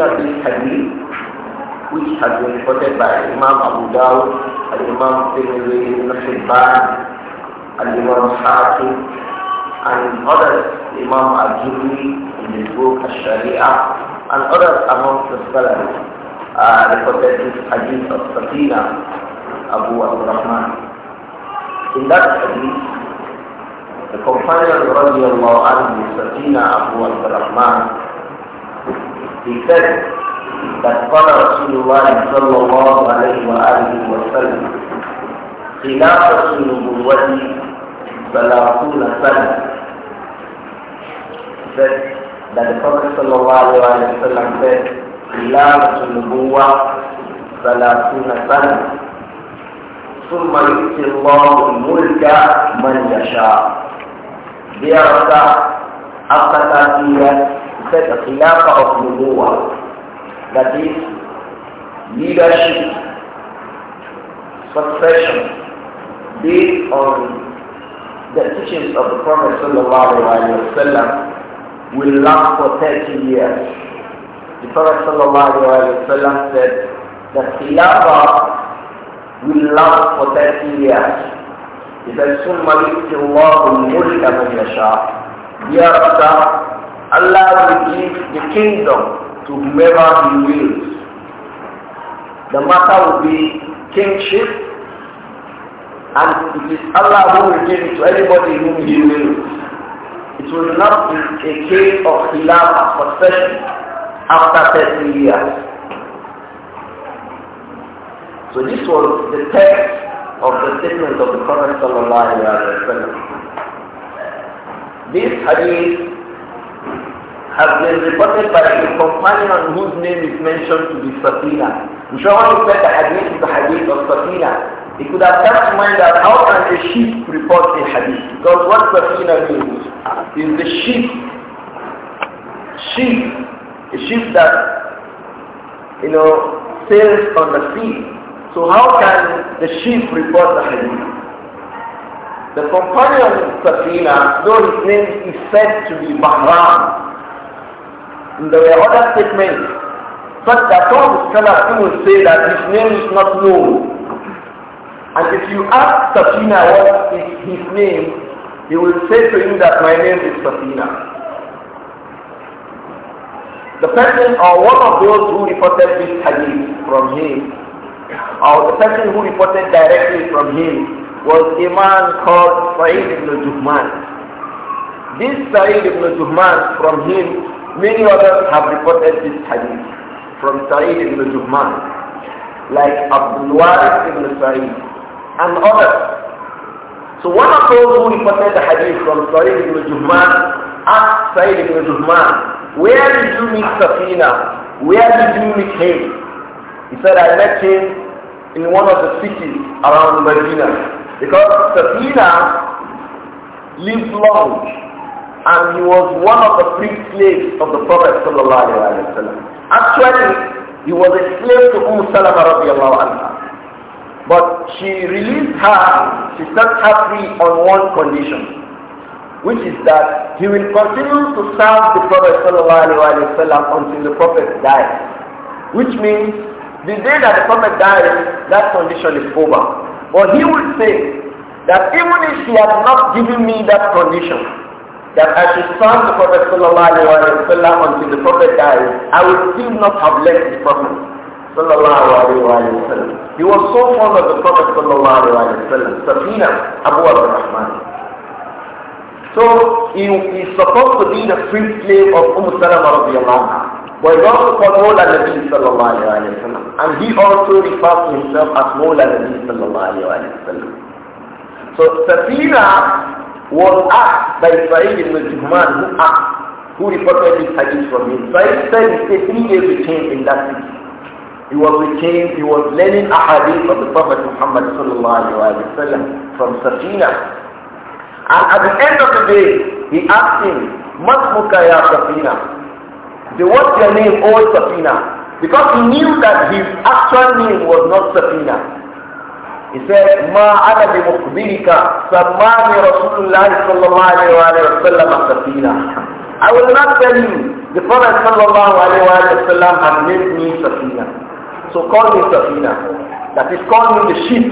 of this hadith, which has been reported by Imam Abu Dawud, Imam Tirmidhi, Ibn Hibban, and Imam Hakim, and others, Imam Al-Jubri in his book Al-Sharia, and others amongst the scholars uh, reported this hadith of Safina, Abu Abdurrahman. In that hadith, the companion of anhu and Abu Abu Abdurrahman بالكذب قد قال رسول الله صلى الله عليه وآله وسلم خلافة نبوته ثلاثون سنة that the Prophet sallallahu alayhi wa sallam said خلافة النبوة ثلاثون سنة ثم يؤتي الله الملك من يشاء بيرك after said the Khilafah of Nubuwa, that is leadership, succession, based on the teachings of the Prophet وسلم, will last for 30 years. The Prophet وسلم, said that Khilafah will last for 30 years. إذا ثم يؤتي الله الملك من يشاء Hereafter, Allah will give the kingdom to whomever He wills. The matter will be kingship, and it is Allah who will give it to anybody whom He wills. It will not be a case of khilaf and succession after 30 years. So this was the text of the statement of the Prophet sallallahu alaihi wasallam. This hadith has been reported by a companion whose name is mentioned to be Safina. Someone who said the hadith is the hadith of Safina. He could have kept mind that how can a sheep report a hadith? Because what Safina means is the sheep. Sheep. A sheep that, you know, sails on the sea. So how can the sheep report the hadith? The companion Safina, though his name is said to be Bahram, there were other statements such that all the scholars will say that his name is not known. And if you ask Safina what is his name, he will say to you that my name is Safina. The person or one of those who reported this hadith from him, or the person who reported directly from him, was a man called Sa'id ibn Juhman. This Sa'id ibn Juhman, from him, many others have reported this hadith from Sa'id ibn Juhman, like Abdul Warith ibn Sa'id and others. So one of those who reported the hadith from Sa'id ibn Juhman asked Sa'id ibn Juhman, where did you meet Safina? Where did you meet him? He said, I met him in one of the cities around Medina. Because Safina lived long and he was one of the free slaves of the Prophet Actually, he was a slave to Umm Salama anha. But she released her, she set her free on one condition, which is that he will continue to serve the Prophet ﷺ until the Prophet dies. Which means the day that the Prophet dies, that condition is over. But he would say that even if he had not given me that condition, that I should serve the Prophet وسلم, until the Prophet dies, I would still not have left the Prophet. He was so fond of the Prophet Safina Abu al-Rahman. So he is supposed to be the free slave of Umm Salama radiallahu anha. وَيَرَوْتُ قَوْمُولَ النَّبِيِّ صَلَّى اللَّهُ عَلَيْهِ وَسَلَّمَ And he also refers to himself as Mawla Nabi صلى الله عليه وسلم. So Safina was asked by Sa'id ibn Juhman who asked, who reported this hadith from him. Sa'id said he stayed three days with him in that city. He was with him, he was learning a hadith of the Prophet Muhammad صلى الله عليه وسلم from Safina. And at the end of the day, he asked him, مَسْمُكَ يَا سَفِينَةِ they what's your name, old Sabina, Because he knew that his actual name was not Sabina. He said, ما أنا بمخبرك Rasulullah رسول الله صلى الله عليه I will not tell you. The Prophet صلى الله عليه وسلم had named me Sabina, So call me Safina. That is called me the sheep.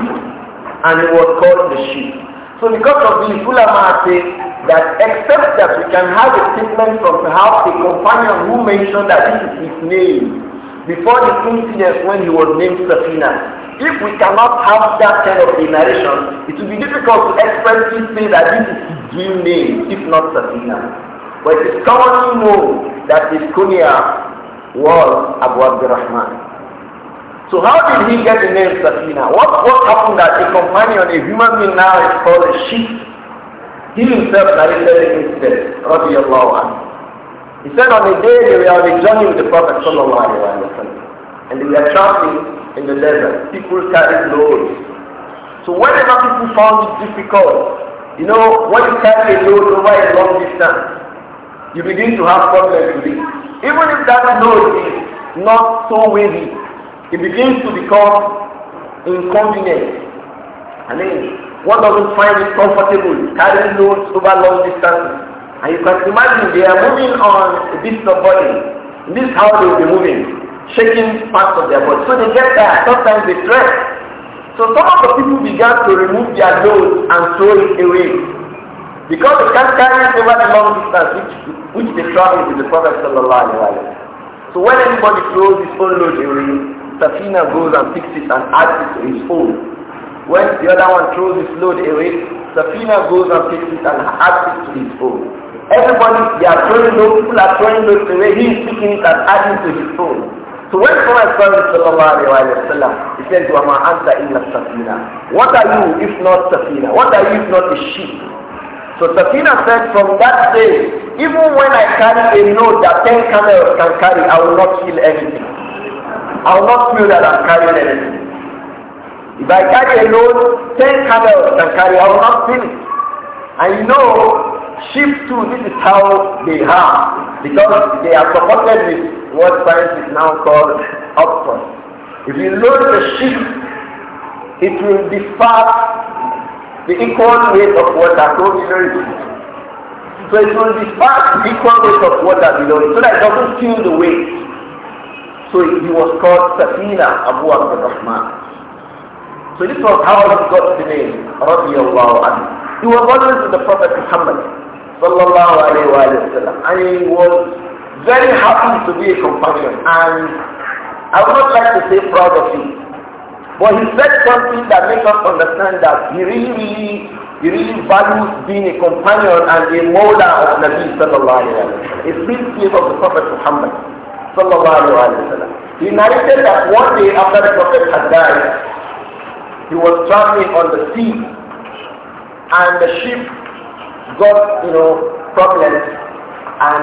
And he was called the sheep. So because of this, ulama say that except that we can have a statement from perhaps a companion who mentioned that this is his name before the incident when he was named Safina. If we cannot have that kind of narration, it will be difficult to expressly say that this is his real name, if not Safina. But it is commonly known that this kunya was Abu Abdurrahman. So how did he get the name Safina? What, what happened that a companion, a human being now is called a sheep? He himself narrated an incident, Rabbi Allah. He said on a day they were on a journey with the Prophet Sallallahu Alaihi Wasallam and they were traveling in the desert. People carried loads. So whenever people found it difficult, you know, when you carry a load over a long distance, you begin to have problems with it. Even if that load is not so weighty, it begins to become inconvenient. I mean, one doesn't find it comfortable carrying loads over long distances. And you can imagine they are moving on a bit of body. This this how they will be moving, shaking parts of their body. So they get tired. Sometimes they stress. So some of the people began to remove their loads and throw it away. Because they can't carry it over the long distance which, which they travel with the Prophet Sallallahu Alaihi Wasallam. So when anybody throws his own load away, Safina goes and picks it and adds it to his own. When the other one throws his load away, Safina goes and picks it and adds it to his own. Everybody, they are throwing loads, people are throwing loads away, he is picking it and adding to his own. So when Prophet sallallahu alayhi wa sallam, he says, وَمَا أَنْتَ إِلَّا Safina. What are you if not Safina? What are you if not a sheep? So Safina said, from that day, even when I carry a load that 10 camels can carry, I will not kill anything. I will not feel that I'm carrying anything. If I carry a load, 10 camels can carry, I will not feel it. And you know, sheep too, this is how they have because they are supported with what science is now called upfront. If you load the sheep, it will be fat the equal weight of water, so minerals. So it will be fat the equal weight of water below it, so that it doesn't feel the weight. So he was called Safina Abu Abdul Rahman. So this was how he got the name, radiallahu anhu. He was always with the Prophet Muhammad, sallallahu alayhi wa sallam, and he was very happy to be a companion, and I would not like to say proud of him. But he said something that makes us understand that he really, really, he really values being a companion and a molder of Nabi sallallahu alayhi wa sallam, a free slave of the Prophet Muhammad he narrated that one day after the Prophet had died, he was traveling on the sea and the ship got, you know, problems and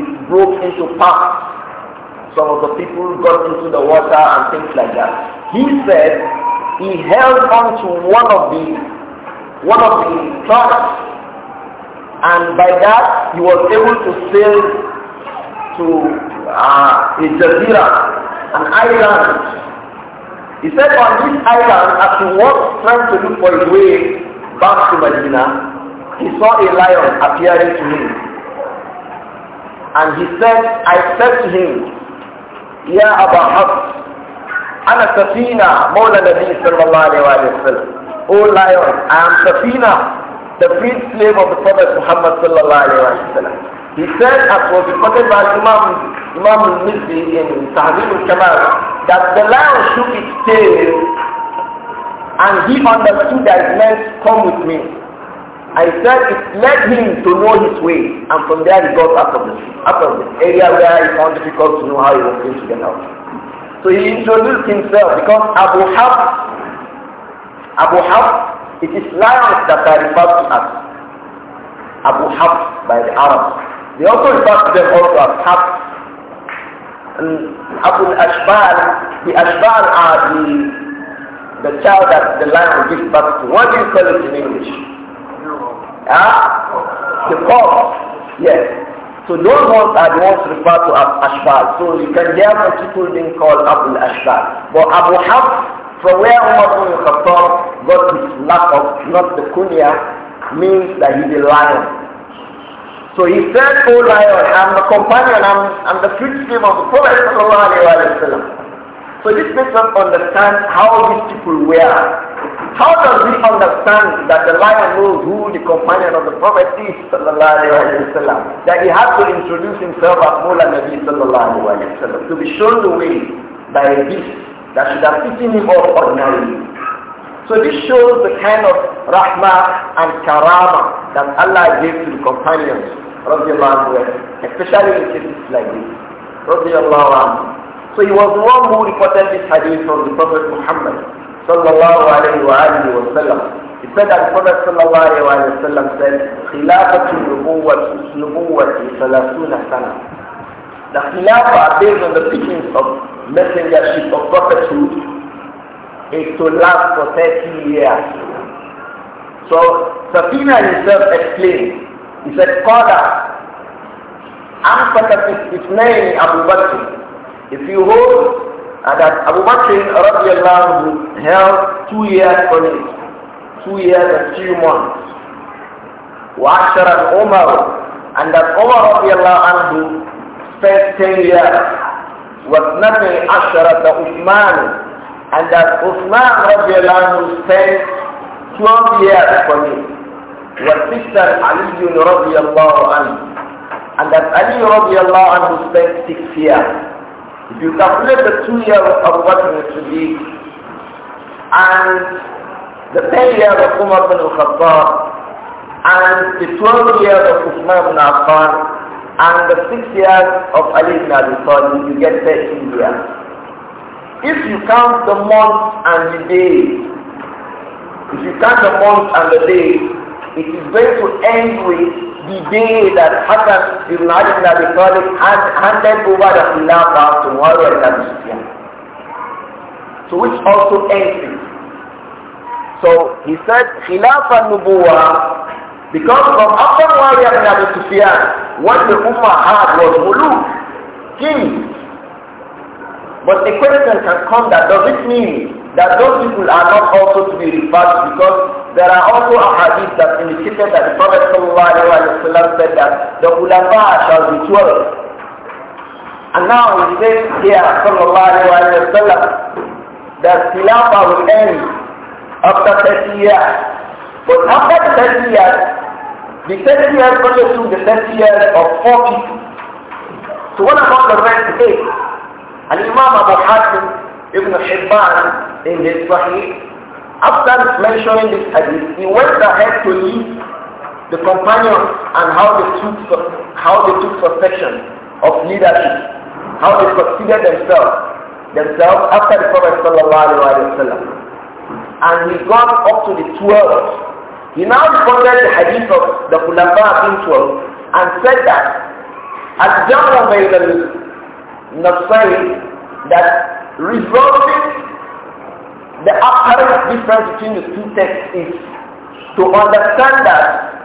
it broke into parts. Some of the people got into the water and things like that. He said he held on to one of the one of the tracks and by that he was able to sail to uh, a Jazeera, an island. He said on this island, as he was trying to look for his way back to Medina, he saw a lion appearing to him. And he said, I said to him, Ya Aba Hafs, أنا سفينة مولى النبي صلى الله عليه وسلم. O lion, I am Safina, the freed slave of the Prophet Muhammad sallallahu alayhi wa sallam. He said, as was reported by Imam, Imam Mizzi in Tahrir al-Kamal, that the lion shook its tail and he understood that it meant, come with me. I said it led him to know his way and from there he got out of the, out of the area where he found difficult to know how he was going to get out. So he introduced himself because Abu Hab, Abu Hab, it is lions that are referred to as Abu Hab by the Arabs. They also refer to them also as half. Abul Ashbal, the Ashbal are the, the child that the lion will give birth to. What do you call it in English? Ah, The cob. Yes. So those ones are the ones referred to as Ashbal. So you can hear some people being called Abul Ashbal. But Abu Hafs, from where Umar ibn Khattab got his lack of not the kunya, means that he's a lion. So he said, O lion, I'm the companion, I'm, I'm the fugitive of the Prophet So this makes us understand how these people were. How does he understand that the lion knows who the companion of the Prophet is That he had to introduce himself as Mula Nabi to be shown the way by a beast that should have taken him off ordinarily. So this shows the kind of rahmah and karama that Allah gave to the companions radiallahu especially in cases like this, radiallahu So he was the one who reported this hadith from the Prophet Muhammad sallallahu alayhi wa alihi wa sallam. He said that the Prophet sallallahu alayhi wa sallam said, خِلَافَةُ نُبُوَّةِ ثَلَاثُونَ سَنَةً The khilafah based on the teachings of messengership of prophethood is to last for 30 years. So Safina himself explained he said, Father, answer that his, his name Abu Bakr. If you hold uh, that Abu Bakr held two years for me, two years and two months, Washer and Omar, and that Omar do spent ten years was nothing Ashara the Uthman and that Uthman spent 12 years for me. وَالْفِسَّرْ Ali رَضِيَ اللَّهُ عَنْهُ And that Ali رضي الله spent six years. If you calculate the two years of what it should be, and the ten years of Umar bin khattab and the twelve years of Uthman bin Affan, and the six years of Ali bin Abi Talib, you get 13 years. If you count the months and the days, if you count the months and the days, it is going to end with the day that Hassan ibn Ali ibn Abi Talib handed over the Khilafah to Muawiyah ibn Abi Sufyan. So which also ends it. So he said, Khilafah Nubuwa, because from after Muawiyah ibn Abi Sufyan, what the Ummah had was muluk, kings. But a question can come that does it mean that those people are not also to be referred because There are also a hadith that indicated that the Prophet sallallahu ﷺ said that the ulama shall be twelve. And now he says here, sallallahu that Khilafah will end after 30 years. But after the 30 years, the 30 years only took the 30 years of 40. people. So what about the rest eight? And Imam Abu Hassan Ibn Hibban in his Sahih After mentioning this hadith, he went ahead to list the companions and how they took, how they took possession of leadership, how they succeeded themselves themselves after the Prophet sallallahu alaihi wasallam, and he got up to the 12. He now quoted the hadith of the Khulafa being 12 and said that al-jamu bayna nafsayn that resulting. The apparent difference between the two texts is to understand that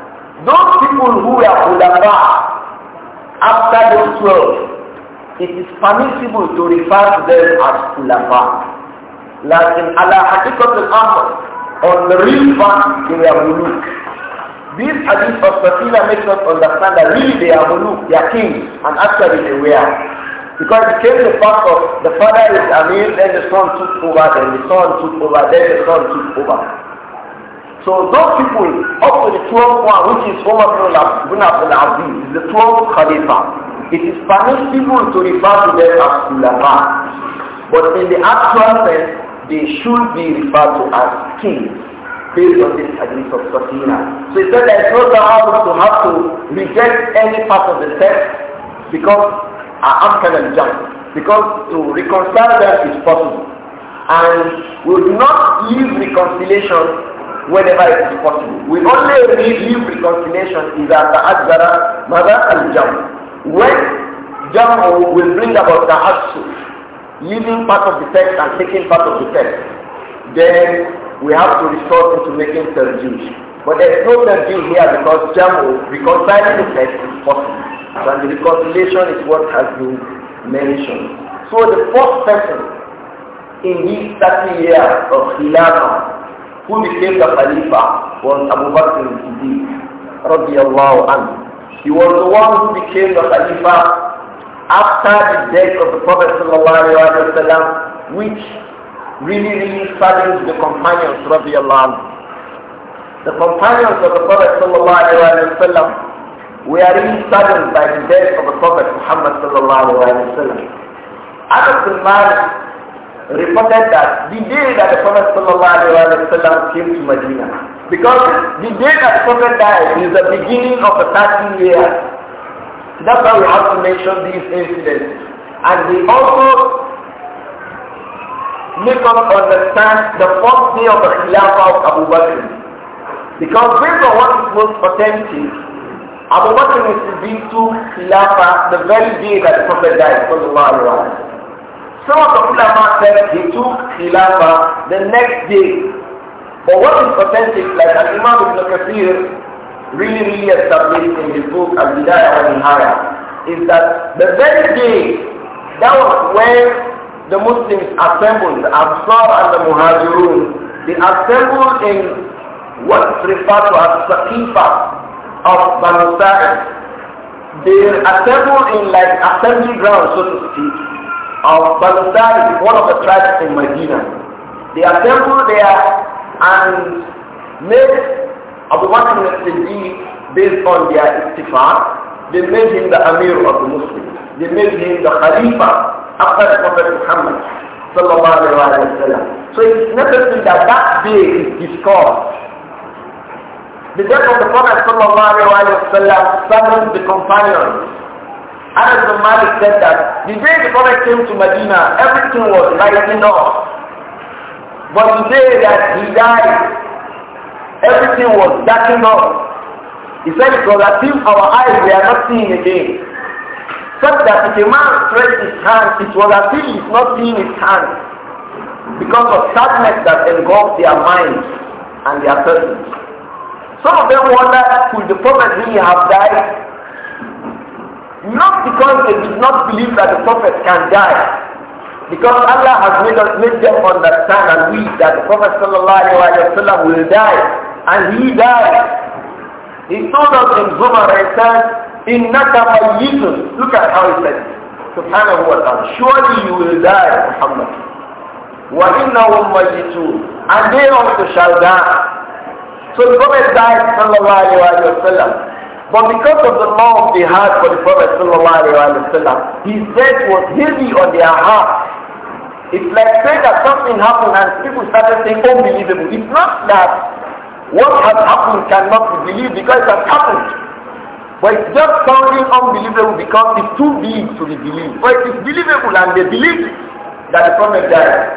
those people who were ulama after those twelve, it is permissible to refer to them as ulama. Like in Allah Hakikat al-Amr, on the real fact, they are muluk. This hadith of Safila makes us understand that really they are muluk, they are kings, and actually they were. Because it came the fact of the father is Amir, then the son took over, then the son took over, then the son took over. So those people, up to the 12th one, which is Umar ibn Abdul Aziz, is the 12th Khalifa. It is permissible to refer to them as ulama. But in the actual sense, they should be referred to as kings based on this hadith of Safina. So he said it's not allowed to have to reject any part of the text because are African and jump because to reconcile them is possible. And we do not leave reconciliation whenever it is possible. We only leave reconciliation is at the Azara, Mother and Jam. When Jam will bring about the Atsu, leaving part of the text and taking part of the text, then we have to resort into making Terjuish. But there is no tadil here because jamu, reconciling the text is possible. And the reconciliation is what has been mentioned. So the first person in these 30 years of Khilafah who became the Khalifa was Abu Bakr al-Siddiq He was the one who became the Khalifa after the death of the Prophet sallallahu which really, really saddened the companions radiallahu anhu. The companions of the Prophet وسلم, were really saddened by the death of the Prophet Muhammad Anas bin Malik reported that the day that the Prophet وسلم, came to Medina, because the day that the Prophet died is the beginning of the 13 year. That's why we have to mention these incidents. And we also make us understand the fourth day of the Khilafah of Abu Bakr. Because based on what is most authentic, Abu Bakr is to be to Khilafah the very day that the Prophet died, sallallahu alayhi wa Some of the ulama said he took Khilafah the next day. But what is authentic, like an Imam Ibn Kathir really, really established in his book Al-Bidayah wa Nihaya, is that the very day, that was when the Muslims assembled, the Ansar and the Muhajirun, they assembled in what is referred to as Saqifa of Banu Sa'id. They assemble in like assembly ground, so to speak, of Banu Sa'id, one of the tribes in Medina. They assemble there and made Abu Bakr al-Siddiq based on their istifar. They made him the Amir of the Muslims. They made him the Khalifa after the Prophet Muhammad sallallahu alayhi wa So it is necessary that that day is discussed the death of the Prophet sallallahu summoned the companions. Anas bin Malik said that the day the Prophet came to Medina, everything was lighting up. But the day that he died, everything was darkened up. He said it was as if our eyes were not seeing again. Such that if a man stretched his hand, it was as if he is not seeing his hand. Because of sadness that engulfed their minds and their persons. Some of them wonder, could the prophet really have died? Not because they did not believe that the prophet can die, because Allah has made us made them understand and we that the Prophet wasallam will die and he died. He told us in Zumar he said, إِنَّكَ مَيِّتٌ Look at how he said Subhanahu wa ta'ala. Surely you will die, Muhammad. وَإِنَّهُمْ مَيِّتُونَ And they also shall die. So the Prophet died, sallallahu alayhi wa sallam. But because of the love they had for the Prophet sallallahu alayhi wa sallam, his death was heavy on their heart. It's like saying that something happened and people started saying unbelievable. It's not that what has happened cannot be believed because it has happened. But it's just sounding unbelievable because it's too big to be believed. But it is believable and they believe that the Prophet died.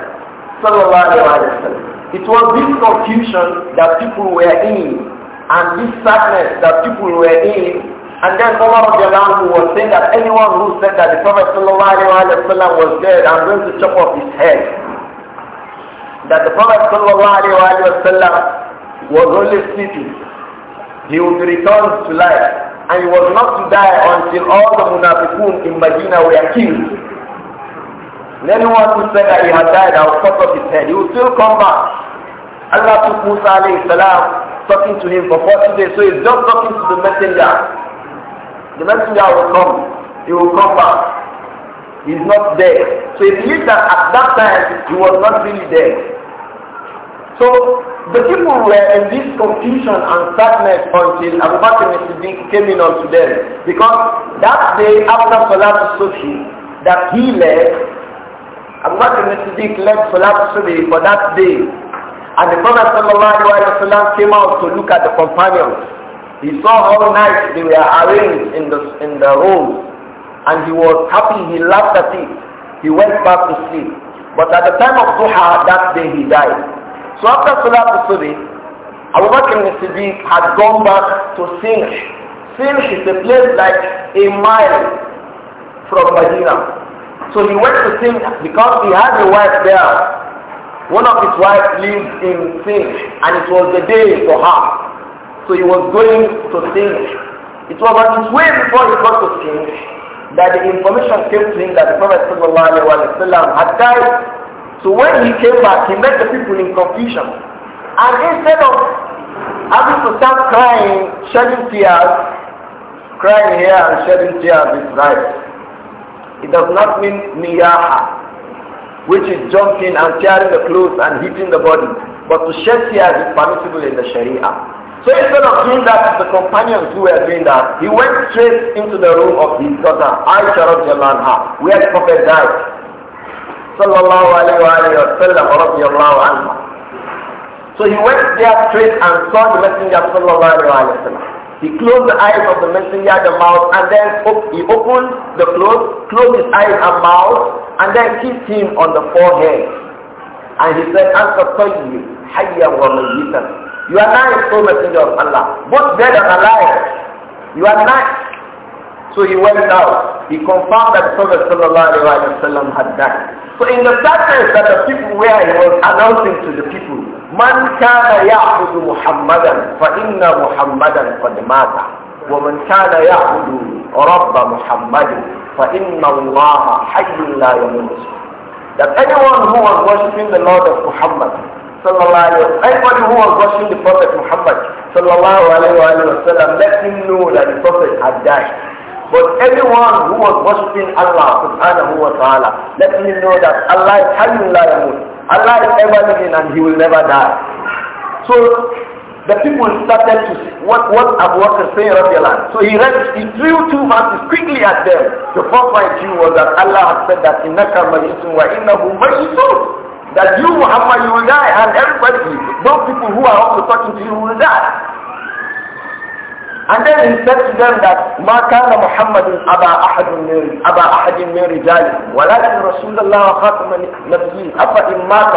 Sallallahu alayhi wa sallam. It was this confusion that people were in and this sadness that people were in. And then of land who was saying that anyone who said that the Prophet ﷺ was dead, I'm going to chop off his head. That the Prophet ﷺ was only sleeping. He would return to life. And he was not to die until all the munafiqun in Medina were killed. And anyone who said that he had died, I will cut off his head. He will still come back. Allah took Musa alayhi salam talking to him for 40 days. So he's just talking to the messenger. The messenger will come. He will come back. He's not there. So he believed that at that time he was not really there. So the people were in this confusion and sadness until Abu Bakr Siddiq came in unto them. Because that day after Salat Sufi that he left, Abu Bakr Siddiq left Salat Sufi for that day and the Prophet ﷺ came out to look at the companions. He saw how nice they were arranged in the, in the rows. And he was happy, he laughed at it. He went back to sleep. But at the time of Duha, that day he died. So after Salat al-Subi, Abu Bakr al-Siddiq had gone back to Sinj. Sinj is a place like a mile from Medina. So he went to Sinj because he had a wife there one of his wives lived in sin and it was the day for her. So he was going to sin. It was on his way before he got to sin that the information came to him that the Prophet had died. So when he came back, he met the people in confusion. And instead of having to start crying, shedding tears, crying here and shedding tears is right. It does not mean niyaha which is jumping and tearing the clothes and hitting the body. But to shed tears is permissible in the Sharia. So instead of doing that to the companions who were doing that, he went straight into the room of his daughter, Aisha radiallahu anha, where the Prophet died. Sallallahu alayhi wa sallam radiallahu anha. So he went there straight and saw the messenger sallallahu alayhi wa he closed the eyes of the messenger, the mouth, and then op he opened the clothes, closed his eyes and mouth, and then kissed him on the forehead. And he said, Answer you, Hayya wa mayyitan. You are nice, O messenger of Allah, both dead and alive. You are not." So he went out. He confirmed that Prophet ﷺ had died. So in the darkness that the people were, he was announcing to the people, من كان يعبد محمدا فإن محمدا قد مات ومن كان يعبد رب محمد فإن الله حي لا يموت That anyone who was worshipping the Lord of Muhammad anybody who was worshipping the Prophet Muhammad sallallahu let him know that the Prophet had died But everyone who was worshipping Allah subhanahu wa ta'ala, let me know that Allah is Hayyul La Allah is ever living and he will never die. So the people started to see what, what Abu Bakr saying Rabbialan. So he read, he threw two verses quickly at them. The first to you was that Allah has said that innaka mayitun wa innahu mayitun. That you Muhammad you will die and everybody, those people who are also talking to you will die. And then he said to them that ما كان محمد أبا أحد من أبا أحد من رجال ولكن رسول الله خاتم النبيين أفإن مات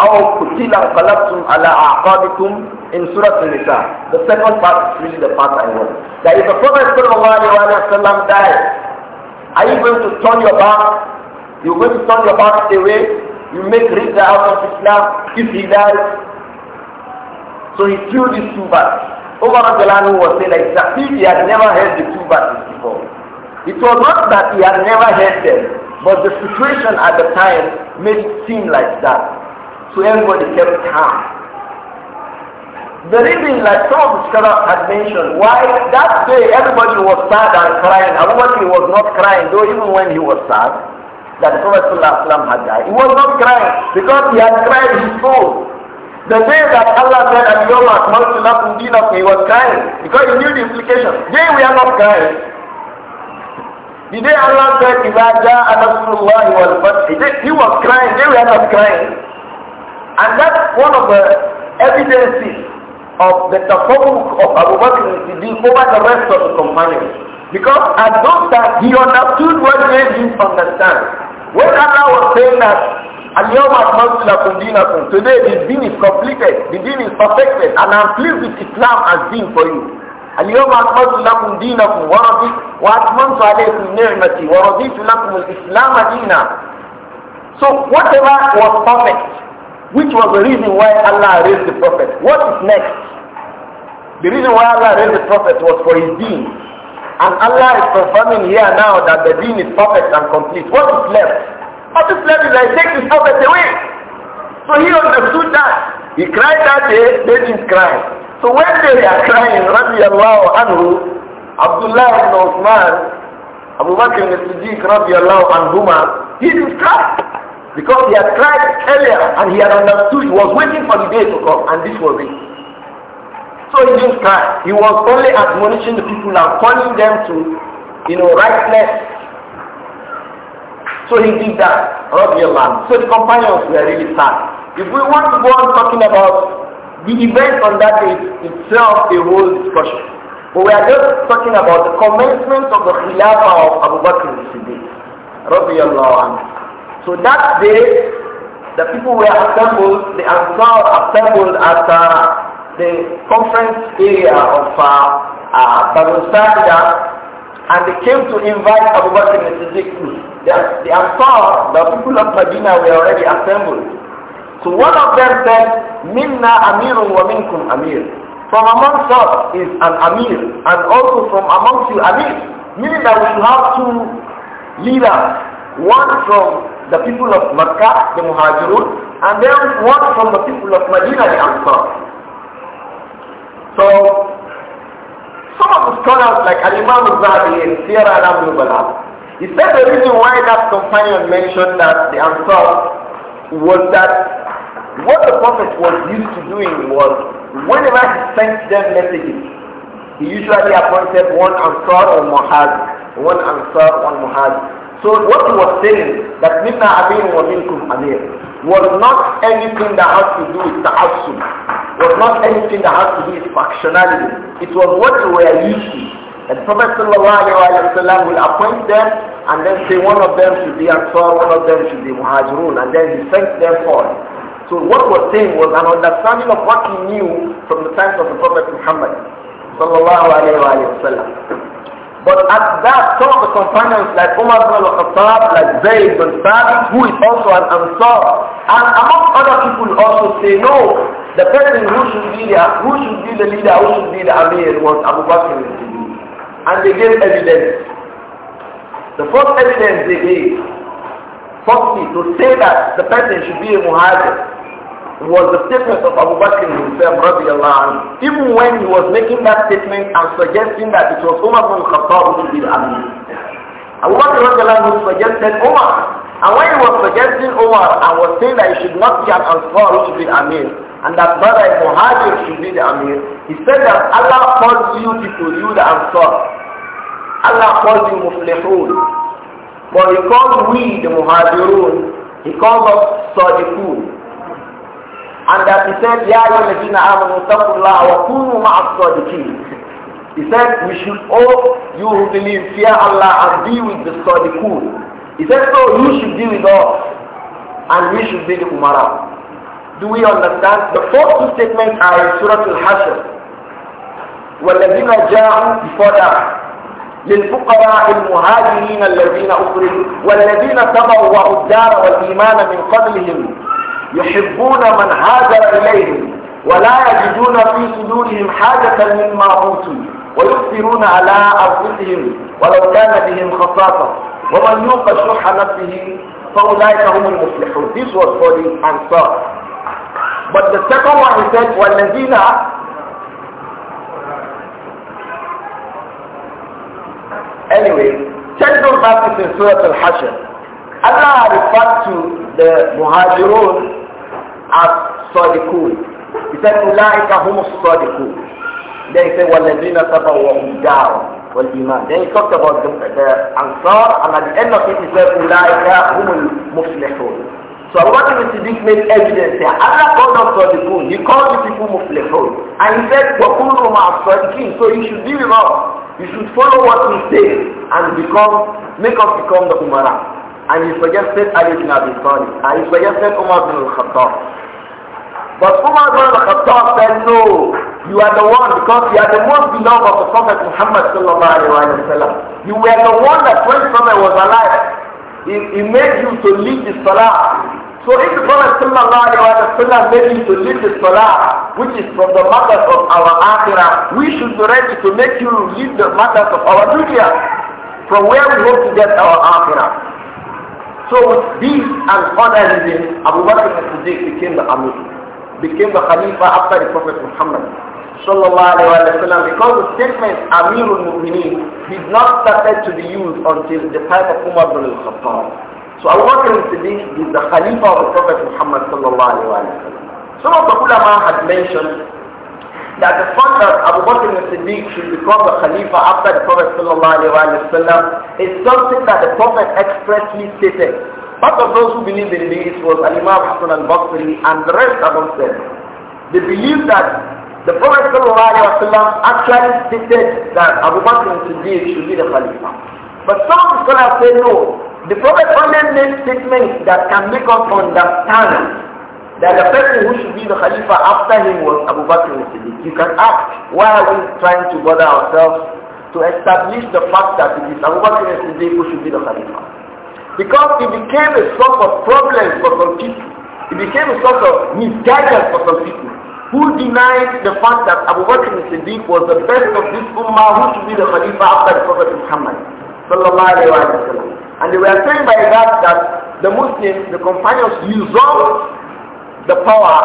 أو قتل انقلبتم على أعقابكم in Surah An-Nisa. The second part is really the part I want. That if the Prophet sallallahu died, are you going to turn your back? You're going to turn your back away? You make rid out of Islam if he dies? So he threw these two back. Umar Jalanu was saying like that he had never heard the two verses before, it was not that he had never heard them, but the situation at the time made it seem like that. So everybody kept calm. The reason, like some of the scholars had mentioned, why that day everybody was sad and crying. Abu Bakr was not crying, though even when he was sad, that the Prophet had died. He was not crying because he had cried his soul. The day that Allah said, and your man, Multilakum Dinakum, he was crying because he knew the implication. They were not crying. The day Allah said, Ilaja "Allah he was but he was crying, they were not crying. And that's one of the evidences of the tafawuk of Abu Bakr al-Siddiq over the rest of the companions. Because at those times, he understood what made him understand. When Allah was saying that, اليوم أكملت لكم دينكم today the deen is completed the deen is perfected and I'm pleased with Islam as deen for you اليوم أكملت لكم دينكم ورضيت وأتممت عليكم نعمتي ورضيت لكم الإسلام دينا so whatever was perfect which was the reason why Allah raised the prophet what is next the reason why Allah raised the prophet was for his deen and Allah is confirming here now that the deen is perfect and complete what is left all these ladies I take his prophet away. So he understood that. He cried that day, they didn't cry. So when they are crying, radiallahu anhu, Abdullah ibn Uthman, Abu Bakr ibn Siddiq radiallahu anhuma, he didn't cry. Because he had cried earlier and he had understood, he was waiting for the day to come and this was it. So he didn't cry. He was only admonishing the people and calling them to, you know, rightness so he did that. Radiallahu So the companions were really sad. If we want to go on talking about the event on that day itself a whole discussion. But we are just talking about the commencement of the Khilafah of Abu Bakr siddiq So that day, the people were assembled, the Ansar assembled at uh, the conference area of uh, uh, and they came to invite Abu Bakr and Siddiq. The, the Ansar, the people of Medina were already assembled. So one of them said, Minna Amirun wa minkum Amir. From amongst us is an Amir, and also from amongst you Amir. Meaning that we should have two leaders. One from the people of Makkah, the Muhajirun, and then one from the people of Medina, the Ansar. So some of the scholars like Al-Imam and Sierra Al-Abdul he said the reason why that companion mentioned that the Ansar was that what the Prophet was used to doing was whenever he sent them messages, he usually appointed one Ansar or Muhad, one Ansar, one Muhad. So what he was saying, that Minna abin wa Minkum Amir, was not anything that has to do with the Ta'assum was not anything that had to do with factionalism. It was what they were used to. And Prophet Wasallam will appoint them and then say one of them should be Ansar, one of them should be Muhajirun, and then he sent them forth. So what was saying was an understanding of what he knew from the times of the Prophet Muhammad ﷺ. But at that, some of the companions like Umar ibn al-Khattab, like Zayd ibn Thabit, who is also an Ansar, and among other people also say, no, the person who should be the who should be the leader, who should be the Amir was Abu Bakr And they gave evidence. The first evidence they gave, firstly, to say that the person should be a Muhajir was the statement of Abu Bakr himself, radiallahu anhu. Even when he was making that statement and suggesting that it was Umar bin Khattab who should be the Amir. Abu Bakr radiallahu anhu suggested Umar. And when he was suggesting Umar and was saying that he should not be an Ansar, who should be the Amir, and that brother Muhajir should be the Amir, he said that Allah calls you people, you the Ansar. Allah calls you Muflihun. But he calls we the Muhajirun, he calls us Sadiqun. And that he said, Ya Yalajina Amanu Taqullah wa Kunu Ma'as Sadiqin. He said, we should all, you who believe, fear Allah and be with the Sadiqun. He said, so you should be with us and we should be the Umarah." Do we understand? The fourth two statements are in Surah Al-Hashr. وَالَّذِينَ جَاءُوا before that. للفقراء المهاجرين الذين أخرجوا والذين تبوأوا الدار والإيمان من قبلهم يحبون من هاجر إليهم ولا يجدون في صدورهم حاجة مما أوتوا ويؤثرون على أنفسهم ولو كان بهم خصاصة ومن يوق شح نفسه فأولئك هم المفلحون This was for the Ansar But the second one he said, وَالَّذِينَ Anyway, check those verses in Surah Al-Hashr. Allah referred to the Muhajirun as Sadiqun. He said, أُولَٰئِكَ هُمُ الصَّادِقُونَ Then he said, وَالَّذِينَ تَبَوَّهُ الدَّارُ والإيمان then he talked about the, the Ansar and at the end of it he said أولئك هم المفلحون so what did made evidence here? Allah called us for the good. He called the people Muflehun. And he said, وَكُلُّ the king. So you should give him up. You should follow what we say and become, make us become the Umara. And he suggested Ali ibn Abi Talib. And he suggested Umar bin al-Khattab. But Umar bin al-Khattab said, no, you are the one because you are the most beloved of the Prophet Muhammad sallallahu alayhi wa sallam. You were the one that when Prophet was alive, he, he made you to lead the Salah so if the Prophet ﷺ made you to leave the Salah, which is from the matters of our Akhirah, we should be ready to make you leave the matters of our dunya, from where we hope to get our Akhirah. So with these and other reasons, Abu Bakr as-Siddiq became the Amir, became the Khalifa after the Prophet Muhammad sallallahu because the statement Amirul Mu'mineen did not started to be used until the time of Umar ibn al-Khattab. So Abu Bakr al-Siddiq is the Khalifa of the Prophet Muhammad sallallahu alayhi wa sallam. Some of the ulama had mentioned that the fact that Abu Bakr al-Siddiq should become the Khalifa after the Prophet sallallahu alayhi wa sallam is something that the Prophet expressly stated. Part of those who believe in this was Al-Imam Hassan al-Basri and the rest among them. They believe that the Prophet ﷺ actually stated that Abu Bakr al-Siddiq should be the Khalifa. But some scholars say no, the Prophet only made statements that can make us understand that the person who should be the Khalifa after him was Abu Bakr al-Siddiq. You can ask, why are we trying to bother ourselves to establish the fact that it is Abu Bakr al-Siddiq who should be the Khalifa? Because it became a source of problems for some people. It became a source of misguidance for some people. Who denied the fact that Abu Bakr al-Siddiq was the best of this ummah who should be the Khalifa after the Prophet Muhammad sallallahu Alaihi Wasallam. And they were saying by that that the Muslims, the companions up the power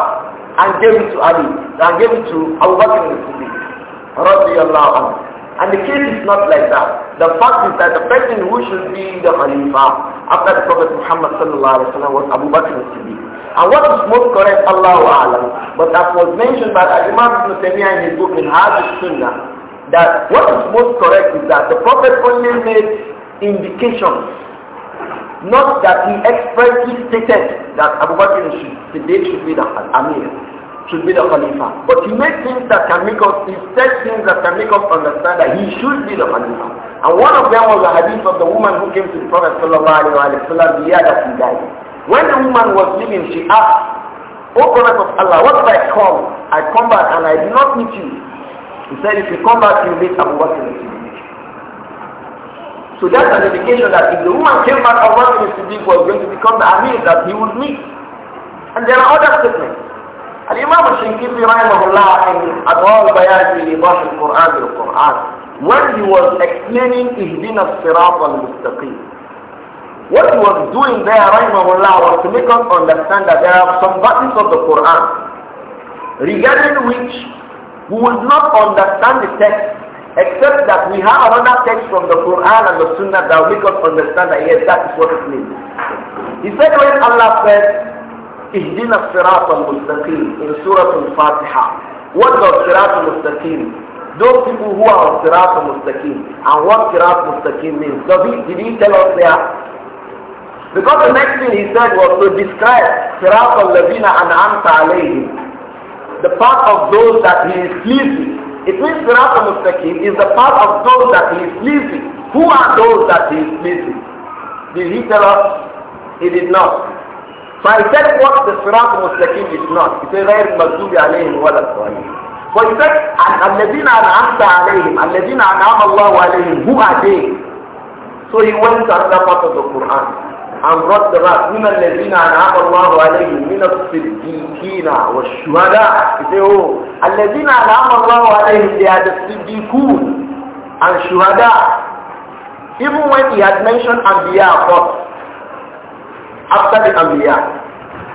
and gave it to Ali, and gave it to Abu Bakr al-Siddiq, And the case is not like that. The fact is that the person who should be the Khalifa after the Prophet Muhammad sallallahu alaihi wasallam was Abu Bakr al-Siddiq. And what is most correct, Allahu A'lam. But that was mentioned by Imam Ibn Taymiyyah in his book in Hadith Sunnah, that what is most correct is that the Prophet only made indications. Not that he expressly stated that Abu Bakr should, should be the Amir, should be the Khalifa. But he made things that can make us, he said things that can make us understand that he should be the Khalifa. And one of them was the hadith of the woman who came to the Prophet Sallallahu Alaihi the year that he died. When the woman was leaving, she asked, O Prophet of Allah, what if I come? I come back and I do not meet you. He said, if you come back, you meet Abu Bakr so that's an indication that if the woman came back and wanted to be was going to become the Amir that he would meet. And there are other statements. الإمام الشنكيبي رحمه الله in أدوار بيان في إيضاح القرآن بالقرآن when he was explaining إهدنا الصراط المستقيم what he was doing there رحمه الله was to make us understand that there are some verses of the Quran regarding which we will not understand the text Except that we have another text from the Quran and the Sunnah that will make us understand that yes, that is what it means. He said when Allah said, Sirat al Mustaqim in Surah Al-Fatiha. What does Sirat al-Mustaqim those people who are on Sirat Mustaqim and what Sirat Mustaqim means. So he, did he tell us there? Because the next thing he said was to describe Sirat al-Lavina and Amta alayhi, the path of those that he is pleased with. It means Sirat al-Mustaqim is the path of those that he is pleasing. Who are those that he is pleasing? Did he tell us? He did not. So I said what the Sirat al-Mustaqim is not. It is غير المغضوب عليهم ولا الضالين. So he said, الَّذِينَ أَنْعَمْتَ عَلَيْهِمْ الَّذِينَ أَنْعَمَ اللَّهُ عَلَيْهِمْ Who are they? So he went to another part of the Quran and brought the wrath. Women الذين أنعم الله عليهم من الصديقين والشهداء. He say, oh, الذين أنعم الله عليهم they are the صديقون and shuhada. Even when he had mentioned Anbiya first, after the Anbiya.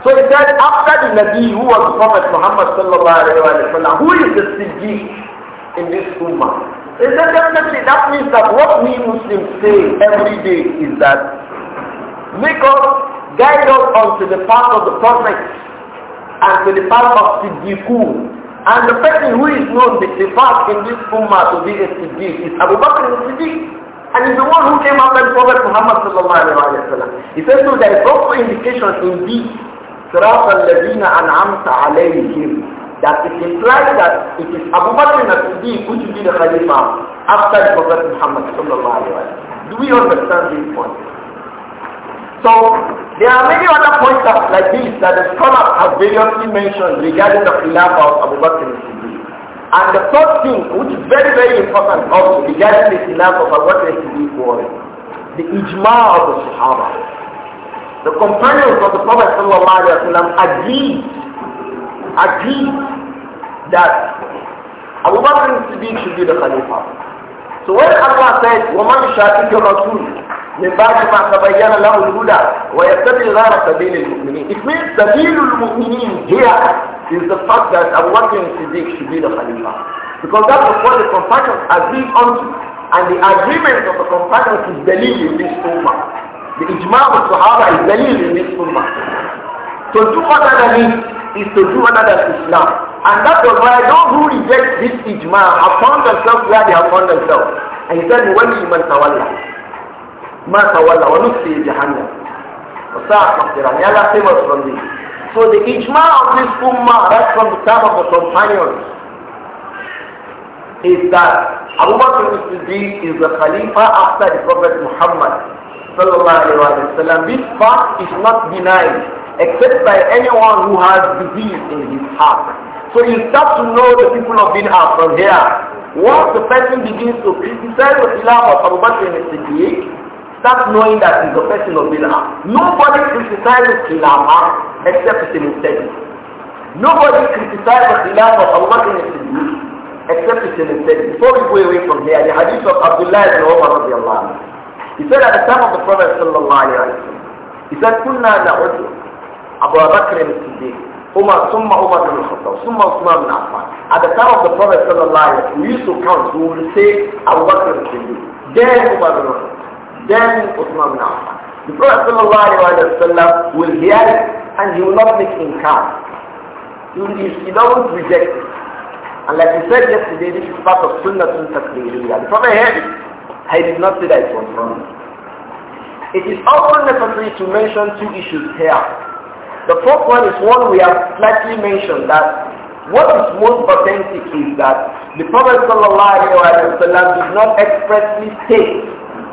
So he said, after the Nabi, who was the Prophet Muhammad sallallahu alayhi wa sallam, who is the Siddiq in this Ummah? He said, definitely that means that what we Muslims say every day is that Make us, guide us onto the path of the Prophet and to the path of Siddiqun. And the person who is known the, the path in this Ummah to be a Siddiq is Abu Bakr al-Siddiq. And he's the one who came after the Prophet Muhammad sallallahu alayhi wa sallam. He says, so there is also indication in this, Surah al-Ladina an'amta alayhim, that it implies that it is Abu Bakr al-Siddiq who should be the Khalifa after the Prophet Muhammad sallallahu alayhi wa sallam. Do we understand this point? So there are many other points like this that the scholars have variously mentioned regarding the Khilafah of Abu Bakr al-Siddiq. And the third thing, which is very, very important also regarding the Khilafah of Abu Bakr al-Siddiq was the ijma of the Sahaba. The companions of the Prophet ﷺ agreed, agreed that Abu Bakr al-Siddiq should be the Khalifa. So when Allah said, وَمَنْ شَاكِكَ الرَّسُولِ من بعد ما تبين له الهدى ويتبع غير سبيل المؤمنين It means سبيل المؤمنين here is the fact that Abu Bakr Siddiq should be the Khalifa. Because that was what the companions agreed on, And the agreement of the companions is believed in this Ummah. The ijma of the Sahaba is believed in this Ummah. To do other than this is to do other than Islam. And that was why those who reject this ijma have found themselves where they have found themselves. And he said, when man tawalla, ma tawalla, wa nusfi jahannam. Wasa'at maqdiran. May Allah save us from this. So the ijma of this ummah, right from the time of the companions, is that Abu Bakr al-Siddiq is the Khalifa after the Prophet Muhammad sallallahu alaihi wasallam. This fact is not denied except by anyone who has disease in his heart. So you start to know the people of out from here. Once the person begins to criticize the Islam of Abu Bakr and Siddiq, start knowing that he's a person of out. Nobody criticizes Khilafah except it's a mistake. Nobody criticizes the Khilafah of Abu Bakr and Siddiq except it's a mistake. Before we go away from here, the hadith of Abdullah ibn Umar radiallahu anhu. He said at the time of the Prophet sallallahu alayhi wa sallam, he said, كُنَّا نَعُدُّ Abu Bakr al-Siddiq, Umar, Summa Umar bin Khattab, Summa Usman bin Affan. At the time of the Prophet sallallahu we used to count, we would say Abu Bakr al-Siddiq, then Umar bin Khattab, then Usman bin Affan. The Prophet sallallahu will hear it and he will not make inkar. He, he doesn't reject it. And like we said yesterday, this is part of Sunnah Takbiriyah. The Prophet heard it. I did not say that it was wrong. It is also necessary to mention two issues here. The fourth one is one we have slightly mentioned that what is most authentic is that the Prophet ﷺ did not expressly state,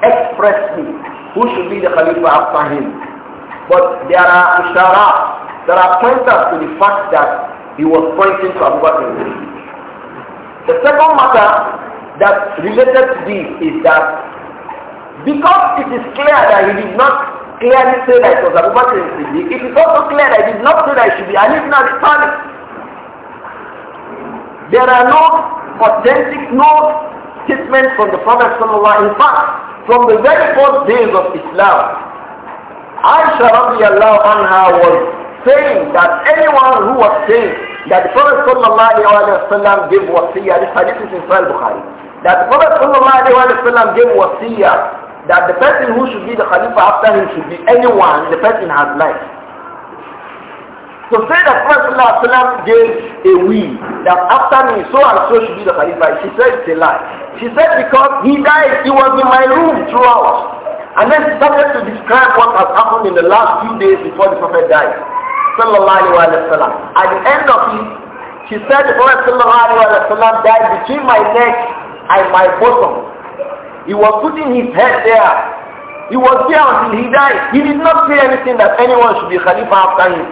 expressly, who should be the Khalifa after him. But there are ishara, there are pointers to the fact that he was pointing to Abu Bakr. The second matter that related to this is that because it is clear that he did not clearly say that it was Abu Bakr and Siddiq, it is also clear that it is not so that it should be Ali ibn Abi Talib. There are no authentic, no statements from the Prophet sallallahu In fact, from the very first days of Islam, Aisha radiallahu anha was saying that anyone who was saying that the Prophet sallallahu alayhi wa sallam gave wasiyah, this hadith is in Sahih Bukhari, that the Prophet sallallahu alayhi wa sallam gave wasiyah that the person who should be the Khalifa after him should be anyone the person has liked. So say that Prophet gave a will that after me so and so should be the Khalifa. She said it's a lie. She said because he died, he was in my room throughout. And then she started to describe what has happened in the last few days before the Prophet died. Sallallahu alayhi At the end of it, she said the Prophet died between my neck and my bosom. He was putting his head there. He was there until he died. He did not say anything that anyone should be Khalifa after him.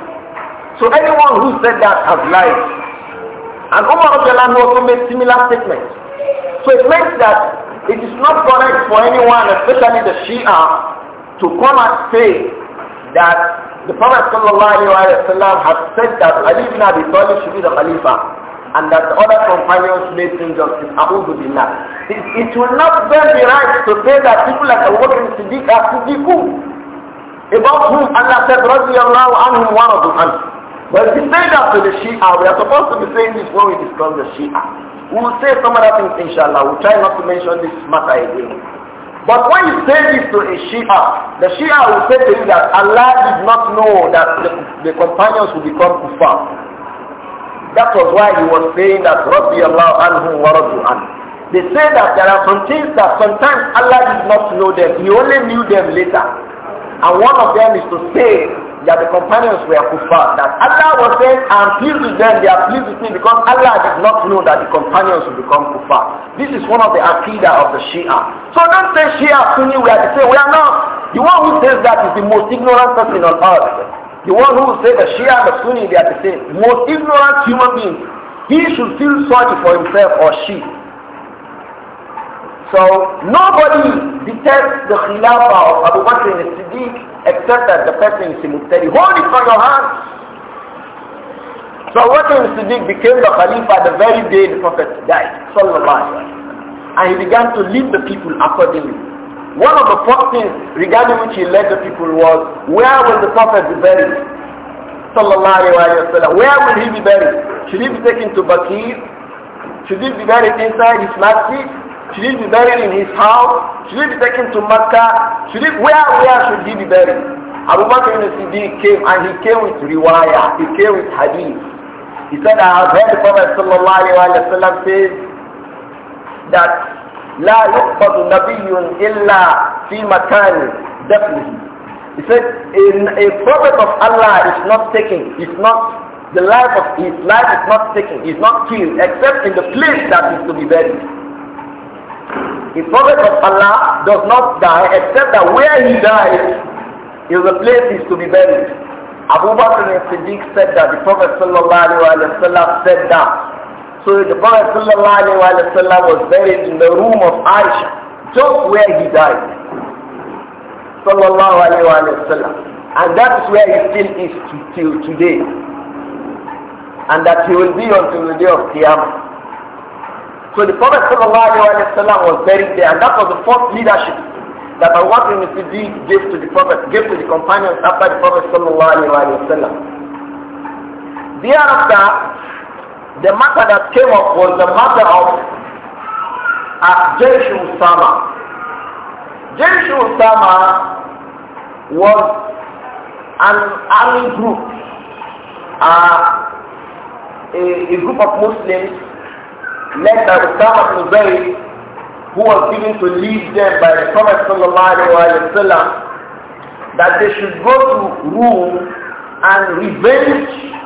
So anyone who said that has lied. And Umar also made similar statements. So it means that it is not correct for anyone, especially the Shia, to come and say that the Prophet ﷺ has said that Ali ibn Abi Talib should be the Khalifa and that the other companions made injustice. A'udhu billah. It, it will not then be right to say that people like Abu Bakr Siddiq are Siddiqu, about whom Allah said, radiallahu anhum one of them." But if you say that to the Shia, we are supposed to be saying this when we discuss the Shia. We will say some other things, inshallah. We'll try not to mention this matter again. But when you say this to a Shia, the Shia will say to you that Allah did not know that the, the companions will become kuffar. That was why he was saying that Rabbi Allah anhu wa anhu. They say that there are some things that sometimes Allah did not know them. He only knew them later. And one of them is to say that the companions were kuffar. That Allah was saying, I'm pleased with them, they are pleased with me because Allah did not know that the companions would become kuffar. This is one of the akida of the Shia. So don't say Shia, Sunni, we are the same. We are not. The one who says that is the most ignorant person on earth. The one who will say the Shia and the Sunni, they are the same. Most ignorant human being. He should feel sorry for himself or she. So nobody detests the Khilafah of Abu Bakr the Siddiq except that the person is a Muqtadi. Hold it from your hands. So Abu Bakr and Siddiq became the Khalifa the very day the Prophet died. Sallallahu Alaihi And he began to lead the people accordingly. One of the first things regarding which he led the people was, where will the Prophet be buried? Sallallahu alayhi Where will he be buried? Should he be taken to Bakir? Should he be buried inside his masjid? Should he be buried in his house? Should he be taken to Makkah? Should he, where, where should he be buried? Abu Bakr ibn Siddiq came and he came with riwayah, he came with hadith. He said, I have heard the Prophet sallallahu alayhi wa sallam say that La يقبض نبي إلا في مكان he said, "In a prophet of Allah is not taken, is not, the life of his life is not taken, is not killed, except in the place that is to be buried. A prophet of Allah does not die except that where he dies is the place is to be buried. Abu Bakr al Siddiq said that, the Prophet wasallam said that, so the Prophet sallallahu alaihi was buried in the room of Aisha, just where he died. Sallallahu And that is where he still is to, till today. And that he will be until the day of Qiyamah. So the Prophet sallallahu alaihi was buried there and that was the first leadership that Abu Bakr ibn Siddiq gave to the Prophet, gave to the companions after the Prophet sallallahu alaihi wasallam. Thereafter, the matter that came up was the matter of uh, Jeshu Sama. Jeshu Sama was an army group, uh, a, a group of Muslims led by Sama bin Zayd, who was given to lead them by the Prophet Sallallahu Alaihi that they should go to Rome and revenge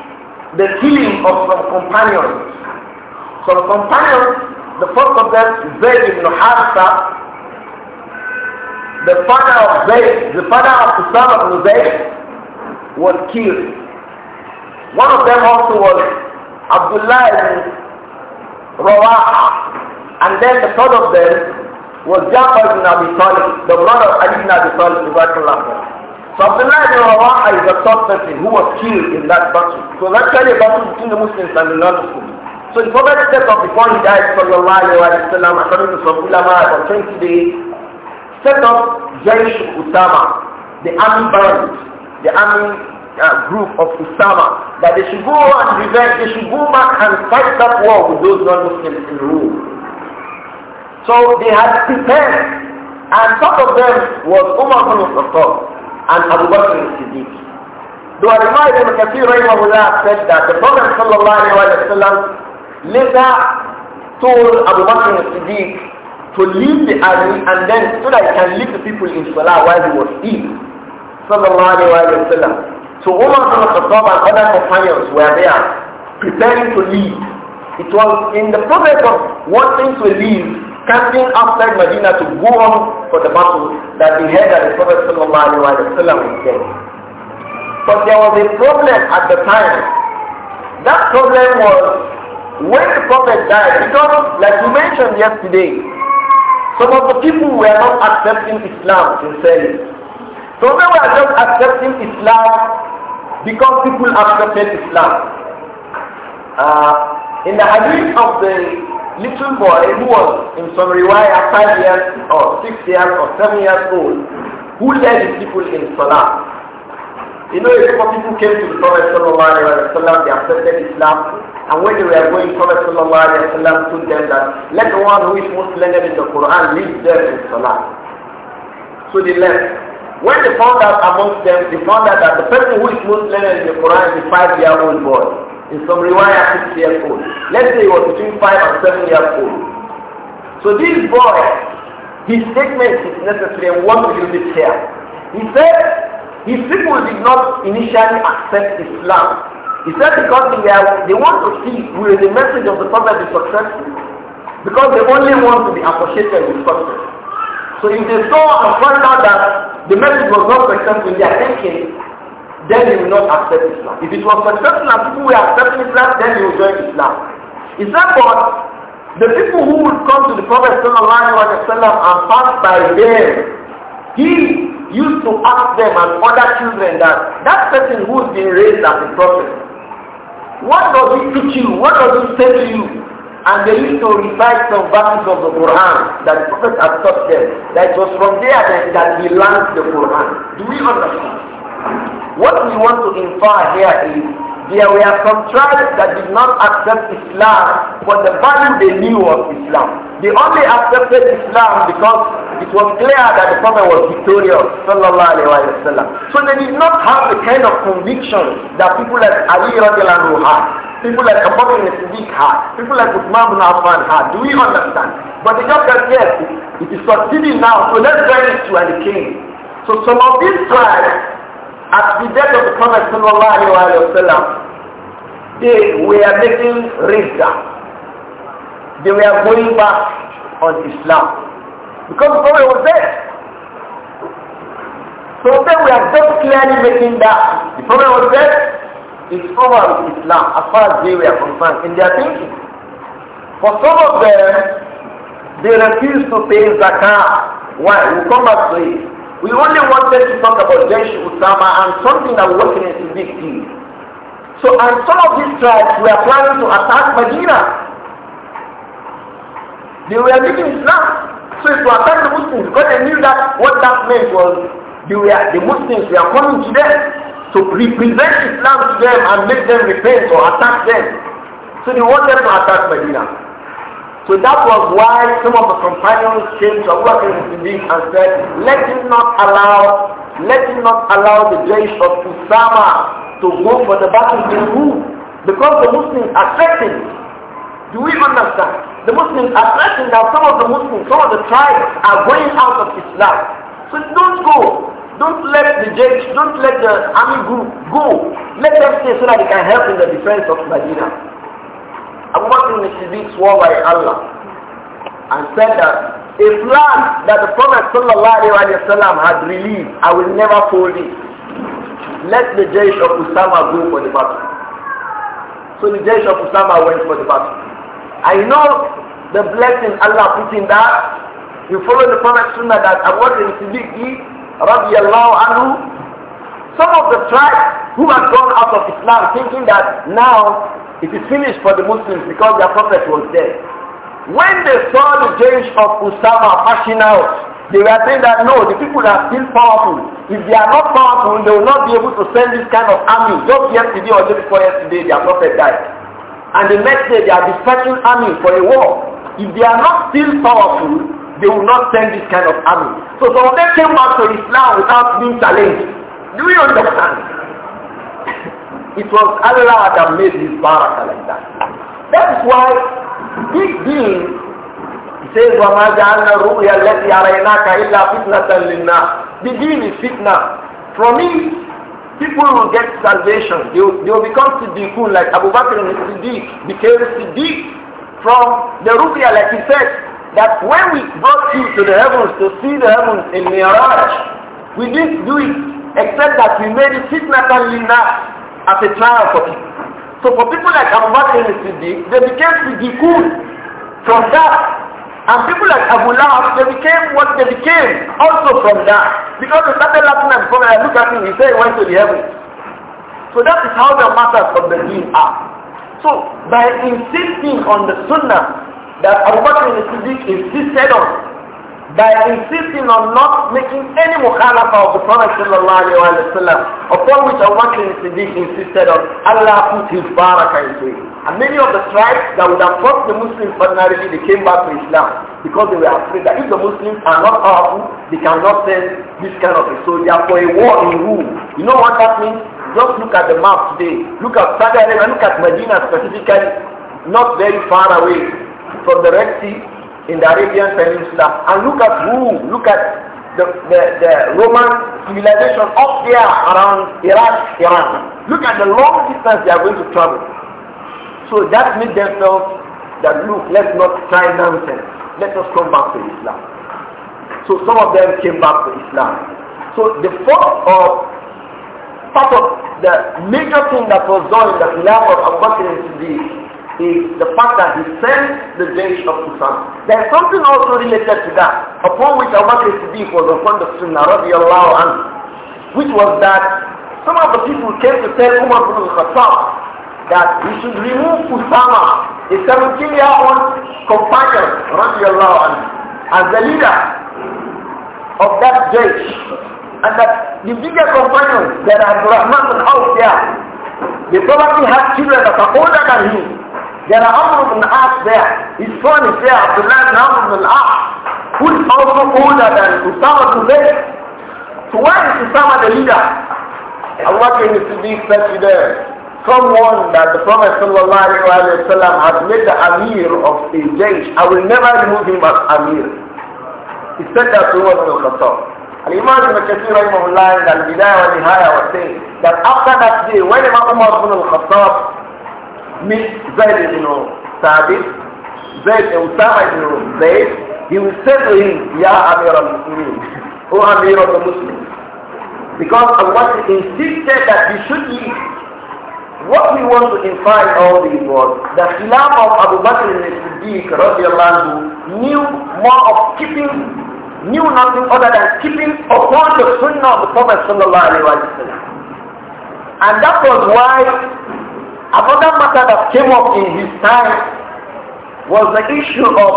the killing of some companions. Some companions, the first of them, Zayd ibn Harsa, the father of Zayd, the father of Usama ibn Zayd, was killed. One of them also was Abdullah ibn Rawaha. And then the third of them was Jafar ibn Abi Talib, the brother of Ali ibn Abi Talib, so Abdullah ibn Rawaha is the third person who was killed in that battle. So that's actually a battle between the Muslims and the non-Muslims. So the Prophet set up before he died, sallallahu alayhi wa sallam, according to some ulama, for 20 days, set up Jaish Usama, the army band, the army uh, group of Usama, that they should go and revenge, they should go back and fight that war with those non-Muslims in Rome. So they had prepared, and some of them was Umar ibn Khattab and Abu Bakr al-Siddiq. Though Imam Ibn Kathir Rahimahullah said that the Prophet Sallallahu Alaihi Wasallam later told Abu Bakr al-Siddiq to leave the army and then so that he can lead the people in Salah while he was ill. Sallallahu Alaihi Wasallam. So Umar bin Khattab and other companions were there preparing to leave. It was in the process of wanting to leave camping outside Medina to go on for the battle that he had at the Prophet ﷺ was there. But there was a problem at the time. That problem was when the Prophet died, because like we mentioned yesterday, some of the people were not accepting Islam sincerely. of them were just accepting Islam because people accepted Islam. Uh, in the hadith of the little boy who was in some riwayah five years or six years or seven years old, who led his people in Salah. You know, a group of people came to the Prophet Sallallahu Alaihi Wasallam, they accepted Islam, and when they were going, Prophet Sallallahu Alaihi Wasallam told them that, let the one who is most learned in the Quran lead them in Salah. So they left. When they found out amongst them, they found out that the person who is most learned in the Quran is a five-year-old boy. In some riwayah, six years old. Let's say he was between five and seven years old. So this boy, his statement is necessary and want to use it here. He said his people did not initially accept Islam. He said because they, they want to see will the message of the Prophet be successful. Because they only want to be associated with success. So if they saw and found out that the message was not successful in their thinking, then you will not accept Islam. If it was successful and people were accepting Islam, then you will join Islam. Is that what? The people who would come to the Prophet ﷺ and pass by them, he used to ask them and other children that that person who's been raised as a prophet, what does he teach you? What does he say to you? And they used to recite some verses of the Quran that the Prophet had taught them. That it was from there that he learned the Quran. Do we understand? What we want to infer here is there were some tribes that did not accept Islam for the value they knew of Islam. They only accepted Islam because it was clear that the Prophet was victorious, sallallahu So they did not have the kind of conviction that people like Ali radiallahu had, people like Abu Bakr Siddiq had, people like Uthman bin Affan had. Do we understand? But they just said, yes, it is succeeding now, so let's join it to the king. So some of these tribes at the death of the Prophet وسلم, they were making rizda. They were going back on Islam. Because the Prophet was dead. So then we are just clearly making that the Prophet was dead. It's over with Islam as far as they were concerned in their thinking. For some of them, they refuse to pay zakah. Why? we come back to it. We only wanted to talk about Jaish Usama and something that was working in big deal. So, and some of these tribes were planning to attack Medina. They were leaving Islam. So it to attack the Muslims because they knew that what that meant was they were, the Muslims were coming to them to represent Islam to them and make them repent or attack them. So they wanted to attack Medina. So that was why some of the companions came to Abu Bakr and said, let him not allow, let him not allow the Jaysh of Usama to go for the battle in who? Because the Muslims are threatened. Do we understand? The Muslims are threatened that Some of the Muslims, some of the tribes are going out of Islam. So don't go. Don't let the Jaysh, don't let the army group go. Let them stay so that they can help in the defense of Medina. Abu Bakr al-Siddiq swore by Allah and said that a flag that the Prophet wasallam had released, I will never fold it. Let the Jaysh of Usama go for the battle. So the Jaysh of Usama went for the battle. I know the blessing Allah put in that. You follow the Prophet Sunnah that Abu Bakr al-Siddiq, Allah anhu, some of the tribes who had gone out of Islam thinking that now it is finished for the Muslims because their prophet was dead. When they saw the change of Usama passing out, they were saying that no, the people are still powerful. If they are not powerful, they will not be able to send this kind of army. Just yesterday or just before yesterday, their prophet died. And the next day, they are dispatching army for a war. If they are not still powerful, they will not send this kind of army. So some of them came back to Islam without being challenged. Do you understand? It was Allah that made his baraka like that. That is why big being says, وَمَا جَعَلْنَا الرُّؤْيَا الَّتِي عَرَيْنَاكَ إِلَّا فِتْنَةً لِلنَّاسِ The is fitna. From me, people will get salvation. They will, they will become Siddiqun like Abu Bakr and Siddiq became Siddiq from the Ruqya like he said that when we brought you to the heavens to see the heavens in Miraj, we didn't do it except that we made it fitnatan lina as a trial for people. So for people like Abu Bakr and Siddiq, they became Siddiqun from that. And people like Abu Lahab, they became what they became also from that. Because they started laughing at before I look at him, he said he went to the heavens. So that is how the matters of the deen are. So by insisting on the sunnah that Abu Bakr and Siddiq insisted on, by insisting on not making any mukhalafa of the Prophet sallallahu alayhi wa sallam, upon which Abu Siddiq insisted on, Allah put his barakah into it. And many of the tribes that would have fought the Muslims ordinarily, they came back to Islam because they were afraid that if the Muslims are not powerful, they cannot send this kind of a soldier for a war in Rome. You know what that means? Just look at the map today. Look at Saudi Arabia, look at Medina specifically, not very far away from the Red Sea in the Arabian Peninsula. And look at who, look at the, the, the Roman civilization up there around Iraq, Iran. Look at the long distance they are going to travel. So that made them feel that look, let's not try nonsense. Let us come back to Islam. So some of them came back to Islam. So the first of part of the major thing that was done in the life of Abu is is the fact that he sent the days of the sun. There is something also related to that, upon which Abu Bakr Siddiq was upon the Sunnah radiallahu anhu, which was that some of the people came to tell Umar ibn al-Khattab that he should remove Usama, a 17-year-old companion radiallahu anhu, as the leader of that judge. And that the bigger companions, that are Rahman and Auf there, they probably have children that are older than him. There are Amr ibn As there. His son is there, Abdullah ibn Amr ibn As, who is also older than Usama ibn Zayd. So why is Usama the leader? Allah what can you be such there? Someone that the Prophet sallallahu alayhi wa has made the Amir of a Jaysh. I will never remove him as Amir. He said that to Umar ibn Khattab. Al-Imam ibn Kathir rahimahullah in Al-Bidayah wa Nihaya was saying that after that day, when Imam Umar ibn al-Khattab meet Zayd ibn Thabit, Zayd ibn Usama Zayd, he will say to him, Ya Amir al-Muslimin, O Amir of the Muslims, because Allah insisted that he should eat. What we want to imply all these was the Khilaf of Abu Bakr al-Siddiq knew more of keeping, knew nothing other than keeping upon the sunnah of the Prophet sallallahu alaihi wasallam. And that was why Another matter that came up in his time was the issue of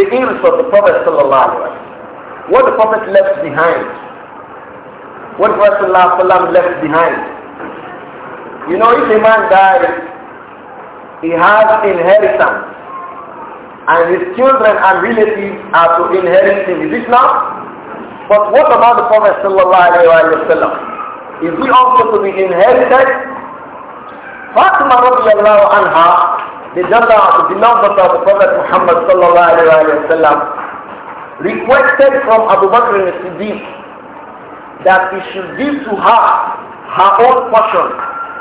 the ills of the Prophet sallallahu What the Prophet left behind. What Rasulullah Prophet left behind. You know, if a man dies, he has inheritance. And his children and relatives are to inherit his Is it But what about the Prophet sallallahu Is he also to be inherited Fatima radiallahu anha, the daughter, of the beloved of the Prophet Muhammad sallallahu alayhi wa sallam, requested from Abu Bakr al-Siddiq that he should give to her her own portion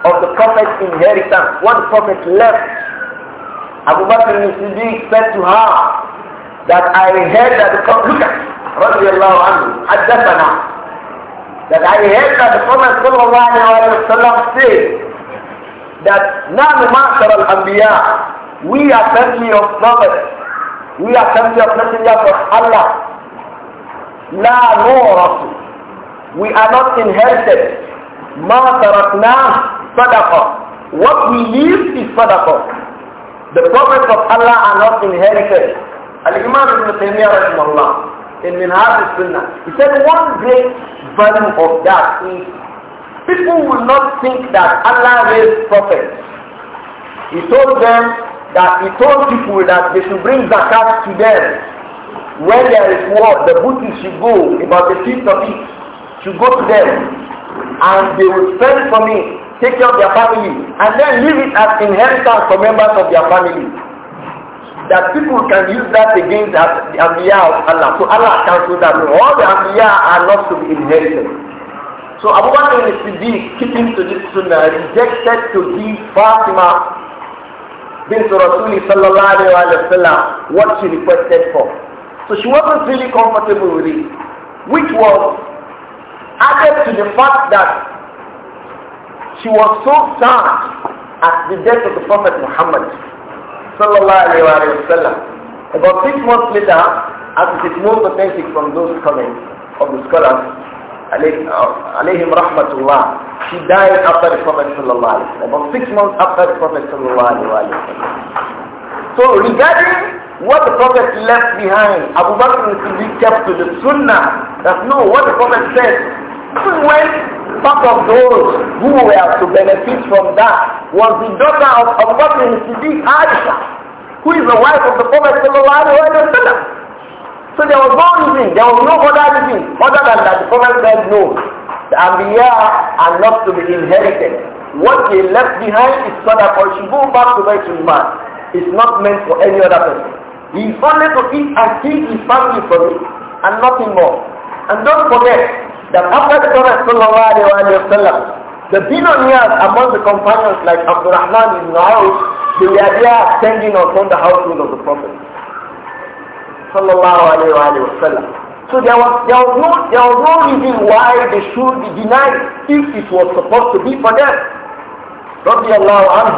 of the Prophet's inheritance, what the Prophet left. Abu Bakr al-Siddiq said to her that I heard that the Prophet, look at radiallahu anhu, حدثنا, that I heard that the Prophet sallallahu alayhi wa sallam said, that none نعم معشر الأنبياء we are family of prophets we are family of messengers of Allah لا نورث we are not inherited ما تركناه صدقة what we leave is sadaqah the prophets of Allah are not inherited Al-Imam Ibn Taymiyyah rahimahullah in Minhaj al-Sunnah he said one great value of that is people will not think that Allah raised prophets. He told them that he told people that they should bring zakat to them. When there is war, the booty should go, about the fifth of it, should go to them. And they will spend for me, take care of their family, and then leave it as inheritance for members of their family. That people can use that against the Ambiya of Allah. So Allah cancels that. All the Ambiya are not to be inherited. So Abu Bakr al-Siddiq, keeping to this sunnah, rejected to be Fatima bint Rasuli sallallahu alayhi wa sallam what she requested for. So she wasn't really comfortable with it, which was added to the fact that she was so sad at the death of the Prophet Muhammad sallallahu alayhi wa sallam. About six months later, as it is most authentic from those comments of the scholars, alayhim rahmatullah, she died after the Prophet sallallahu alayhi wa about six months after the Prophet sallallahu alayhi wa So regarding what the Prophet left behind, Abu Bakr be kept to the sunnah, that no, what the Prophet said, even when part of those who were to benefit from that was the daughter of Abu Bakr Siddiq, Aisha, who is the wife of the Prophet sallallahu alayhi wa sallam. So there was no reason, there was no other reason other than that the Prophet said no. The Ambiya are not to be inherited. What they left behind is that It should go back to Baitul Iman. It's not meant for any other person. He is only to eat and feed his family for it and nothing more. And don't forget that after the Prophet Sallallahu Alaihi Wasallam, the billionaires among the companions like Abdurrahman ibn Auf, they were there standing upon the household of the Prophet sallallahu alayhi wa sallam. So there was, there, was no, there was no reason why they should be denied if it was supposed to be for them. رضي الله عنه.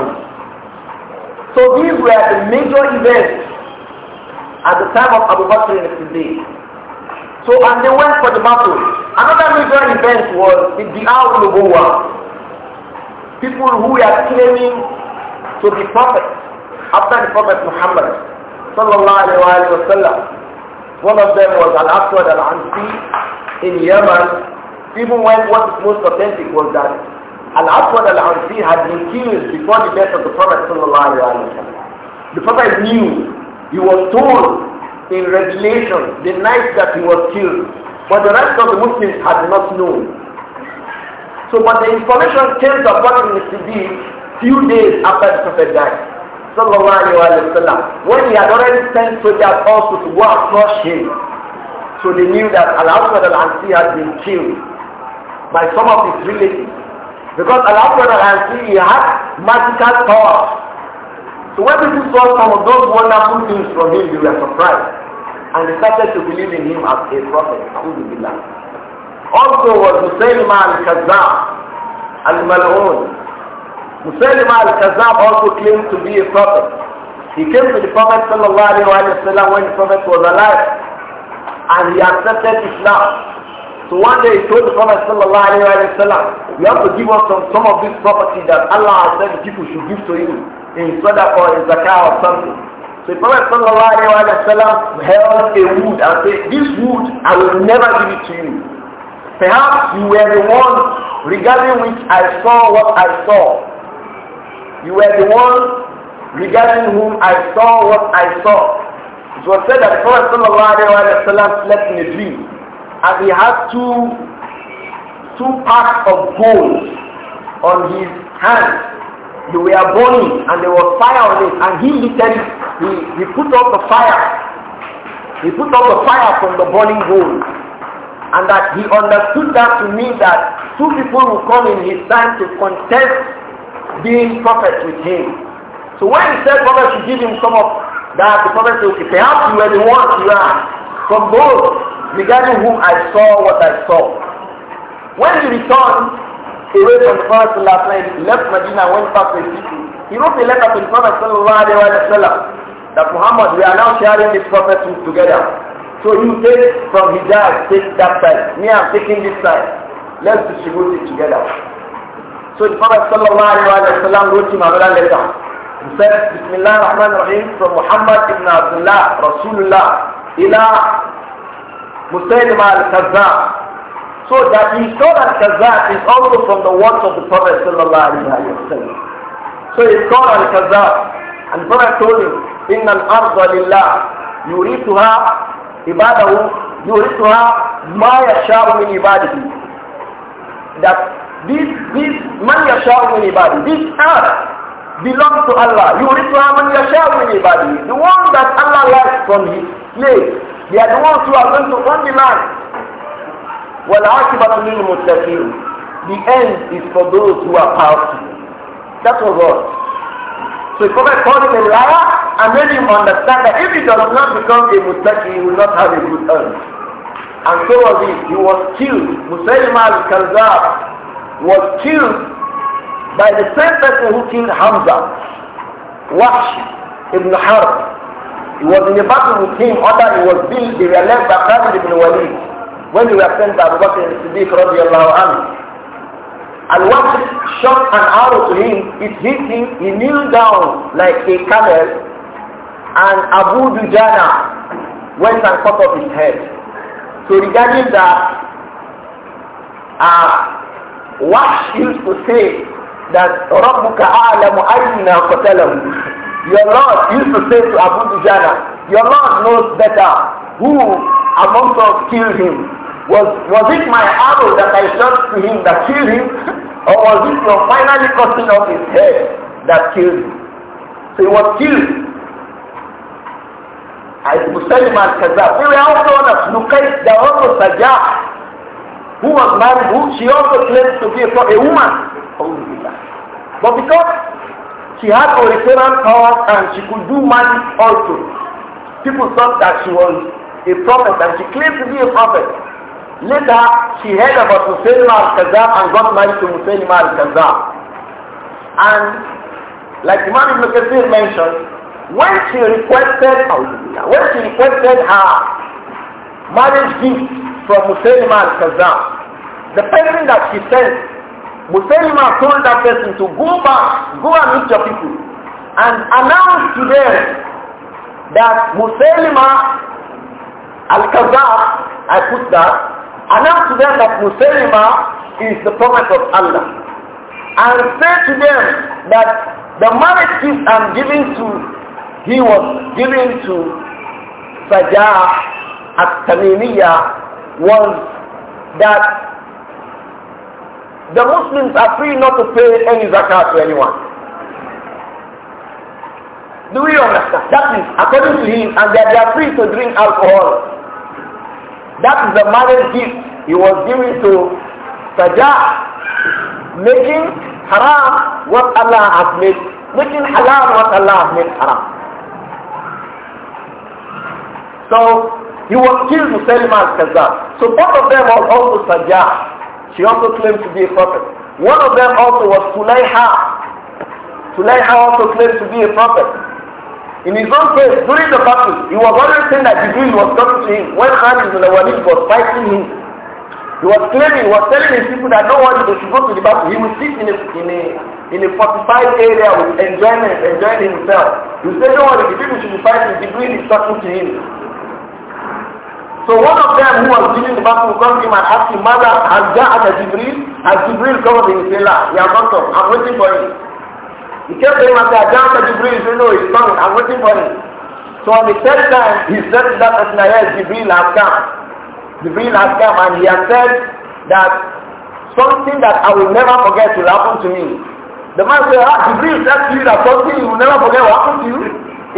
So these were the major events at the time of Abu Bakr and Siddiq. So and they went for the battle. Another major event was the Diaw Nubuwa. People who were claiming to be prophets after the Prophet Muhammad sallallahu alayhi wa One of them was Al-Aswad Al-Ansi in Yemen. Even when what is most authentic was that Al-Aswad Al-Ansi had been killed before the death of the Prophet sallallahu The Prophet knew, he was told in Revelation the night that he was killed. But the rest of the Muslims had not known. So, but the information came to upon him in few days after the Prophet died when he had already sent soldiers also to go and crush him. So they knew that Al-Aswad al-Ansi had been killed by some of his relatives. Because Al-Aswad al-Ansi had magical powers. So when people saw some of those wonderful things from him, they were surprised. And they started to believe in him as a prophet. Also was Hussein al-Kazzab al-Mal'un Musaylima al-Kazab also claimed to be a prophet. He came to the Prophet sallallahu alayhi wa when the Prophet was alive and he accepted Islam. So one day he told the Prophet sallallahu alayhi wa you have to give us some, some of this property that Allah has said people should give to you in sadaqah or in zakah or something. So the Prophet sallallahu alayhi wa held a wood and said, this wood I will never give it to you. Perhaps you were the one regarding which I saw what I saw. You were the one regarding whom I saw what I saw. It was said that the Prophet ﷺ slept in a dream and he had two, two packs of gold on his hands they were burning and there was fire on it and he literally he, he put out the fire he put out the fire from the burning gold and that he understood that to mean that two people will come in his time to contest being prophet with him. So when he said prophet should give him some of that, the prophet said, okay, perhaps you were the one you are from both regarding whom I saw what I saw. When he returned away from the Prophet last night, he left Medina and went back to his city. He wrote a letter to the Prophet that Muhammad, we are now sharing this prophethood together. So you take from his Hijaz, take that side. Me, I'm taking this side. Let's distribute it together. So the Prophet sallallahu alayhi wa sallam wrote him another letter. He said, Bismillah ar-Rahman ar-Rahim from Muhammad ibn Abdullah, Rasulullah, ila Musaylim al-Kazzab. So that he saw that Kazzab is also from the words of the Prophet sallallahu alayhi wa sallam. So he called al-Kazzab. And the Prophet told him, إن الأرض لله يورثها عباده يورثها ما يشاء من عباده that This, this, man yasha'u min ibadi. This earth belongs to Allah. You require man yasha'u min ibadi. The one that Allah likes from his slaves. They are the ones who are going to own the land. وَالْعَاقِبَةُ لِلْمُتَّقِينَ The end is for those who are powerful. That was all. So the Prophet called him a liar and made him understand that if he does not become a muttaqi, he will not have a good earth. And so was it. He was killed. Musaylimah al-Kazab was killed by the same person who killed Hamza, Wahsh ibn Harb. He was in a battle with him after he was being, they were led by Khalid ibn Walid when they were sent to Abu Bakr Siddiq radiallahu anhu. And Wahsh shot an arrow to him, it hit him, he kneeled down like a camel and Abu Dujana went and cut off his head. So regarding that, uh, What used to say that Rabbuka a'lamu ayna qatalahu. Your Lord used to say to Abu Dujana, Your Lord knows better who amongst us killed him. Was, was it my arrow that I shot to him that killed him? Or was it your finally cutting off his head that killed him? So he was killed. As Muslim al-Kazab. We were also known as Nukayt, the one who who was married, who she also claims to be a, a woman. But because she had oratorial power and she could do magic also, people thought that she was a prophet and she claimed to be a prophet. Later, she heard about Musaylima al-Kazam and got married to Musaylima al-Kazam. And like Imam Ibn Kathir mentioned, when she requested, when she requested her marriage gift from Musaylima al Kazam, The person that she sent, Musaylima told that person to go back, go and meet your people, and announce to them that Musaylima al Kazam, I put that, announce to them that Musaylima is the prophet of Allah. And say to them that the marriage gift I'm giving to, he was giving to Sajah at-Tamimiyah was that the Muslims are free not to pay any zakat to anyone. Do we understand? That is, according to him, and that they are free to drink alcohol. That is the marriage gift he was giving to Sajah, making haram what Allah has made, making halal what Allah has made haram. So he was killed Musaylima and Kazan. So both of them was also Sajjah. She also claimed to be a prophet. One of them also was Sulaiha. Sulaiha also claimed to be a prophet. In his own case, during the battle, he was always saying that Jibril was coming to him when Khalid bin Walid was fighting him. He was claiming, he was telling his people that no one should go to the battle. He would sit in a, in a, in a fortified area with enjoyment, enjoying himself. He said no one, the people should be fighting. Jibril is talking to him. So one of them who was leading the battle to him and asked him, Mother, has Ja'at a Jibril? Has Jibril come up? He said, La, he has not come. I'm waiting for him. He kept telling saying, Mother, Ja'at a Jibril? He said, No, he's coming. I'm waiting for him. So on the third time, he said to that person, yes, Jibril has come. Jibril has come and he has said that something that I will never forget will happen to me. The man said, ah, Jibril said you that something you will never forget will happen to you.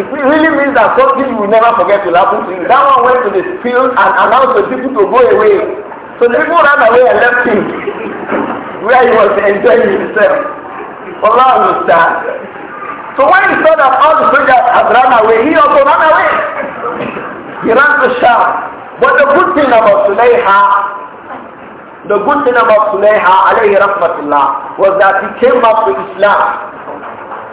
It really means that something you will never forget will happen to you. That one went to the field and announced the people to go away. So the people ran away and left him where he was enjoying himself. Allah understand. So when he saw that all the soldiers had run away, he also ran away. He ran to Sham. But the good thing about Suleyha, the good thing about Suleyha, alayhi rahmatullah was that he came back to Islam.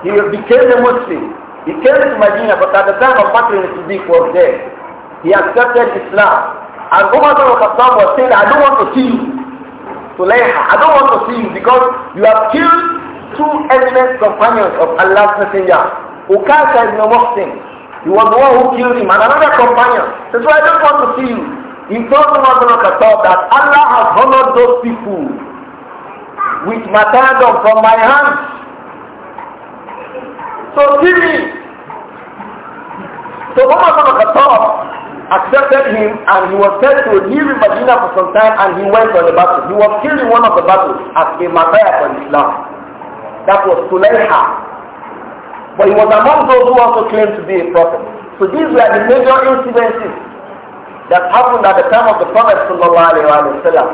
He became a Muslim. He came to Medina, but at the time of Bakr al-Siddiq was there. He accepted Islam. And Umar al Khattab was saying, I don't want to see you. Sulaiha, I don't want to see you because you have killed two eminent companions of Allah's Messenger. Ukasa ibn Muhsin. He was the one who killed him and another companion. That's why I don't want to see you. He told Umar al Khattab that Allah has honored those people with martyrdom from my hands. So see me. So Omar bin Khattab accepted him and he was said to live in Medina for some time and he went on the battle. He was killed in one of the battles as a martyr for Islam. That was Sulaiha. But he was among those who also claimed to be a prophet. So these were the major incidences that happened at the time of the Prophet Sallallahu Alaihi Wasallam.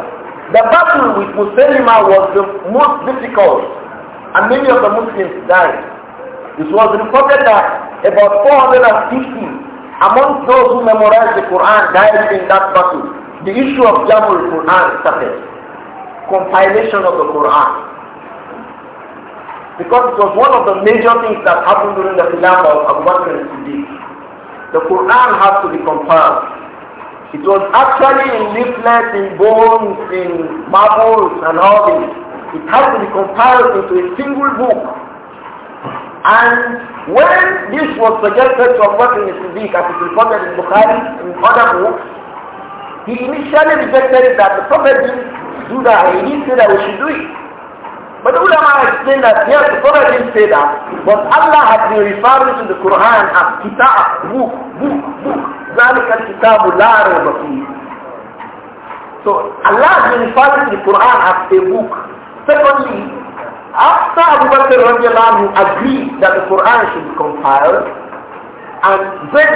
The battle with Musaylima was the most difficult and many of the Muslims died. It was reported that about 450 among those who memorized the Quran died in that battle. The issue of Jamul Quran started. Compilation of the Quran. Because it was one of the major things that happened during the Khilafah of Abu Bakr al-Siddiq. The Quran had to be compiled. It was actually in leaflets, in bones, in marbles and all this. It had to be compiled into a single book. And when this was suggested to Abu Bakr as-Siddiq as it's reported in Bukhari in other books, he initially rejected it that the Prophet didn't do that, he didn't say that we should do it. But the ulama explained that yes, the Prophet didn't say that, but Allah had been referring to the Quran as kitab, book, book, book. ذَلِكَ الْكِتَابُ لَا رَيْبَ فِيهِ So Allah has been referring to the Quran as a book. Secondly, after Abu Bakr agreed that the Quran should be compiled, and then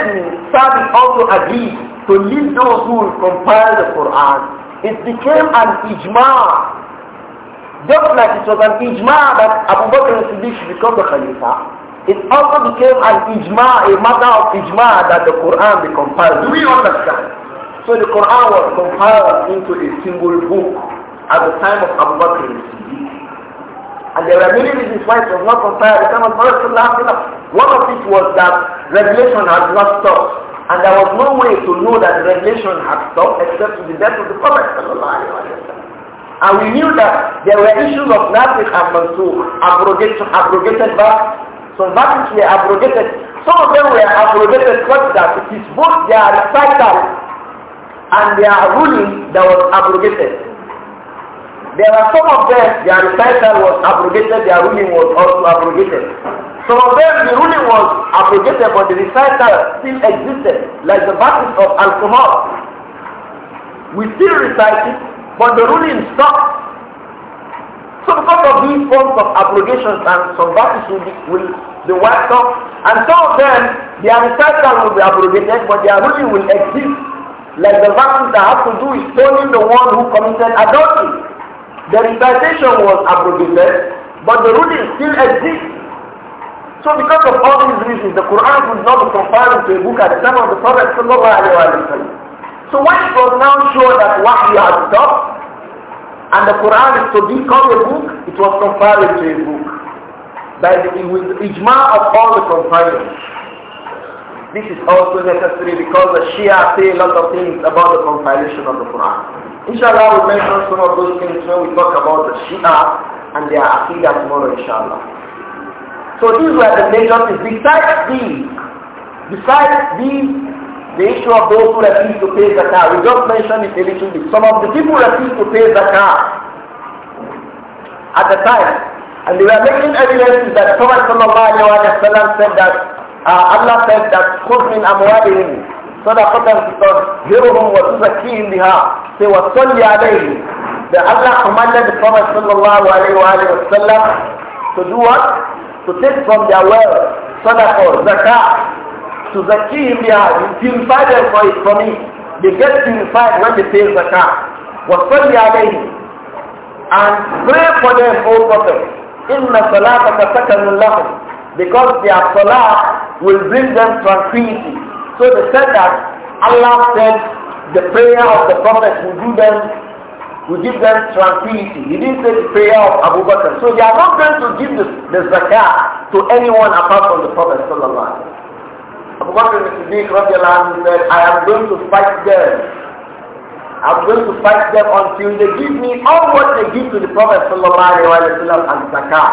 Sabi also agreed to lead those who will compile the Quran, it became an ijma' just like it was an ijma that Abu Bakr al-Siddiq should become the Khalifa, it also became an ijma, a matter of ijma that the Quran be compiled. Do we understand? So the Quran was compiled into a single book at the time of Abu Bakr al-Siddiq. And there were many reasons why it was not compiled at the time of Rasulullah. One of it was that revelation had not stopped. And there was no way to know that revelation had stopped except with the death of the Prophet And we knew that there were issues of Nafiq and abrogate abrogated, abrogated by some verses were abrogated. Some of them were abrogated such that it is both their recital and their ruling that was abrogated. There are some of them, their recital was abrogated, their ruling was also abrogated. Some of them, the ruling was abrogated, but the recital still existed, like the battle of alcohol. We still recite it, but the ruling stopped. Some because of these forms of abrogations and some battles will be, will be wiped off. And some of them, their recital will be abrogated, but their ruling will exist. Like the verses that have to do with stoning the one who committed adultery. The recitation was abrogated, but the ruling still exists. So because of all these reasons, the Quran was not compiled into a book at the time of the Prophet So when it was now sure that Wahy had stopped, and the Quran is to become a book, it was compiled into a book. By the ijma of all the compilers. This is also necessary because the Shia say a lot of things about the compilation of the Quran. Inshallah, we'll mention some of those things when we talk about the Shia and their Aqidah tomorrow, inshallah. So these were the major things. Besides these, besides these, the issue of those who refuse to pay zakat, we just mentioned it a little bit. Some of the people refused to pay zakat at the time. And they were making evidence that Prophet sallallahu alayhi wa said that, uh, Allah said that, خُذْ مِنْ أَمْوَالِهِمْ صَدَقَةً تُطَهِّرُهُمْ وَتُزَكِّيهِمْ بِهَا Say, وَصَلِّ عَلَيْهِ That Allah commanded the Prophet sallallahu alayhi wa sallam to do what? To take from their wealth, sadaqah, zakah, to the him their, purify them for it, for it. They get purified when they pay zakah. وَصَلِّ عَلَيْهِ And pray for them, O Prophet. the صَلَاتَكَ of Allah Because their salah will bring them tranquility. So they said that Allah said, the prayer of the Prophet will give them, will give them tranquility. He didn't say the prayer of Abu Bakr. So they are not going to give the, the zakat to anyone apart from the Prophet sallallahu Abu Bakr Siddiq said, I am going to fight them. I'm going to fight them until they give me all what they give to the Prophet sallallahu alaihi wasallam as zakat.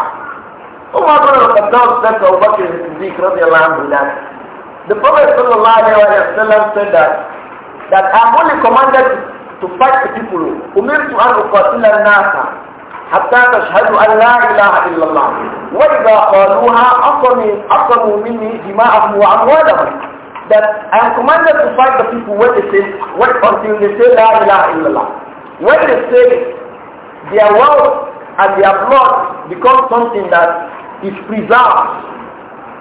Umar ibn al-Khattab said to Abu Bakr Siddiq that the Prophet sallallahu alaihi wasallam said that that I'm only commanded to fight the people. أمرت أن أقاتل الناس حتى تشهد أن لا إله إلا الله وإذا قالوها أقموا أقموا مني دماءهم وأموالهم that I am commanded to fight the people when they say when, until they say La إلّا illallah. When they say their wealth and their blood becomes something that is preserved,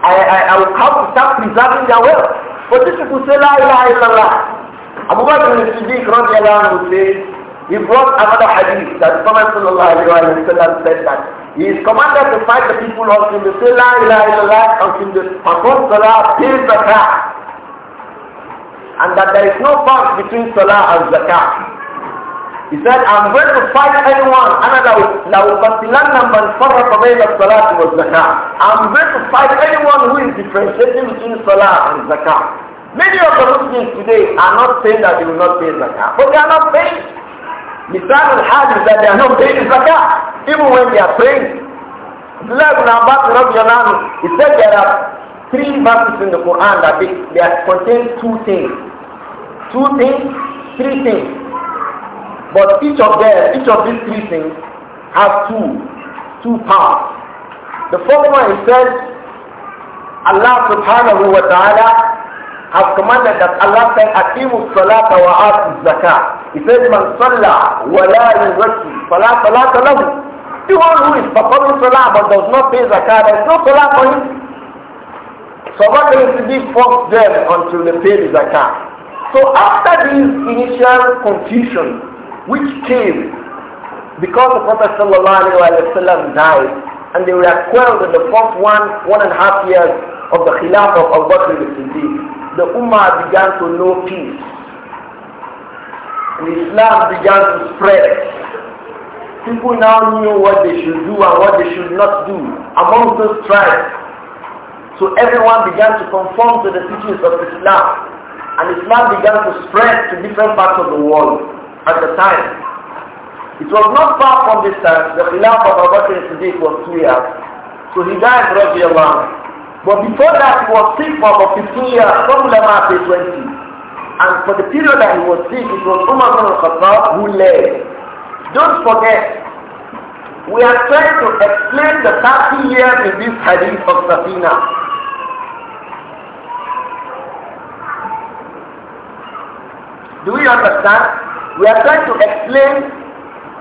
I, I, I will have to start preserving their wealth. But these people say La ilaha illallah. Abu Bakr al-Siddiq radiallahu says, he brought another hadith that Prophet sallallahu alayhi wa said that he is commanded to fight the people until they say la ilaha illallah until they perform salah, pay zakah. And that there is no fault between salah and zakah. He said, I'm going to fight anyone, another لَوْقَتِلَنَّ مَنْ فَرَّقَ بَيْنَ zakah. وَالزَّكَاةِ I'm going to fight anyone who is differentiating between salah and zakah. Many of the Muslims today are not saying that they will not pay zakah, but they are not paying. Misal al-Hal is that they are not paying zakah, even when they are praying. Abdullah ibn Abbas he said there are three verses in the Quran that they, they contain two things. Two things, three things. But each of them, each of these three things has two, two parts. The first one is said, Allah subhanahu wa ta'ala have commanded that Allah said, Akimu salata wa atu zakah. He says, Man salla wa la yuzaki, salah, salah, salah. The one who is performing salah but does not pay zakah, there is no salah for him. So what they will be forced them until they pay the zakah. So after this initial confusion, which came because the Prophet ﷺ died, and they were quelled in the first one, one and a half years of the Khilafah of Abu Bakr al-Siddiq the Ummah began to know peace. And Islam began to spread. People now knew what they should do and what they should not do among those tribes. So everyone began to conform to the teachings of Islam. And Islam began to spread to different parts of the world at the time. It was not far from this time, the Khilafah of Abu Bakr this was two years. So he died, radiallahu anhu. But before that, he was sick for about 15 years, some ulama say 20. And for the period that he was sick, it was Umar bin al-Khattab who led. Don't forget, we are trying to explain the 30 years in this hadith of Safina. Do we understand? We are trying to explain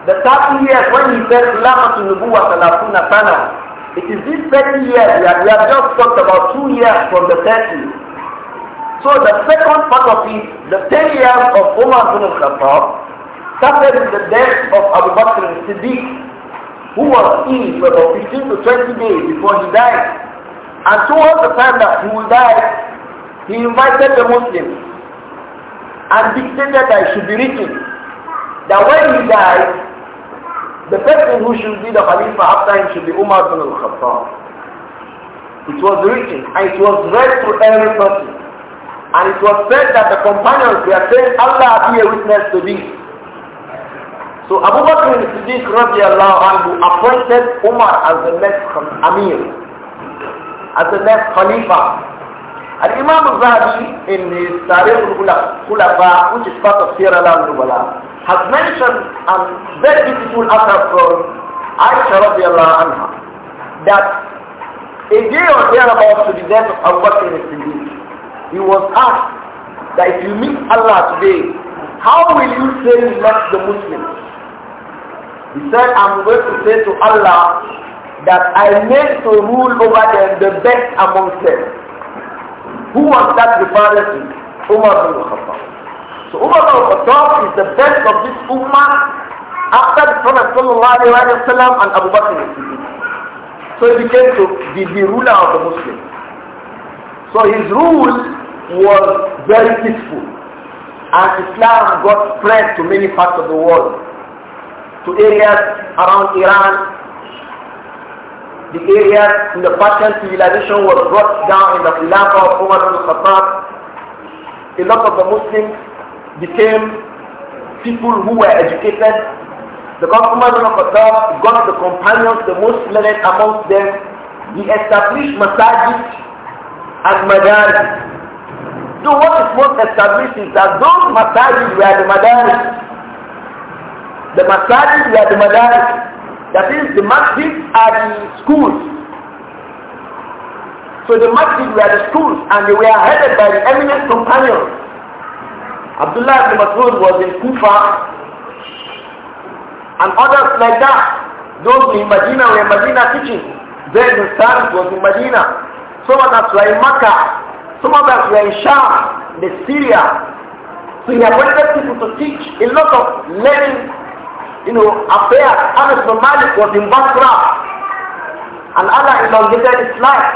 the 30 years when he said, Lama Nubuwa Salafuna Sana. It is these 30 years, we have, we have just talked about two years from the 30. So the second part of it, the 10 years of Umar bin al-Khattab, started with the death of Abu Bakr al-Siddiq, who was ill for about 15 to 20 days before he died. And towards the time that he will die, he invited the Muslims and dictated that it should be written that when he dies, the person who should be the Khalifa after him should be Umar bin al-Khattab. It was written and it was read to every person. And it was said that the companions were saying, Allah be a witness to this. So Abu Bakr al-Siddiq radiallahu anhu appointed Umar as the next Amir, as the next Khalifa. And Imam zahabi in his Tarikh al-Khulafa, which is part of Sierra al-Nubala, has mentioned a very beautiful asar from Aisha radiallahu anha that a day or thereabouts to the death of Abu Bakr al-Siddiq, he was asked that if you meet Allah today, how will you say you left the Muslims? He said, I'm going to say to Allah that I meant to rule over them the best amongst them. Who was that referring to? Umar bin Khattab. So Umar al-Khattab is the best of this ummah after the Prophet sallallahu alayhi wa sallam and Abu Bakr So he became to be the ruler of the Muslims. So his rule was very peaceful. And Islam got spread to many parts of the world. To areas around Iran, the areas in the Persian civilization was brought down in the Khilafah of Umar al-Khattab. A lot of the Muslims became people who were educated. The Umar ibn Khattab got the companions, the most learned amongst them. He established masajid and madaris. So what is most established is that those masajid were the madaris. The masajid were the madaris. That is, the masjid are the schools. So the masjid were the schools and they were headed by the eminent companions. Abdullah ibn Mas'ud was in Kufa and others like that. Those in Medina were in Medina teaching. Then the Thabit was in Medina. Some of us were in Makkah. Some of us were in Sham, in Syria. So he appointed people to teach a lot of learning, you know, affairs. Anas bin Malik was in Basra. And Allah elongated his life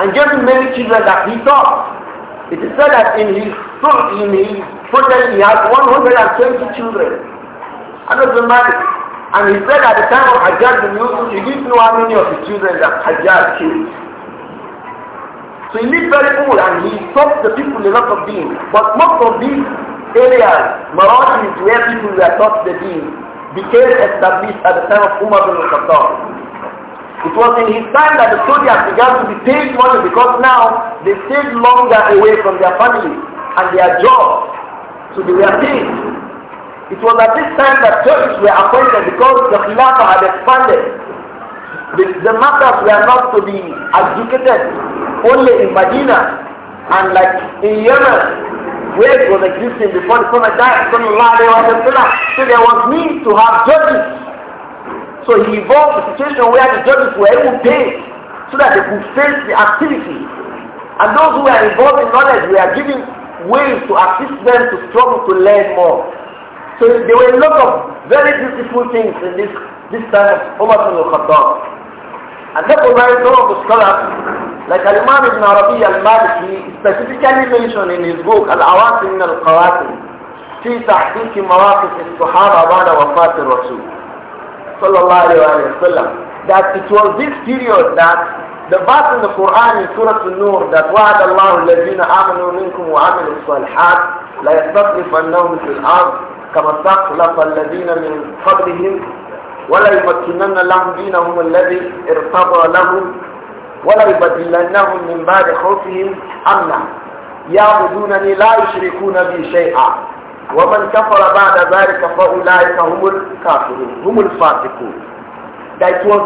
and gave him many children that he taught. It is said that in his, in his he had 120 children. Anas bin Malik. And he said at the time of Hajjaj the news. he didn't know how many of his children that Hajjaj killed. So he lived very poor and he taught the people a lot of deen. But most of these areas, Marathi is where people were taught the deen, became established at the time of Umar bin Khattab. It was in his time that the soldiers began to be paid money because now they stayed longer away from their families and their jobs to the yaqeen. It was at this time that churches were appointed because the Khilafah had expanded. The, the matters were not to be adjudicated only in Medina and like in Yemen where it was existing before the Prophet died. So there was need to have judges. So he evolved a situation where the judges were even paid so that they could face the activity. And those who were involved in knowledge were given Ways to assist them to struggle to learn more. So there were a lot of very beautiful things in this, this time of Omar ibn al-Khattab. And that was why some of the scholars, like Al-Imam ibn Arabi al-Maliki, specifically mentioned in his book, Al-Awasim al-Qawasim, في تحقيق مواقف الصحابة بعد وفاة الرسول صلى الله عليه وسلم that it was this period that The verse in the Quran in Surah وَعَدَ اللَّهُ الَّذِينَ آمَنُوا مِنكُمْ وَعَمِلُوا الصَّالِحَاتِ لا لَيَسْتَخْلِفَنَّهُمْ فِي الْأَرْضِ كما استخلف الذين من قبلهم ولا يمكنن لهم دينهم الذي ارتضى لهم ولا يبدلنهم من بعد خوفهم أمنا يعبدونني لا يشركون بي شيئا ومن كفر بعد ذلك فأولئك هم الكافرون هم الفاسقون That was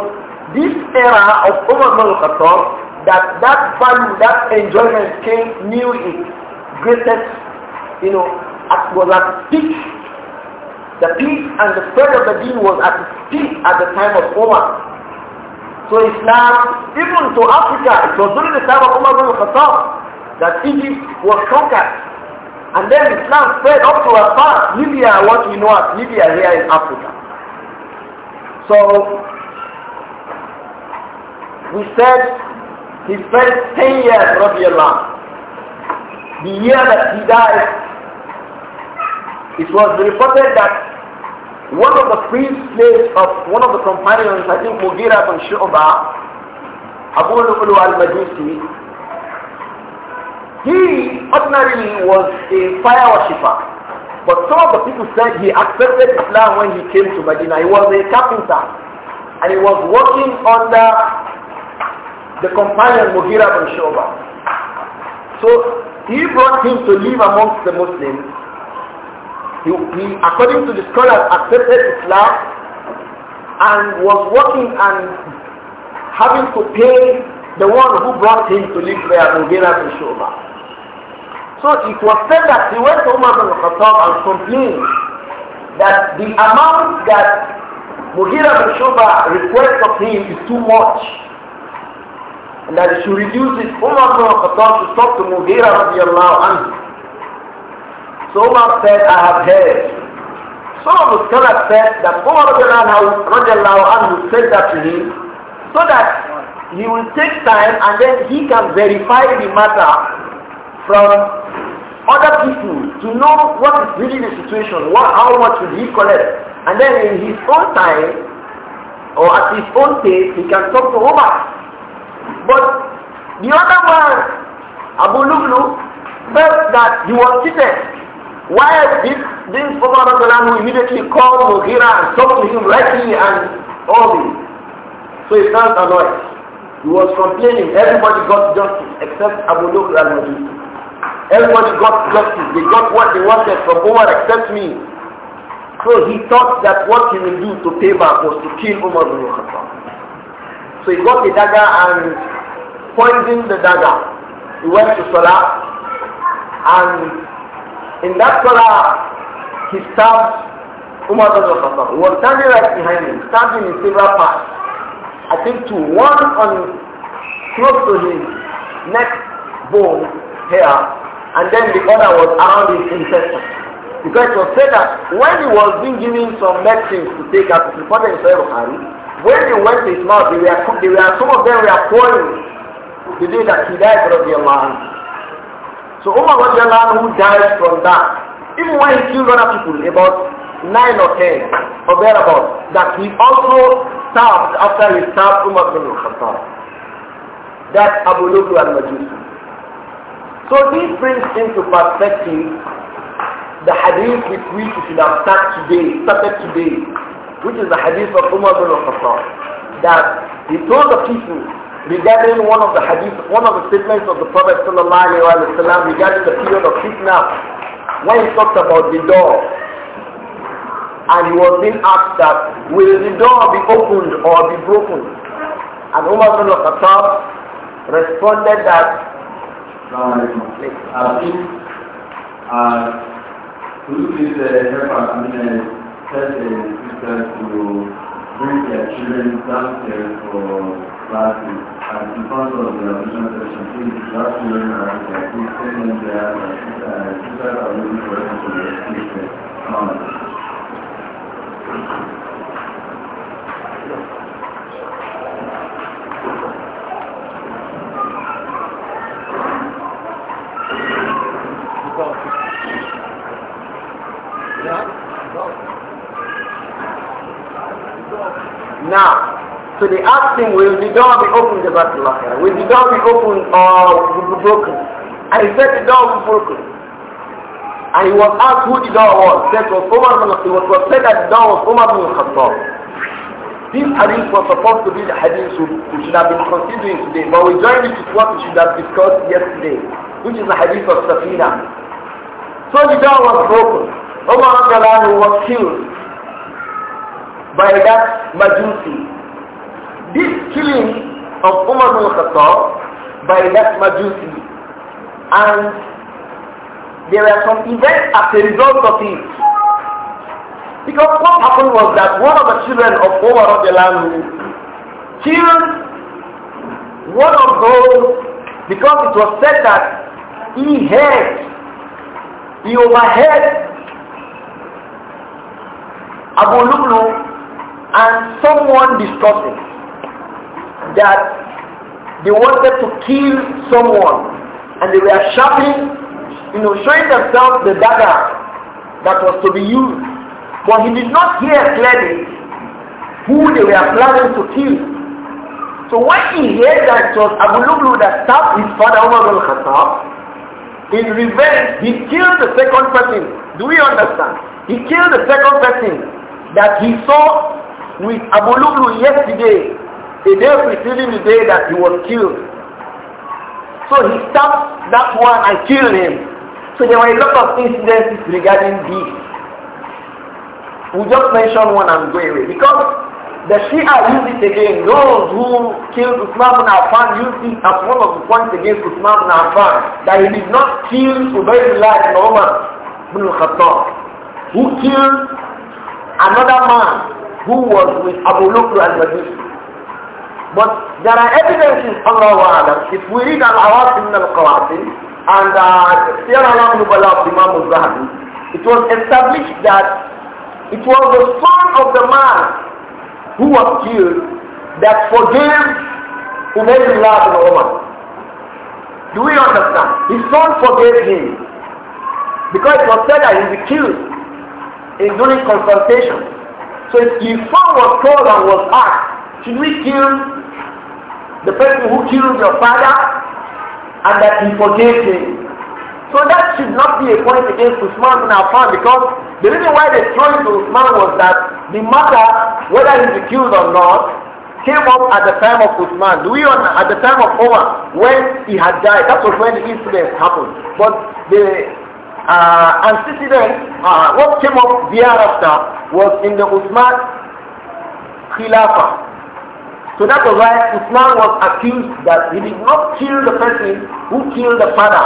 this era of Umar al-Khattab, that that value, that enjoyment came, new its greatest, you know, at, was at peak. The peak and the spread of the deen was at peak at the time of Umar. So Islam, even to Africa, it was during the time of Umar al-Khattab that Egypt was conquered. And then Islam spread up to as far Libya, what we know as Libya here in Africa. So he said he spent 10 years, radiallahu The year that he died, it was reported that one of the free slaves of one of the companions, I think Mughira from Shu'ba, Abu Lulu al-Majusi, he ordinarily was a fire worshipper. But some of the people said he accepted Islam when he came to Medina. He was a carpenter and he was working under the companion Mughira bin Shoba. So he brought him to live amongst the Muslims. He, he according to the scholars, accepted Islam and was working and having to pay the one who brought him to live there, Mughira bin Shoba. So it was said that he went to Umar bin Khattab and complained that the amount that Mughira bin Shoba requests of him is too much and that he should reduce it. Umar ibn Khattab to talk to Mughira radiallahu anhu. So Umar said, I have heard. Some of the scholars said that Umar radiallahu anhu said that to him so that he will take time and then he can verify the matter from other people to know what is really the situation, what, how much will he collect. And then in his own time, or at his own pace, he can talk to Umar but the other man, Abu Lublu, felt that he was cheated. Why did this Umar who immediately called Mughira and talked to him rightly and all this? So he felt annoyed. He was complaining. Everybody got justice except Abu Lublu al-Majid. Everybody got justice. They got what they wanted from Umar except me. So he thought that what he will do to pay back was to kill Umar bin Khattab. So he got the dagger and poisoned the dagger. He went to Salah and in that Salah he stabbed Umar bin al-Khattab. He was standing right behind him, stabbing in several parts. I think to one on close to his neck bone here and then the other was around his intestine. Because it was said that when he was being given some medicines to take as reported in Sahih Bukhari, when they went to his mouth, they were, they were, some of them were pouring the day that he died, radiallahu anhu. So Umar radiallahu who died from that. Even when he killed other people, about nine or ten, or thereabouts, that he also stabbed after he stabbed Umar bin al-Khattab. That's Abu Lutu al-Majusi. So this brings into perspective the hadith with which we should have started today, started today, which is the hadith of Umar bin al-Khattab, that he told the people regarding one of the hadith, one of the statements of the Prophet sallallahu regarding the period of fitna, when he talked about the door, and he was being asked that will the door be opened or be broken? And Umar bin al Khattab responded that. Uh, uh, could you please uh, help us, I mean, uh, tell the sisters to bring their children downstairs for party and because of their vision deficiency, last year and their Christian India and teachers are looking for to educate their knowledge. Now, so they asked him, will the door be opened the battle Will the door be opened or will be broken? And he said the door was broken. And he was asked who the door was. That was Umar bin It was said that the door was Umar bin Khattab. This hadith was supposed to be the hadith we should have been considering today, but we joined it with what we should have discussed yesterday, which is the hadith of Safina. So the door was broken. Umar was killed by that Majusi, this killing of Umar bin Khattab by that Majusi and there were some events as a result of it. Because what happened was that one of the children of Umar killed one of those because it was said that he heard, he overheard Abu Lulu and someone discussing that they wanted to kill someone and they were sharpening, you know, showing themselves the dagger that was to be used. But he did not hear clearly who they were planning to kill. So when he heard that it was Abu Lublu that stabbed his father Umar al-Khattab, in revenge, he killed the second person. Do we understand? He killed the second person that he saw with Abu Lublu yesterday a day preceding the day that he was killed. So he stabbed that one and killed him. So there were a lot of incidents regarding this. We just mention one and go away because the Shia used it again. Those who killed Usman bin Affan used it as one of the points against Usman bin Affan that he did not kill Ubaydullah bin Umar bin Khattab who killed another man who was with Abu Lukru al-Majusi. But there are evidences, Allah Alam, if we read Al-Awasim al-Qawasim and Sierra uh, Al-Nubala of Imam al-Zahabi, it was established that it was the son of the man who was killed that forgave Ubaydullah bin Umar. Do we understand? His son forgave him because it was said that he would be killed in during consultation. So his son was called and was asked should we kill the person who killed your father and that he forgave him? So that should not be a point against Usman bin Affan because the reason why they threw it to Usman was that the matter, whether he be killed or not, came up at the time of Usman. Do we on at the time of Omar when he had died? That was when the incident happened. But the uh, antecedent, uh, what came up thereafter was in the Usman Khilafah. So that was why Islam was accused that he did not kill the person who killed the father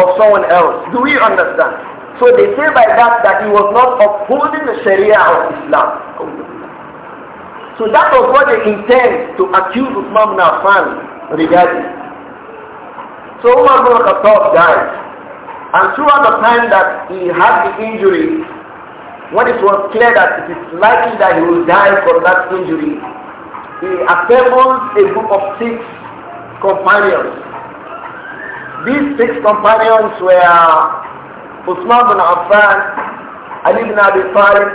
of someone else. Do we understand? So they say by that that he was not upholding the Sharia of Islam. So that was what they intend to accuse Uthman bin Affan regarding. So Umar bin Khattab died. And throughout the time that he had the injury, when it was clear that it is likely that he will die from that injury, he assembled a group of six companions. These six companions were Usman bin Affan, Ali bin Abi Talib,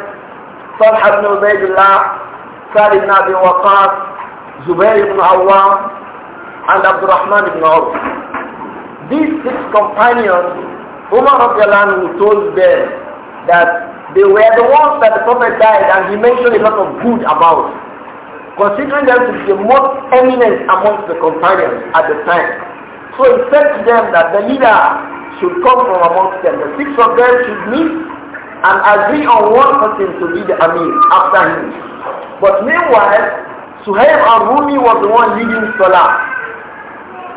Talha bin Ubaidullah, Salih bin Abi Waqas, Zubayr bin Awam, and Abdurrahman ibn Auf. These six companions, Umar Abdullah told them that they were the ones that the Prophet died and he mentioned a lot of good about considering them to be the most eminent amongst the companions at the time. So he said to them that the leader should come from amongst them. The six of them should meet and agree on one person to be the Amir after him. But meanwhile, Suhaib al-Rumi was the one leading Salah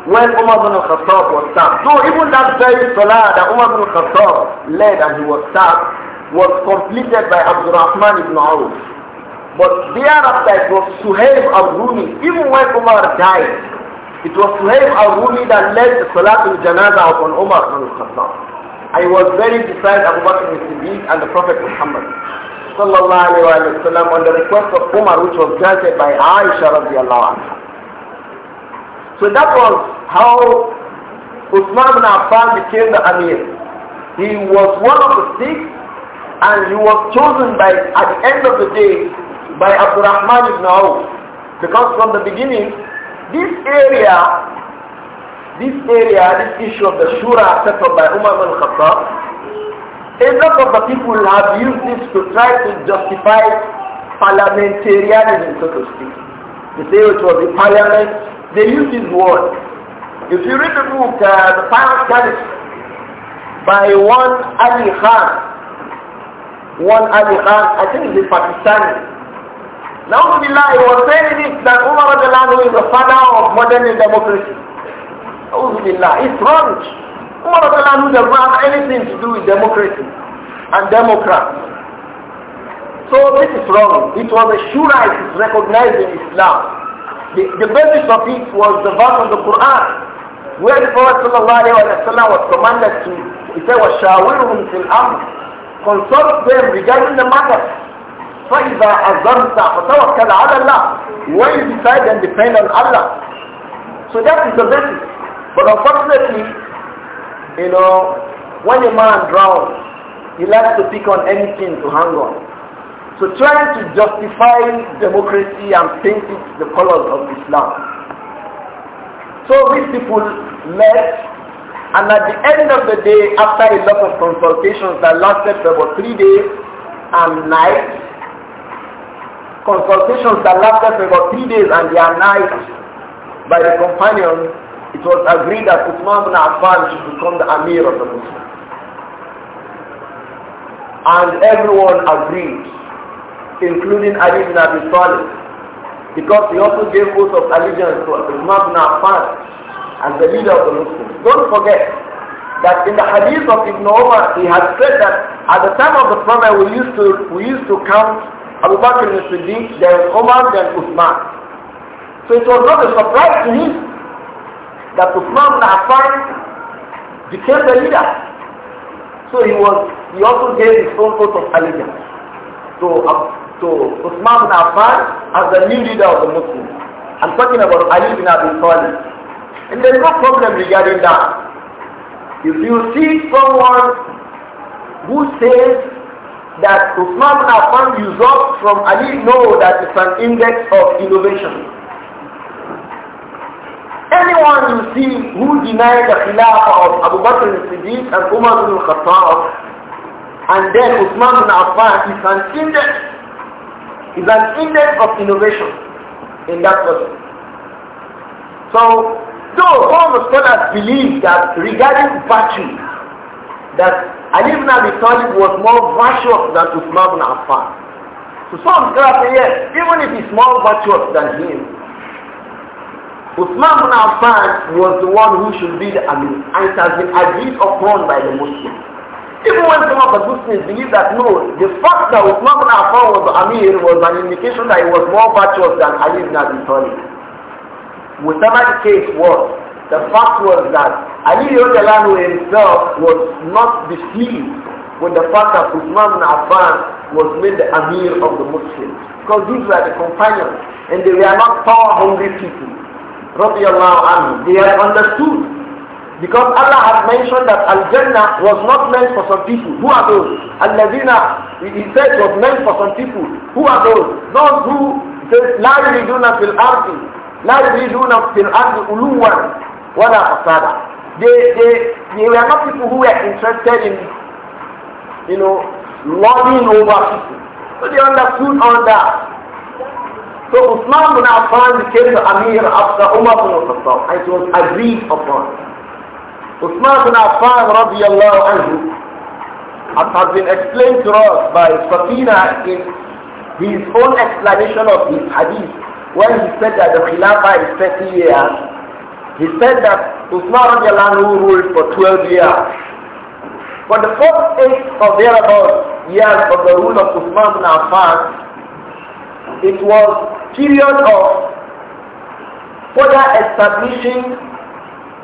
when Umar bin al-Khattab was stabbed. So even that very Salah that Umar bin al-Khattab led and he was stabbed was completed by Abdurrahman ibn Awf. But thereafter it was Suhaib al-Rumi. Even when Umar died, it was Suhaib al-Rumi that led the Salatul Janaza upon Umar al-Khattab. I was very beside Abu Bakr al-Siddiq and the Prophet Muhammad sallallahu alayhi wa sallam on the request of Umar which was granted by Aisha radiallahu anha. So that was how Uthman ibn Affan became the Amir. He was one of the six and he was chosen by, at the end of the day, by Abdurrahman ibn Auf. Because from the beginning, this area, this area, this issue of the Shura set up by Umar ibn Khattab, a lot of the people have used this to try to justify parliamentarianism, so to speak. They say it was the parliament. They use this word. If you read the book, uh, The Pirate Caliph, by one Ali Khan, one Ali Khan, I think he's a Pakistani, now, Billah, he was saying this that Umar Adalanu is the father of modern democracy. Billah, it's wrong. Umar Adalanu does not have anything to do with democracy and democrats. So this is wrong. It was a shura, it is recognized in Islam. The, the basis of it was the verse of the Quran, where the Prophet ﷺ was commanded to, he said, وَشَاوِرْهُمْ فِي الْأَمْرِ Consult them regarding the matter. فَإِذَا عَزَمْتَ فَتَوَكَّلْ عَلَى اللَّهِ When you decide and depend on Allah. So that is the message. But unfortunately, you know, when a man drowns, he likes to pick on anything to hang on. So trying to justify democracy and paint it the colors of Islam. So these people left and at the end of the day, after a lot of consultations that lasted for about three days and nights, consultations that lasted for about three days and their nights by the companions, it was agreed that Uthman ibn Affan should become the Amir of the Muslims. And everyone agreed, including Ali ibn Abi Talib, because he also gave oath of allegiance to Uthman ibn Affan as the leader of the Muslims. Don't forget, that in the hadith of Ibn Umar, he had said that at the time of the Prophet, we used to, we used to count Abu Bakr al-Siddiq, then Umar, then Uthman. So it was not a surprise to him that Uthman ibn Affan became the leader. So he was, he also gave his own sort of allegiance to, uh, to Uthman ibn Affan as the new leader of the Muslims. I'm talking about Ali ibn Abi Talib. And there's no problem regarding that. If you see someone who says that Usman bin Affan usurped from Ali? No, that is an index of innovation. Anyone you see who denied the Khilafah of Abu Bakr al-Siddiq and Umar bin al-Khattab and then Usman bin Affan is an index, is an index of innovation in that person. So, though all the scholars believe that regarding virtue, that Ali ibn Abi Talib was more virtuous than Uthman ibn Affan. So some scholars say yes, even if he's more virtuous than him, Uthman ibn Affan was the one who should be the Amir and it has been agreed upon by the Muslims. Even when some of the Muslims believe that no, the fact that Uthman ibn Affan was the Amir was an indication that he was more virtuous than Ali ibn Abi Talib. Whatever the case was, the fact was that Ali Yojalanu himself was not deceived when the fact that Uthman bin Affan was made the Amir of the Muslims. Because these were the companions and they were not power-hungry people. Radiallahu anhu. They had understood. Because Allah had mentioned that Al-Jannah was not meant for some people. Who are those? Al-Ladina, he said was meant for some people. Who are those? Those who says, لا يريدون في الأرض لا يريدون في الأرض ألوا ولا فسادا they, they, they were not people who were interested in, you know, lording over people. So they understood all that. So Usman bin Affan became the Amir after Umar bin Khattab and it was agreed upon. Usman bin Affan radiallahu anhu has been explained to us by Fatina in his own explanation of his hadith when he said that the Khilafah is 30 years he said that Usman Jalanu ruled for 12 years. But the first eight or thereabouts years of the rule of Usman bin Affan, it was period of further establishing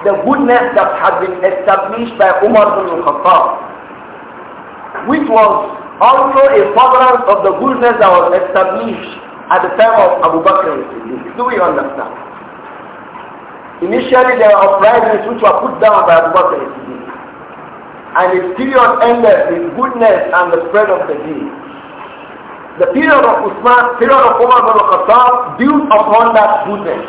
the goodness that had been established by Umar bin Khattab, which was also a furtherance of the goodness that was established at the time of Abu Bakr. Do we understand? Initially, there were uprisings which were put down by Abu Bakr And his period ended with goodness and the spread of the deen. The period of Usman, period of Umar bin Khattab built upon that goodness.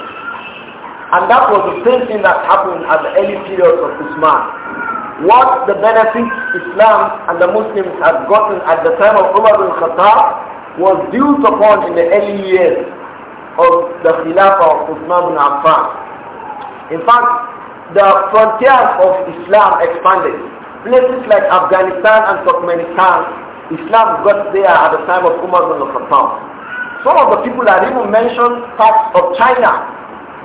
And that was the same thing that happened at the early period of Usman. What the benefits Islam and the Muslims had gotten at the time of Umar bin Khattab was built upon in the early years of the Khilafah of Usman bin Affan. In fact, the frontiers of Islam expanded. Places like Afghanistan and Turkmenistan, Islam got there at the time of Umar bin Khattab. Some of the people that even mentioned parts of China,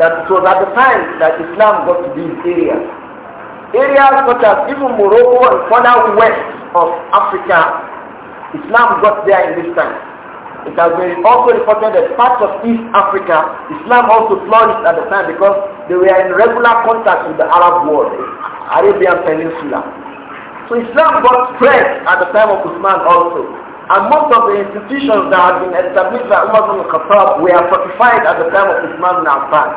that it was at the time that Islam got to these areas. Areas such as even Morocco and further west of Africa, Islam got there in this time. It has been also reported that parts of East Africa, Islam also flourished at the time because they were in regular contact with the Arab world, Arabian Peninsula. So Islam got spread at the time of Usman also. And most of the institutions that had been established by Umar ibn Khattab were fortified at the time of Usman ibn Affan.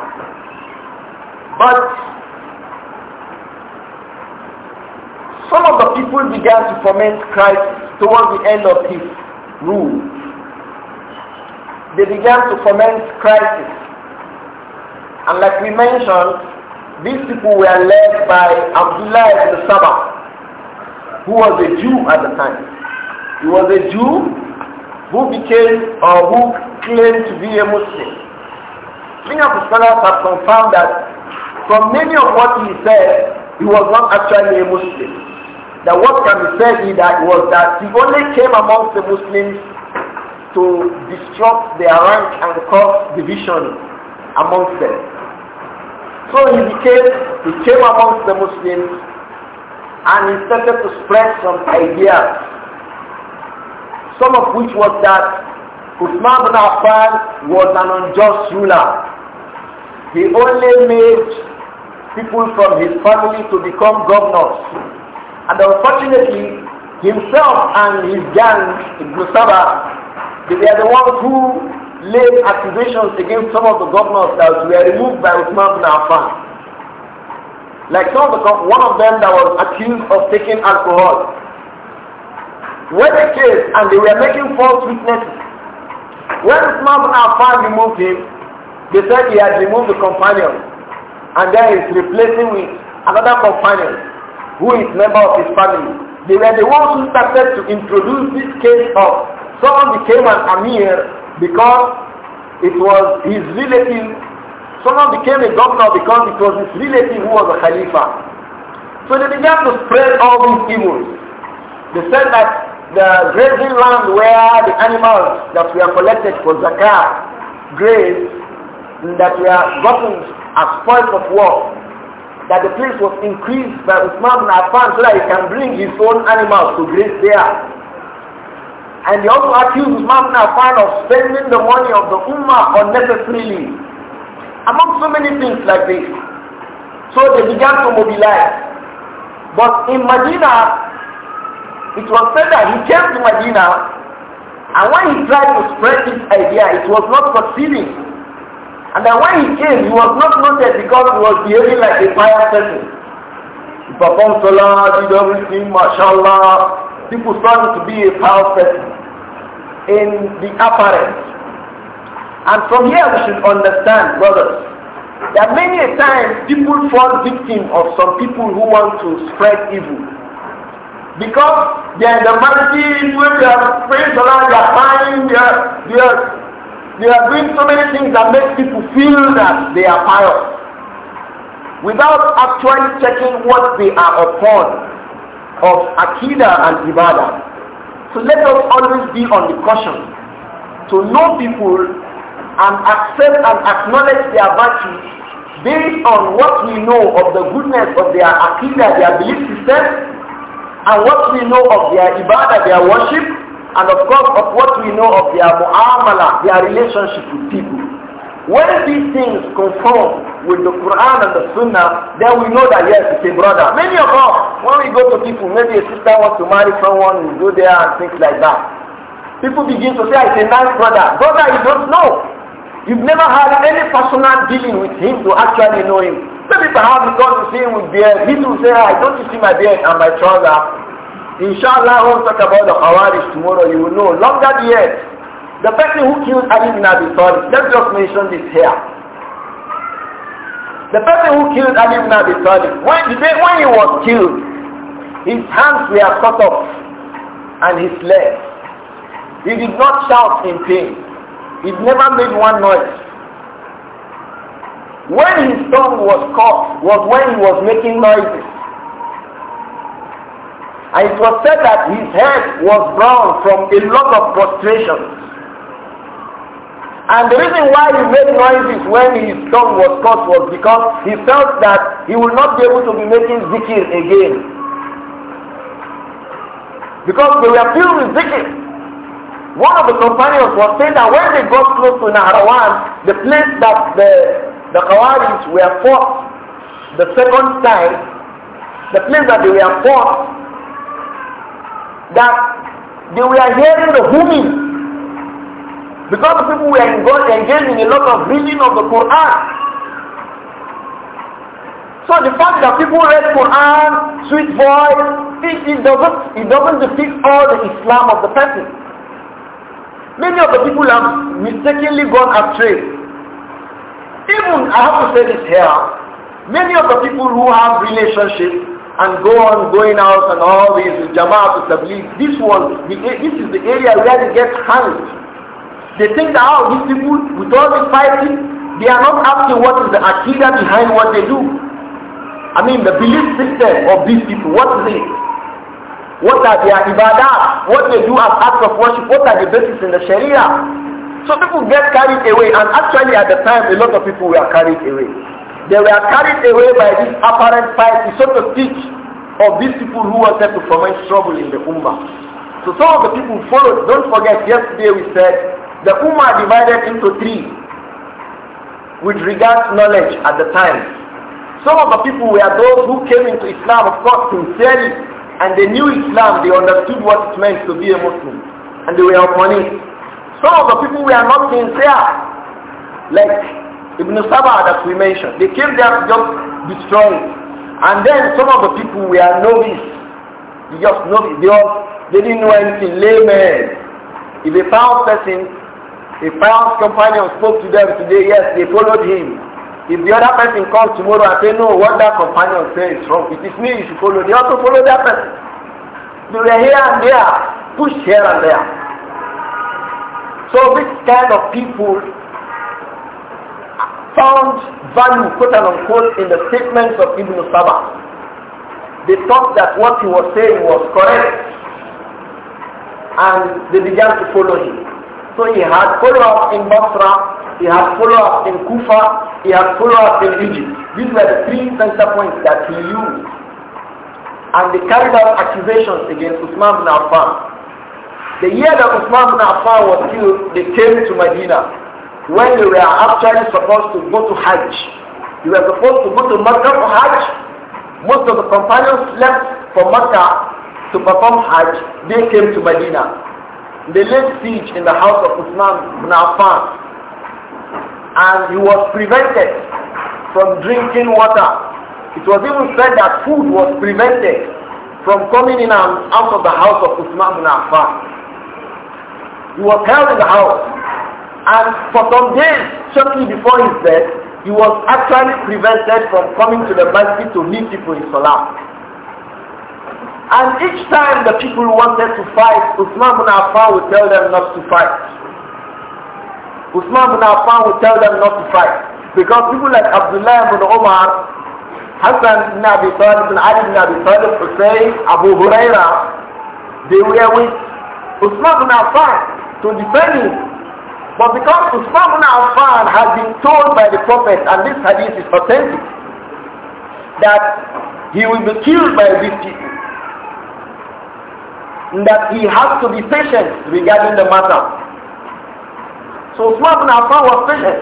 But some of the people began to foment Christ towards the end of his rule they began to foment crisis. And like we mentioned, these people were led by Abdullah ibn Sabah, who was a Jew at the time. He was a Jew who became or who claimed to be a Muslim. Many of the scholars have confirmed that from many of what he said, he was not actually a Muslim. That what can be said is that was that he only came amongst the Muslims to disrupt their rank and cause division amongst them. So he became, he came amongst the Muslims and he started to spread some ideas, some of which was that Uthman bin Affan was an unjust ruler. He only made people from his family to become governors. And unfortunately, himself and his gang, Ibn Sabah, they are the ones who laid accusations against some of the governors that were removed by Usman bin Affan. Like some of the, one of them that was accused of taking alcohol. When they came and they were making false witnesses, when Usman bin Affan removed him, they said he had removed the companion and then he's replacing with another companion who is member of his family. They were the ones who started to introduce this case of Someone became an Amir because it was his relative. Someone became a governor because it was his relative who was a Khalifa. So they began to spread all these evils. They said that the grazing land where the animals that we have collected for zakah graze, that we are gotten as spoils of war, that the place was increased by Usman ibn Affan so that he can bring his own animals to graze there. And they also accused Usman bin of spending the money of the Ummah unnecessarily. Among so many things like this. So they began to mobilize. But in Medina, it was said that he came to Medina and when he tried to spread this idea, it was not succeeding. And then when he came, he was not noted because he was behaving like a pious person. He performed Salah, did everything, mashallah, People saw him to be a foul person in the apparent. And from here we should understand, brothers, that many a time people fall victim of some people who want to spread evil. Because they are the masses where they are praying around, they are fine, they are, they, are, they are doing so many things that make people feel that they are pious. Without actually checking what they are upon, of Akida and Ibadah. So let us always be on the caution to know people and accept and acknowledge their virtues based on what we know of the goodness of their Akida, their belief system, and what we know of their Ibadah, their worship, and of course of what we know of their Mu'amala, their relationship with people. When these things conform with the Quran and the Sunnah, then we know that yes, it's a brother. Many of us, when we go to people, maybe a sister wants to marry someone, we go there and things like that. People begin to say, ah, it's a nice brother. Brother, you don't know. You've never had any personal dealing with him to actually know him. Maybe perhaps because you see him with beard, he will say, I ah, don't you see my beard and my trouser. Inshallah, I won't talk about the Khawarij tomorrow. You will know. Longer beard. The person who killed Ali bin Abi Talib, let's just mention this here. The person who killed Ali bin Abi Talib, when, when he was killed, his hands were cut off and his legs. He did not shout in pain. He never made one noise. When his tongue was caught was when he was making noises. And it was said that his head was brown from a lot of prostration. And the reason why he made noises when his tongue was cut was because he felt that he will not be able to be making zikir again. Because they were filled with zikir. One of the companions was saying that when they got close to Naharawan, the place that the, the Khawaris were fought the second time, the place that they were fought, that they were hearing the humming because the people were involved, engaged in a lot of reading of the Quran. So the fact that people read Quran, sweet voice, it, it doesn't it doesn't defeat all the Islam of the person. Many of the people have mistakenly gone astray. Even I have to say this here, many of the people who have relationships and go on going out and all this, Jama'at, this one, this is the area where they get hanged. They think that all oh, these people, with all this fighting, they are not asking what is the agenda behind what they do. I mean, the belief system of these people, what is it? What are their ibadah? What they do as acts of worship? What are the basis in the sharia? So people get carried away and actually at the time a lot of people were carried away. They were carried away by this apparent piety, so to speak, of these people who wanted to foment trouble in the Ummah. So some of the people followed. Don't forget, yesterday we said the Ummah divided into three with regards to knowledge at the time. Some of the people were those who came into Islam, of course, sincerely, and they knew Islam, they understood what it meant to be a Muslim, and they were of money. Some of the people were not sincere, like Ibn Sabah that we mentioned. They came there to just destroy it. And then some of the people were novice. They just novice. They, all, they didn't know anything, laymen. If they found person a pious companion spoke to them today, yes, they followed him. If the other person comes tomorrow and say, no, what that companion says is wrong, it is me you should follow, they also follow that person. They were here and there, pushed here and there. So this kind of people found value, quote unquote, in the statements of Ibn Saba. They thought that what he was saying was correct and they began to follow him. So he had followers in Basra, he had followers in Kufa, he had followers in Egypt. These were the three center points that he used. And they carried out accusations against Usman bin Affan. The year that Usman bin Affan was killed, they came to Medina when they were actually supposed to go to Hajj. They were supposed to go to Mecca for Hajj. Most of the companions left for Mecca to perform Hajj. They came to Medina. They laid siege in the house of Usman ibn Affan and he was prevented from drinking water. It was even said that food was prevented from coming in and out of the house of Usman ibn Affan. He was held in the house and for some days shortly before his death, he was actually prevented from coming to the mosque to meet people in Salah. And each time the people wanted to fight, Usman bin Affan would tell them not to fight. Usman bin Affan would tell them not to fight. Because people like Abdullah bin Omar, Hassan bin Abi Talib, bin Ali bin Abi Talib, Hussein, Abu Huraira, they were with Usman bin Affan to defend him. But because Usman bin Affan had been told by the Prophet, and this hadith is authentic, that he will be killed by these people that he has to be patient regarding the matter. So Usman ibn Affan was patient.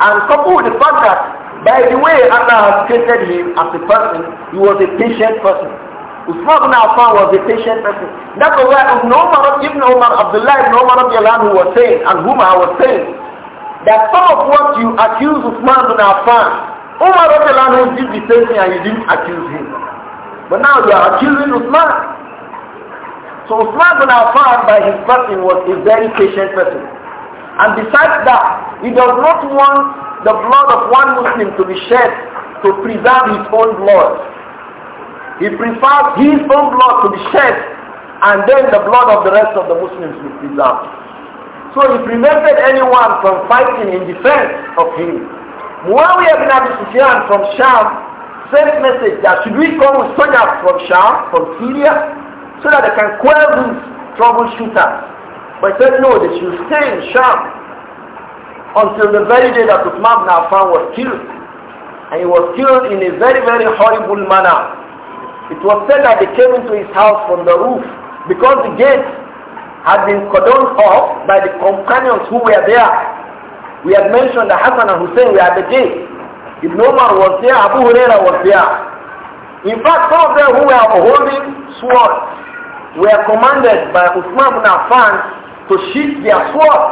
And coupled with the fact that by the way Allah has treated him as a person, he was a patient person. Usman ibn Affan was a patient person. That was why Ibn Umar, Ibn Umar, Abdullah ibn Umar who was saying, and whom I was saying, that some of what you accuse Usman ibn Affan, Umar who did the same thing and you didn't accuse him. But now you are accusing Usman. So Usman bin Affan by his person was a very patient person. And besides that, he does not want the blood of one Muslim to be shed to preserve his own blood. He prefers his own blood to be shed and then the blood of the rest of the Muslims be preserved. So he prevented anyone from fighting in defense of him. Muawiyah bin Abi Sufyan from Sham sent message that should we come with soldiers from Sham, from Syria, so that they can quell these troubleshooters. But he said, no, they should stay in Sham until the very day that Uthman ibn Affan was killed. And he was killed in a very, very horrible manner. It was said that they came into his house from the roof because the gate had been cordoned off by the companions who were there. We had mentioned that Hassan and Hussein were at the gate. Ibn Omar was there, Abu Huraira was there. In fact, some of them who were holding swords were commanded by Uthman ibn Affan to sheath their sword.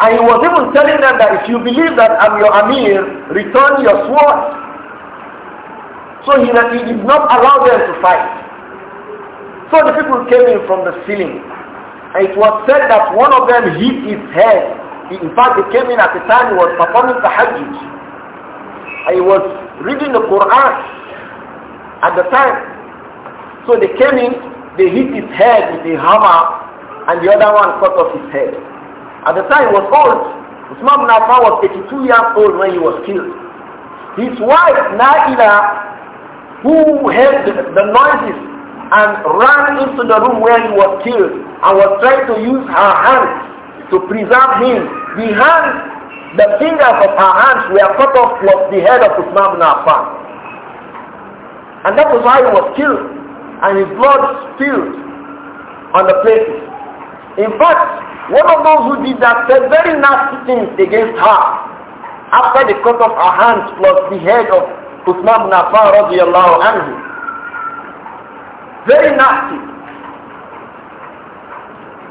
And he was even telling them that if you believe that I'm your Amir, return your sword. So he, he did not allow them to fight. So the people came in from the ceiling. And it was said that one of them hit his head. He, in fact, he came in at the time he was performing the Hajj. And he was reading the Quran at the time. So they came in they hit his head with a hammer and the other one cut off his head. At the time he was old. Usman bin Affan was 82 years old when he was killed. His wife, Naila, who heard the, the noises and ran into the room where he was killed and was trying to use her hands to preserve him. The hands, the fingers of her hands were cut off plus the head of Usman bin Affan. And that was why he was killed and his blood spilled on the places. In fact, one of those who did that said very nasty things against her after they cut off her hands plus the head of Uthman ibn Affan radiallahu anhu. Very nasty.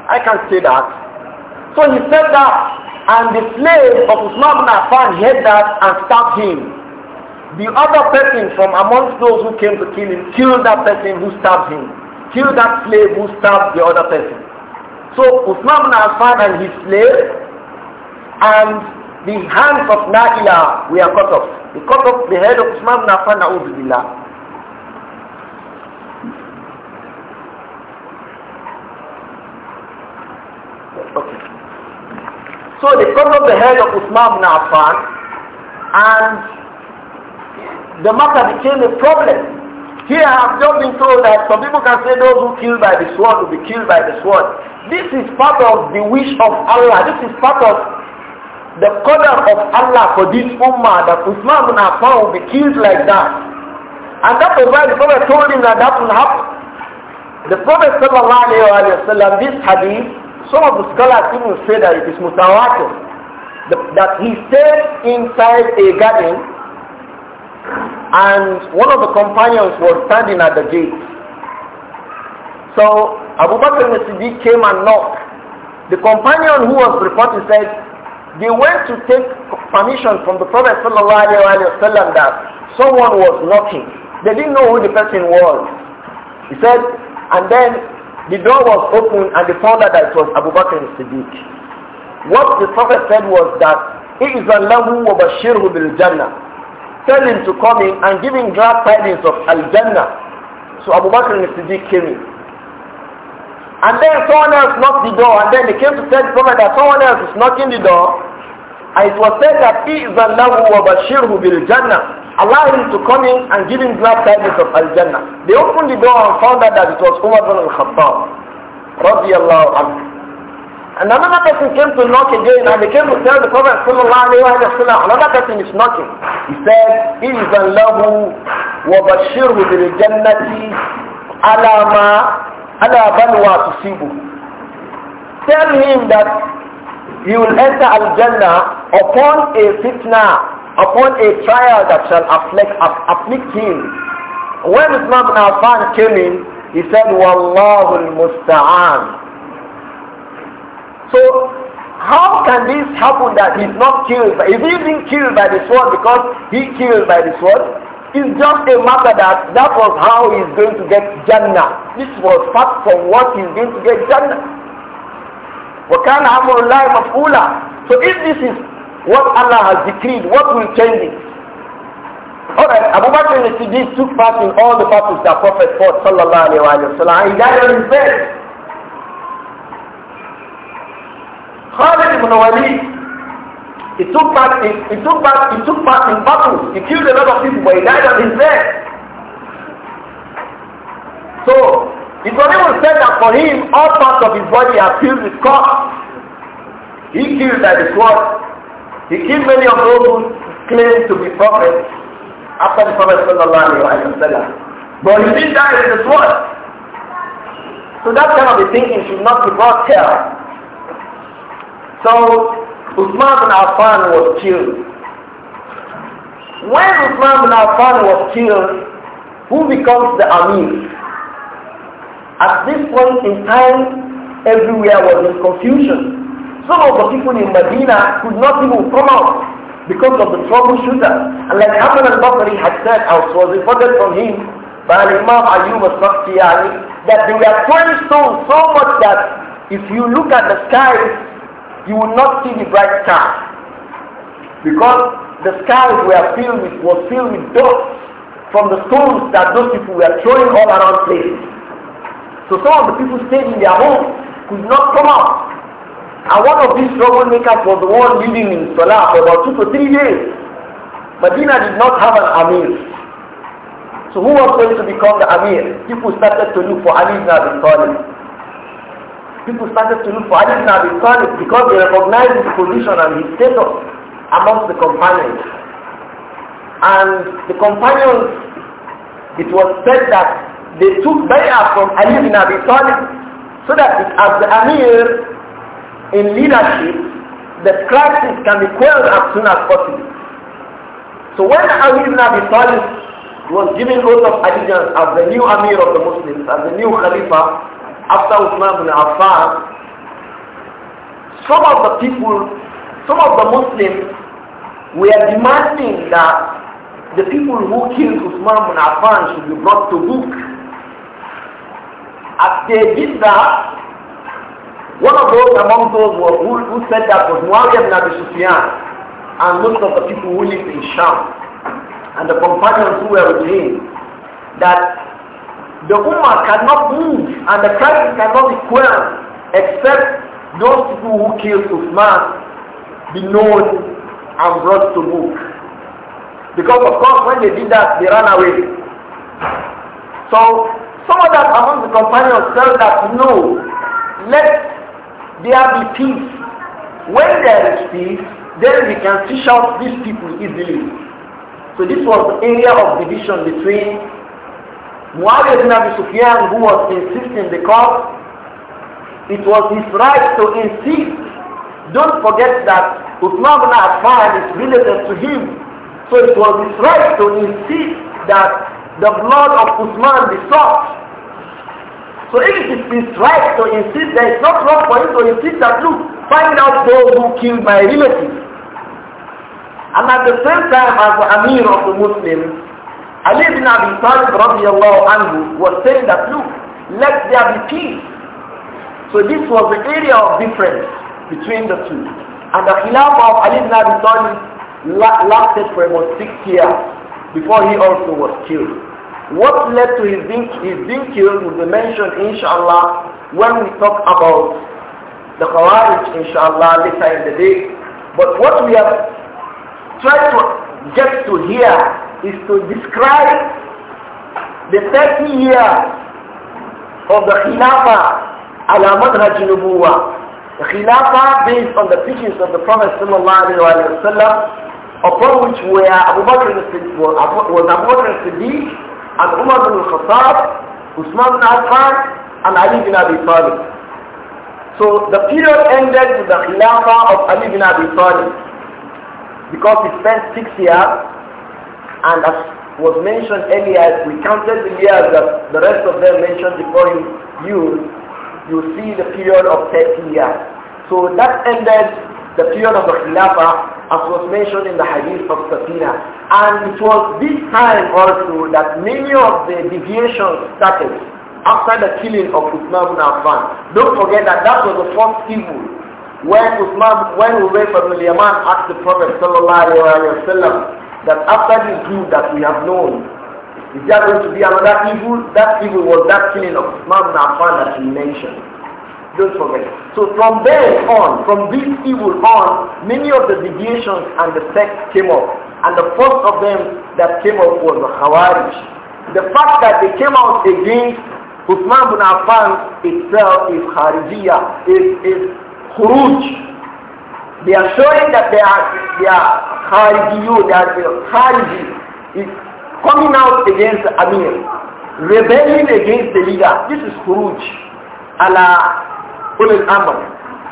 I can say that. So he said that and the slave of Uthman ibn Affan heard that and stabbed him the other person from amongst those who came to kill him killed that person who stabbed him, killed that slave who stabbed the other person. So Uthman bin Affan and his slave and the hands of Naila were cut off. The cut off the head of Uthman bin Affan Na'udzubillah. Okay. So they cut off the head of Uthman bin Affan and the matter became a problem. Here I have just been told that some people can say those who kill by the sword will be killed by the sword. This is part of the wish of Allah. This is part of the qadr of Allah for this ummah that Uthman bin Affan will be killed like that. And that was why the Prophet told him that that will happen. The Prophet sallallahu alayhi wa sallam, this hadith, some of the scholars even say that it is mutawatir. That he stayed inside a garden and one of the companions was standing at the gate. So Abu Bakr al-Siddiq came and knocked. The companion who was reporting said, they went to take permission from the Prophet ﷺ that someone was knocking. They didn't know who the person was. He said, and then the door was opened and they found out that it was Abu Bakr al-Siddiq. What the Prophet said was that, إِذَا لَهُ وَبَشِّرْهُ Jannah." tell him to come in and give him glad tidings of Al-Jannah. So Abu Bakr al-Siddiq came in. And then someone else knocked the door and then they came to tell the Prophet that someone else is knocking the door. And it was said that he is إِذَنْ لَهُ وَبَشِّرْهُ Jannah. Allow him to come in and give him glad tidings of Al-Jannah. They opened the door and found out that it was Umar bin al-Khattab. رضي الله عنه and another person came to knock again and they came to tell the Prophet sallallahu alayhi wa sallam, another person is knocking. He said, إِذَنْ لَهُ وَبَشِّرْهُ بِالْجَنَّةِ عَلَى مَا عَلَى بَلْوَى تُصِيبُهُ Tell him that he will enter al-Jannah upon a fitna, upon a trial that shall afflict, afflict him. When Islam ibn Affan came in, he said, وَاللَّهُ الْمُسْتَعَانُ so how can this happen that he's not killed? By, if he's been killed by the sword because he killed by the sword, it's just a matter that that was how he's going to get Jannah. This was part from what he's going to get Jannah. وَكَانَ أَمْرُ اللَّهِ مَفْعُولًا So if this is what Allah has decreed, what will change it? Alright, Abu Bakr and siddiq took part in all the battles that Prophet fought sallallahu alayhi wa sallam. He died on his bed. Khalid ibn Walid, he took part, he, he took part, he took part in battle. He killed a lot of people, but he died on his bed. So, it was even said that for him, all parts of his body are filled with corpse. He killed by the sword. He killed many of those who claimed to be prophets after the Prophet sallallahu alaihi wasallam. But he did die with the sword. So that kind of a thinking should not be brought here. So Uthman bin Affan was killed. When Uthman bin Affan was killed, who becomes the Amir? At this point in time, everywhere was in confusion. Some of the people in Medina could not even come out because of the troubleshooter. And like Hassan al-Basri had said, I was reported from him by Imam Ayyub al-Saqtiyani, that they were throwing stones so much that if you look at the sky, you will not see the bright star because the skies were filled with, was filled with dust from the stones that those people were throwing all around places. So some of the people stayed in their homes, could not come out. And one of these troublemakers was the one living in Salah for about two to three days. Medina did not have an Amir. So who was going to become the Amir? People started to look for Ali ibn in Talib people started to look for Ali ibn Abi Talib because they recognized his position and his status amongst the companions. And the companions, it was said that they took bay'ah from Ali ibn Abi Talib so that as the Amir in leadership, the crisis can be quelled as soon as possible. So when Ali ibn Abi Talib was given oath of allegiance as the new Amir of the Muslims, as the new Khalifa, after Uthman ibn Affan, some of the people, some of the Muslims were demanding that the people who killed Uthman ibn Affan should be brought to book. As they did that, one of those among those who, who said that was Muawiyah ibn Abi Sufyan and most of the people who lived in Sham and the companions who were with him that the Ummah cannot move and the crisis cannot be quelled except those people who killed Uthman be known and brought to book. Because of course when they did that, they ran away. So some of that among the companions felt that no, let there be peace. When there is peace, then we can fish out these people easily. So this was the area of division between Muawiyah bin Abi Sufyan who was insisting because it was his right to insist. Don't forget that Uthman ibn Affan is related to him. So it was his right to insist that the blood of Uthman be sought. So if it is his right to insist, there is not wrong for him to insist that look, find out those who killed my relatives. And at the same time as the Amir of the Muslims, Ali ibn Abi Talib anhu was saying that, look, let there be peace. So this was the area of difference between the two. And the Khilafah of Ali ibn Abi Talib lasted for about six years before he also was killed. What led to his being, his being killed will be mentioned inshallah when we talk about the Khawarij inshallah later in the day. But what we have tried to get to here is to describe the 30 years of the Khilafah ala madhaj nubuwa. The Khilafah based on the teachings of the Prophet sallallahu alayhi wa sallam upon which were Abu Bakr was Abu Bakr al-Siddiq and Umar bin al-Khattab, Usman bin Affan and Ali bin Abi Talib. So the period ended with the Khilafah of Ali bin Abi Talib because he spent six years and as was mentioned earlier, we counted the years that the rest of them mentioned before you, you, you see the period of 30 years. So that ended the period of the Khilafah as was mentioned in the hadith of Safina. And it was this time also that many of the deviations started after the killing of Uthman ibn Affan. Don't forget that that was the first evil. When Uthman, when Ubayy ibn Yaman asked the Prophet sallallahu alayhi wa sallam that after this group that we have known, is there going to be another evil? That evil was that killing of Imam Nafan that we mentioned. Don't forget. So from there on, from this evil on, many of the deviations and the sects came up. And the first of them that came up was the Khawarij. The fact that they came out against Uthman bin Affan itself is Kharijiyah, is, is Khuruj, they are showing that they are they are Khariji, they are Khariji is coming out against Amir, rebelling against the leader. This is Khuruj, Allah Ulul Amr.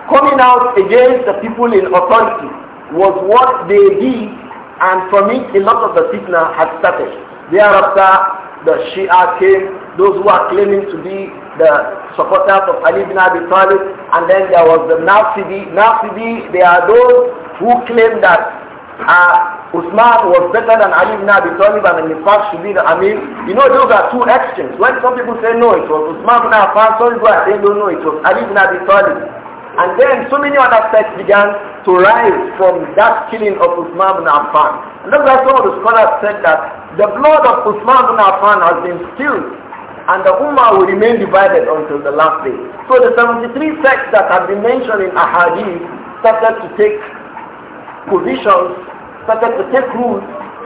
Coming out against the people in authority was what they did and from it a lot of the fitna had started. Thereafter, the Shia came, those who are claiming to be the supporters of Ali bin Abi Talib, and then there was the Nafsidi. Nafsidi, they are those who claim that uh, Usman was better than Ali ibn Abi Talib and the fact should be the Amir. You know those are two extremes. When some people say no, it was Usman ibn Affan, some people are saying no, no, it was Ali ibn Abi Talib. And then so many other sects began to rise from that killing of Usman ibn Affan. And that's why some of the scholars said that the blood of Usman ibn Affan has been spilled and the Ummah will remain divided until the last day. So the 73 sects that have been mentioned in Ahadith started to take positions, started to take root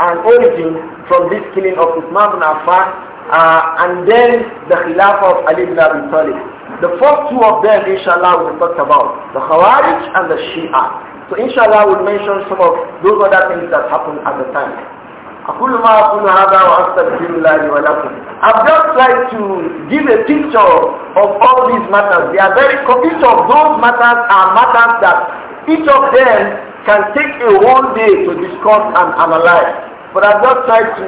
and origin from this killing of Usman ibn Affan uh, and then the Khilafah of Ali ibn Abi Talib. The first two of them, inshallah, we talked about, the Khawarij and the Shia. So inshallah, we'll mention some of those other things that happened at the time. I've just tried to give a picture of all these matters. They are very, each of those matters are matters that each of them can take a whole day to discuss and analyze. But I've just tried to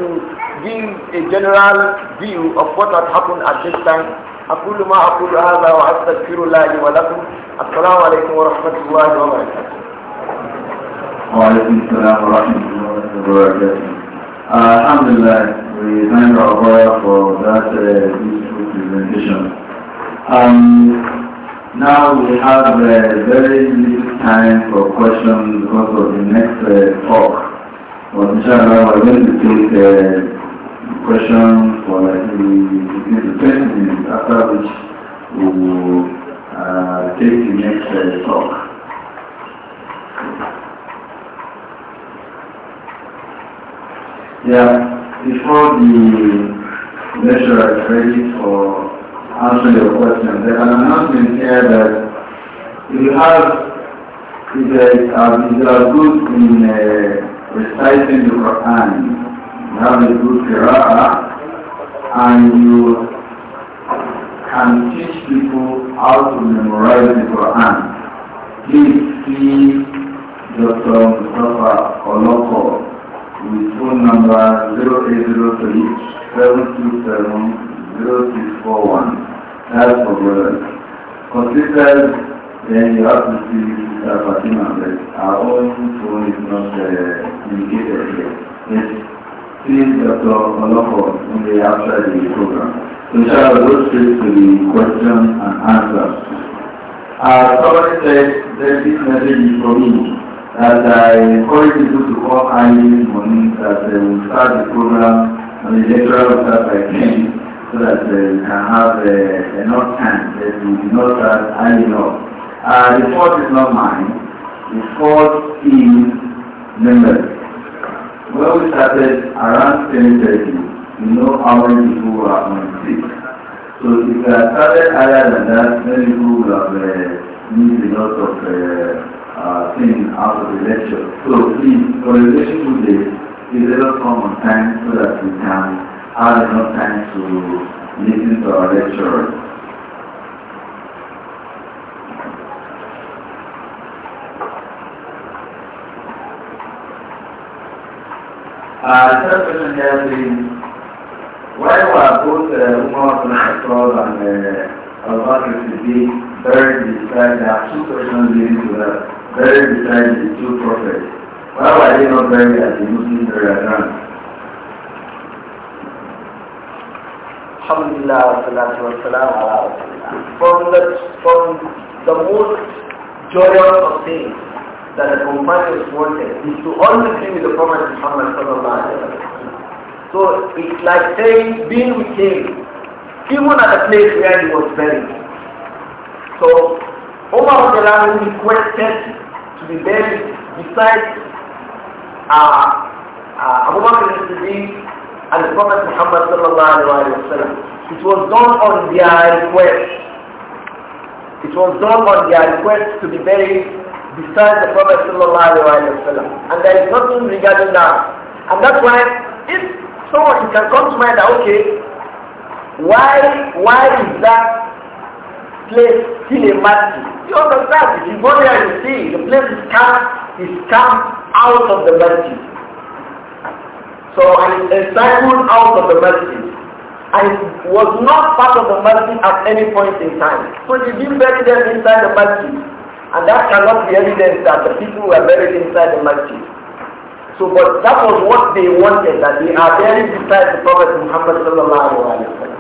give a general view of what had happened at this time أقول ما أقول هذا وأستغفر الله لي ولكم السلام عليكم ورحمة الله وبركاته وعليكم السلام ورحمة الله وبركاته uh, Alhamdulillah, we thank our lawyer for that uh, beautiful presentation. Um, now we have uh, very little time for questions because of the next uh, talk. But inshallah, we're going to take uh, questions for like, 15 to 20 Yeah, before the lecturer is ready for answering your question, there's an announcement here that if you have, if there, uh, are good in uh, reciting the Quran, you have a good qira'ah, and you can teach people how to memorize the Quran. Please see Dr. Mustafa Oloko with phone number 0803-727-0641. That's for brothers. Consider then you have to see Sister Fatima that our own phone is not uh, indicated here. Yes. Please, Dr. Olofo, on the outside the program. So shall go straight to the question and answer. Our uh, somebody said there is this message for me that I encourage people to call early this morning that uh, we start the program on the electoral start by 10 so that uh, we can have uh, enough time that we do not start early enough. Uh, the fourth is not mine. The fourth team members. When we started around 10.30, we know how many people were on the sick. So if we had started earlier than that, many people would have uh, needed a lot of uh, uh, thing out of the lecture. So please, for the lecture today, please let us come on time so that we can have enough time to listen to our lecturer. Uh, the third question here is, why were both uh, Umar and Khattab and uh, Abubakar Siddiq buried beside, there are two persons living together, buried beside the two prophets. Why were they not buried at the Muslim burial ground? Alhamdulillah, wassalatu wassalam ala From the, from the most joyous of things that the companions wanted is to only be with the Prophet Muhammad sallallahu alayhi wa So it's like saying, being with him even at the place where he was buried. So Umar requested to be buried beside uh, uh, Abu Bakr al-Siddiq and the Prophet Muhammad sallallahu It was done on their request. It was done on their request to be buried beside the Prophet sallallahu alayhi wa sallam. And there is nothing regarding that. And that's why if someone can come to mind that, okay, why, why is that place still a masjid? You understand? If you go there, you see the place is come, is come out of the masjid. So and it's encircled out of the masjid. And it was not part of the masjid at any point in time. So you didn't bury them inside the masjid. And that cannot be evidence that the people were buried inside the masjid. So but that was what they wanted, that they are buried beside the Prophet Muhammad sallallahu alayhi wa sallam.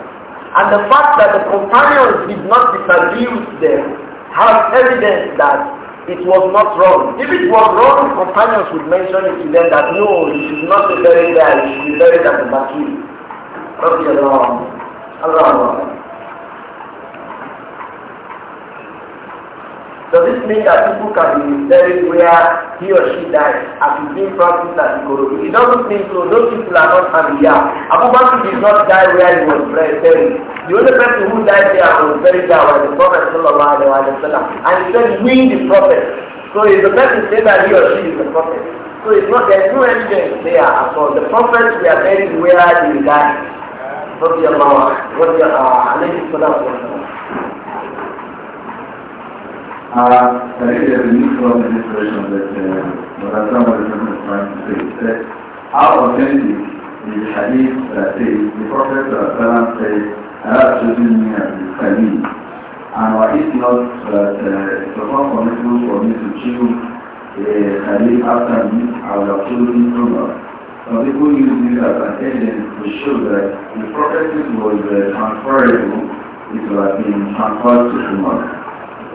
And the fact that the companions did not disagree with them has evidence that it was not wrong. If it was wrong, companions would mention it to them that no, you should not be buried there, you should be buried at the Bakir. Allah Allah. Does this mean that people can be buried where he or she died as is being practiced at Ikorodu? It doesn't mean so. Those people are not familiar. Abu Bakr did not die where he was buried. The only person who died there was buried there was the Prophet Sallallahu Alaihi Wasallam. And he said, we the Prophet. So if the person says that he or she is the Prophet. So it's not, there's no evidence there at all. The we are buried where he died. رضي الله عنه رضي الله عليه الصلاة والسلام a uh, I think there's a that Brother uh, Samuel is trying to say. That uh, how authentic is the hadith that says, the Prophet says, Allah chosen me as the Khalid. And why is not that uh, it not permissible for me to choose a Khalid after me, I would have chosen Some people use this as an evidence to show that the prophecy was uh, transferable, it was being transferred to Umar.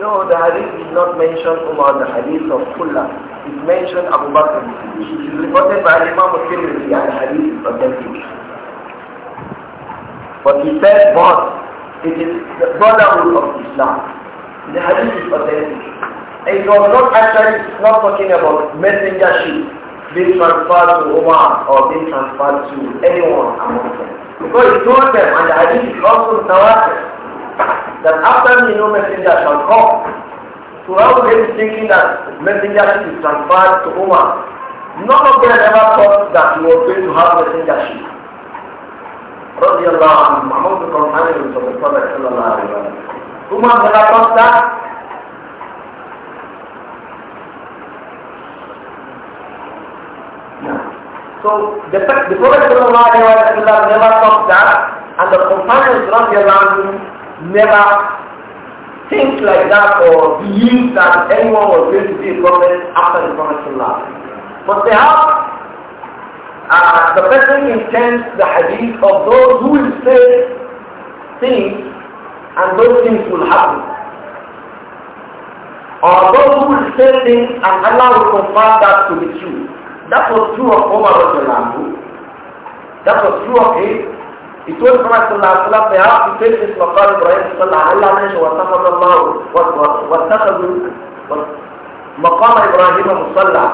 No, the hadith did not mention Umar, the hadith of Kullah. is mentioned Abu Bakr. It is reported by Imam Muslim and hadith is authentic. But he said, but it is the brotherhood of Islam. The hadith is authentic. And it was not actually, it's not talking about messengership being transferred to Umar or being transferred to anyone among them. Because he told them, and the hadith is also mutawatir that after me no messenger shall come. So I was him thinking that messengership is transferred to Omar. None of them ever thought that he was going to have messengership. رضي الله عنه محمود بن محمد صلى الله عليه وسلم Umar never thought that So the fact the Prophet never thought that and the companions radiallahu never think like that or believe that anyone was going to be a prophet after the Prophet But perhaps uh, the person intends the hadith of those who will say things and those things will happen. Or those who will say things and Allah will confirm that to be true. That was true of Omar That was true of him. يقول صلى الله عليه وسلم يا رب فلس وقال ابراهيم صلى الله عليه وسلم ماشي واتخذ الله واتخذ مقام ابراهيم مصلى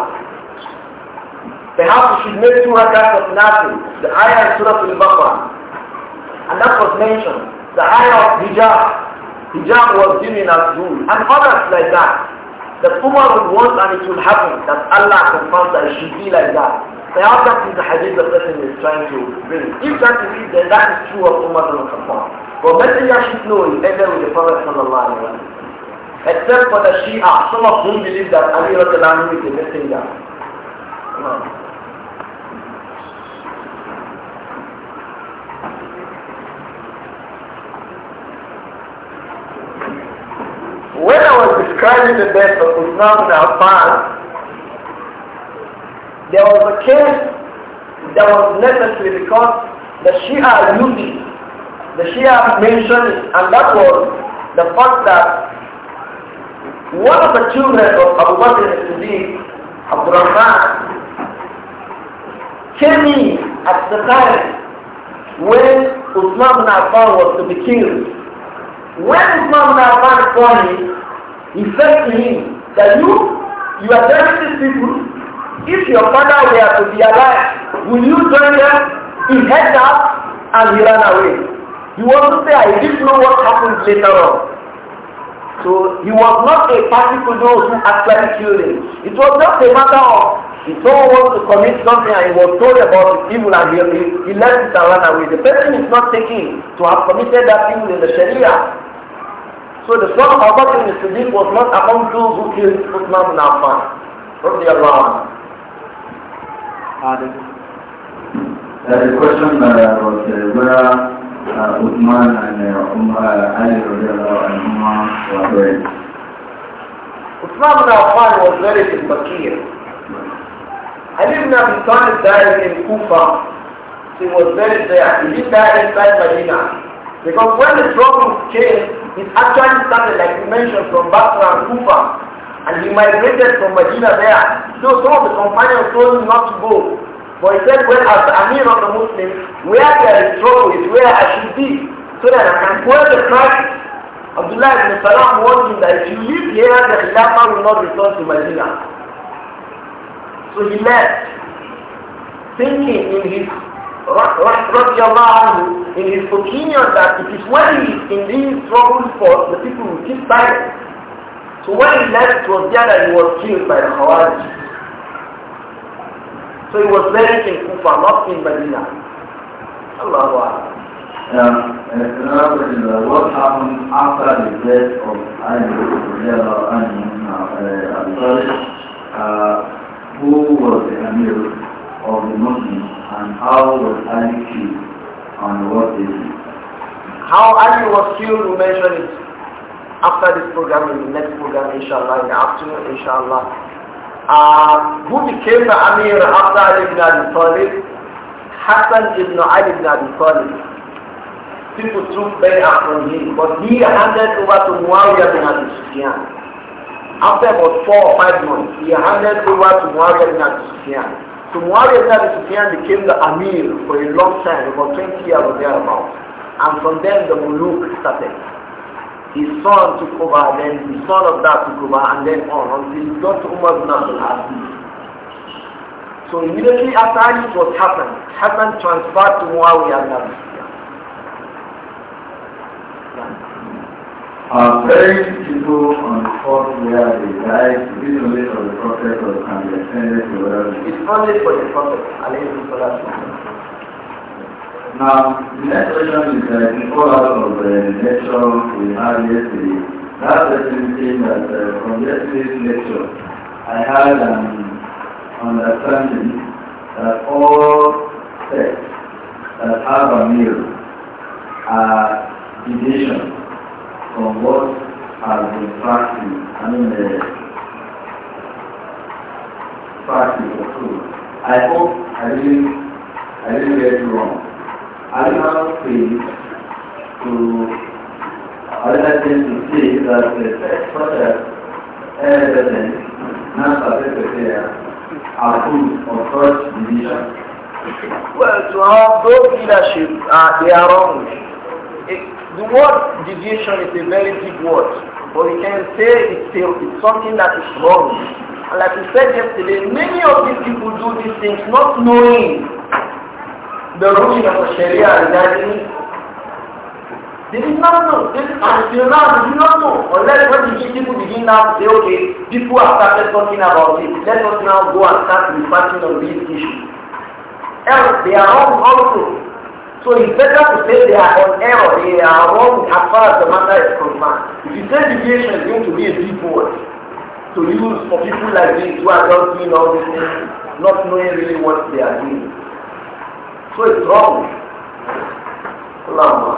Perhaps we should make two rakats of The ayah in Surah Al-Baqarah. And that was mentioned. The ayah of hijab. Hijab was given as rule. And others like that. that Umar would want and it will happen that Allah confirms that it should be like that. Perhaps that is the hadith the person is trying to bring. If that is it, then that is true of Umar bin Khattab. But Messenger should know is either with the Prophet sallallahu alayhi wa sallam. Except for the Shia, some of whom believe that Ali radiallahu is the messenger. When I was describing the death of Uthman bin Affan, there was a case that was necessary because the Shia used it. The Shia mentioned it, and that was the fact that one of the children of Abu Bakr al-Siddiq, Abu Rahman, came in at the time when Uthman ibn Affan was to be killed. When Uthman ibn Affan saw him, he said to him that you, you are telling these people if your father were to be alive, will you join them? He head up and he ran away. He want to say, I didn't know what happened later on. So he was not a party to those who actually killed him. It was not a matter of he told wants to commit something and he was told about the evil and he, he, he left it and ran away. The person is not taking to have committed that evil in the Sharia. So the son of Abu Bakr was not among those who killed Uthman bin Affan. From the Pardon? Uh, the question uh, was uh, whether uh, Uthman and uh, um, uh, Ali and Umar were buried. Uthman ibn Affan was buried in Bakir. Ali ibn Abi Talib died in Kufa. he was buried there. He didn't die inside Medina. Because when the troubles came, it actually started, like you mentioned, from Basra and Kufa. And he migrated from Medina there. So some of the companions told him not to go. But he said, well, as the Amir of the Muslims, where there is trouble is where I should be, so that I can quell the crisis. Abdullah ibn Salam warned him that if you leave here, the Khilafah will not return to Medina. So he left, thinking in his in his opinion that it is when he is in these trouble spots, the people will keep silent. So when he left, it was there that he was killed by the Khawarij. So he was buried in Kufa, not in Medina. Allah. Akbar. Um, uh, what happened after the death of Ali uh, Abu Talib, uh, who was the Amir of the Muslims and how was Ali killed and what did he? How Ali was killed, we mentioned it after this program in the next program inshallah in the afternoon inshallah uh, who became the Amir after Ali ibn Abi Talib Hassan ibn Ali ibn Abi Talib people took bay'ah from him but he handed over to Muawiyah bin Abi Sufyan after about four or five months he handed over to Muawiyah bin Abi Sufyan so Muawiyah bin Abi Sufyan became the Amir for a long time about 20 years or thereabouts and from then the Muluk started his son took over, then the son of that took over, and then on until it got to Umar ibn Abdul Aziz. So immediately after this was happened, happened transferred to Muawiyah ibn Our parents, people on the spot where they died, this knowledge of the Prophet can be extended to others. It's only for the Prophet, alayhi salatu now, the next question is uh, that in follow of the lecture we had yesterday, that person saying that uh, from yesterday's lecture, I had an understanding that all sects that have a meal are deviation from what has been practiced, I mean the uh, practice of food. I hope I didn't, I didn't get it wrong. I now feel to relative to see that the further evidence not participated are proof of such division. Well, to have those leadership, uh, they are wrong. It, the word deviation is a very big word, but we can say it's, a, it's something that is wrong. And like we said yesterday, many of these people do these things not knowing the ruling of the Sharia regarding it. They did not know. They did, until now, they did not know. Unless when the people begin now to say, okay, people have started talking about it. Let us now go and start researching on this issue. Else, they are wrong also. So it's better to say they are on error, they are wrong as far as the matter is concerned. If you say deviation is going to be a big word to use for people like this who are just doing all this thing, not knowing really what they are doing. So it's wrong. Allah.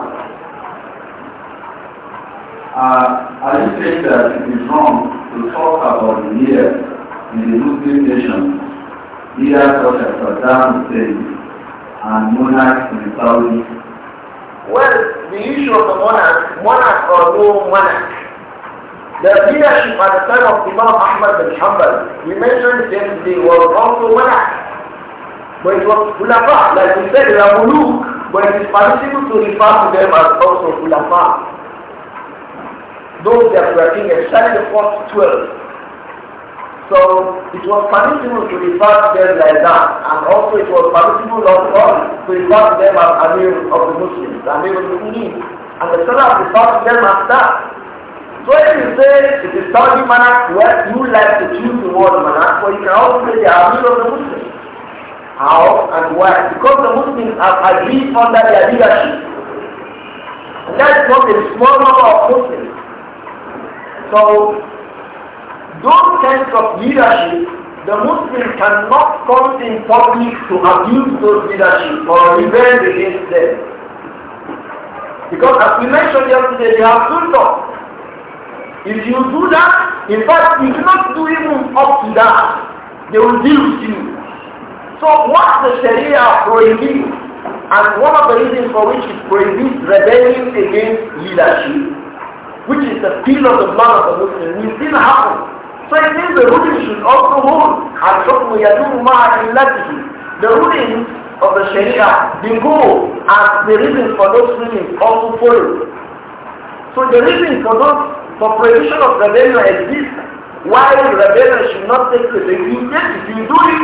Uh, I think that it is wrong to talk about the years in the Muslim nation, leaders such as Saddam Hussein and monarchs in Saudi. Well, the issue of the monarch, monarch or no monarch, the leadership at the time of Imam Ahmad bin Hanbal, we mentioned yesterday, was also monarch. But it was Khulafa, like we said, they are Muluk. But it is permissible to refer to them as also Khulafa. Those that were king, especially the first 12. So it was permissible to refer to them like that. And also it was permissible also to refer to them as Amir of the Muslims, Amir of the Muslims. And the Salah referred to them as that. So if you say it is Saudi Manak, well, you like to choose the word Manak, but you can also say the Amir of the Muslims. How and why? Because the Muslims have agreed under their leadership. And that's not a small number of Muslims. So, those kinds of leadership, the Muslims cannot come in public to abuse those leadership or revenge against them. Because as we mentioned yesterday, they have sultan. If you do that, in fact, if you not do even up to that, they will deal with you. So what the Sharia prohibits, and one of the reasons for which it prohibits rebellion against leadership, which is the peel of the blood of the Muslim, will still happen. So it means the ruling should also hold. الحكم يدوم مع علته. The ruling of the Sharia, the goal and the reason for those rulings also follow. So the reason for those, for prohibition of rebellion exists, why rebellion should not take place. If you do it,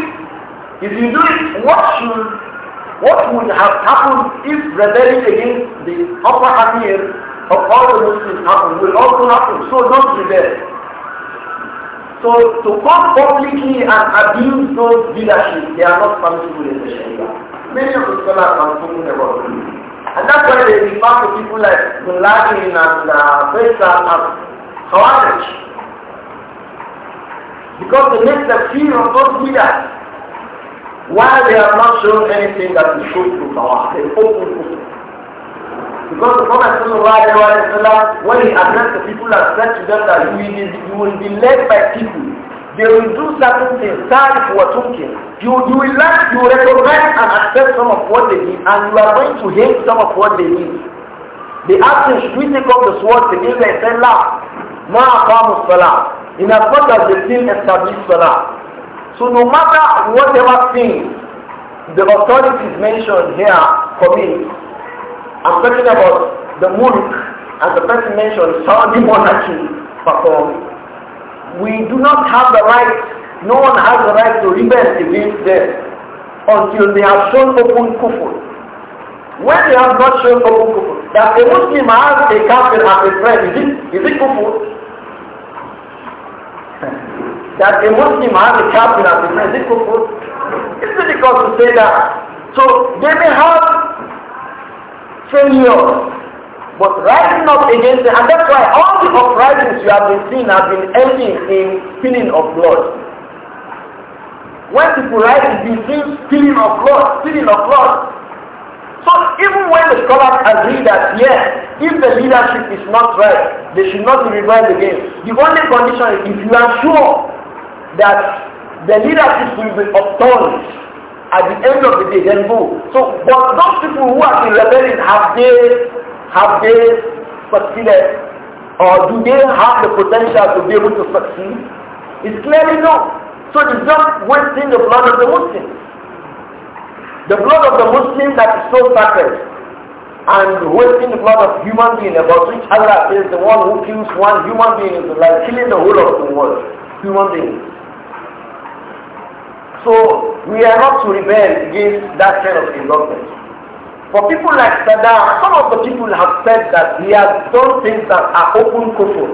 if you do it, what should, what would have happened if rebelling against the upper Amir of all the Muslims happened, will also happen. So don't rebel. So to come publicly and abuse those leadership, they are not permissible in the Sharia. Many of the scholars are talking about it. And that's why they refer to people like Bin and uh, and Khawarij. Because they make the fear of those leaders why they have not shown anything that is good to Allah, they open kufr. Because the Prophet وسلم, when he addressed the people and said to them that you will, be, you will be led by people, they will do certain things, tarif wa tunkin. You, you will like, you will recognize and accept some of what they did and you are going to hate some of what they did. The action should we take up the sword to give them and say, La, salah. In as much as they still establish salah, so no matter whatever thing the authorities mentioned here for me, I'm talking about the mulk as the person mentioned, Saudi monarchy perform. We do not have the right, no one has the right to rebel against them until they have shown open kufur. When they have not shown open kufur, that a Muslim has a kafir as a friend, is it, is it kufur? that a Muslim has a captain as a friend, is It's difficult to say that. So they may have failure, but rising up against them, and that's why all the uprisings you have been seeing have been ending in spilling of blood. When people rise, it see spilling of blood, spilling of blood. So even when the scholars agree that yes, if the leadership is not right, they should not be revived again. The only condition is if you are sure that the leadership will be upturned at the end of the day, then go. So, but those people who have been rebelling, have they, have they succeeded? Or do they have the potential to be able to succeed? It's clearly no. So it's just wasting the blood of the Muslim. The blood of the Muslim that is so sacred and wasting the blood of human being about which Allah is the one who kills one human being is like killing the whole of the world. Human being. So we are not to rebel against that kind of involvement. For people like Saddam, some of the people have said that he has done things that are open kufur.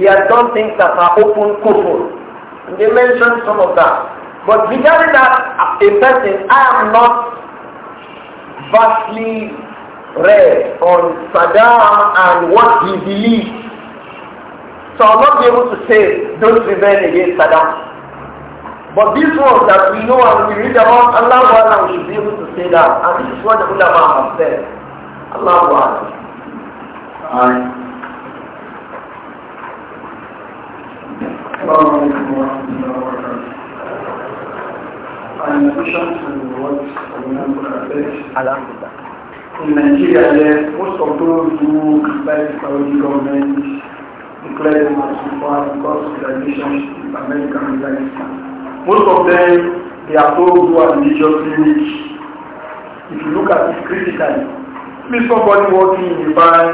He has done things that are open kufur. And they mentioned some of that. But regarding that a person, I am not vastly read on Saddam and what he believes. So I'll not be able to say, don't rebel against Saddam. But these ones that we know and we read about, Allah Ta'ala, we should be able to say that. And this is what the ulama have said. Allah Ta'ala. Aye. Well, in addition to what Alhamdulillah. In Nigeria, yes, most of those who criticize the Saudi government declare them as so far because of their relationship with America and Islam. Most of them, they are those who are religiously rich. If you look at it critically, if somebody working in a bank,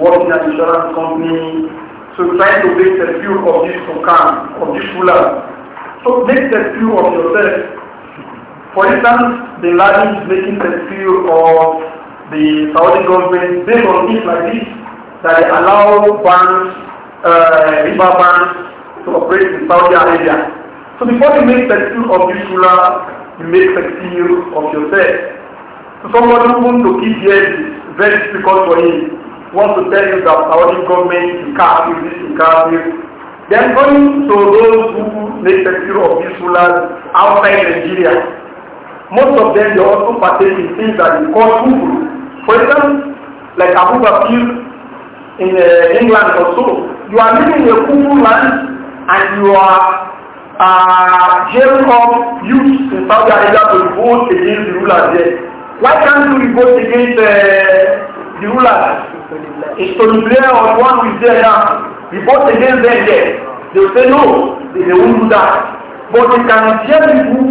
working at an insurance company, so trying to make the view of this Okan, of this ruler. So make the view of yourself. For instance, the Laden is making the view of the Saudi government based on things like this, that they allow banks, uh, river banks to operate in Saudi Arabia. So before you make takfir of this ruler, you make takfir of yourself. So somebody who wants to keep here is very difficult for him. Wants to tell you that our government is kafir, this is kafir. Then going to those who make takfir of these rulers outside Nigeria, most of them they also partake in things that they call kufr. For example, like Abu Bakr in uh, England or so, you are living in a kufr land and you are uh, Jacob used in Saudi Arabia to vote against the rulers there. Why can't you vote against uh, the rulers? It's to declare on one who is there now. You vote against them there. They say no, they, they won't do that. But they can tell people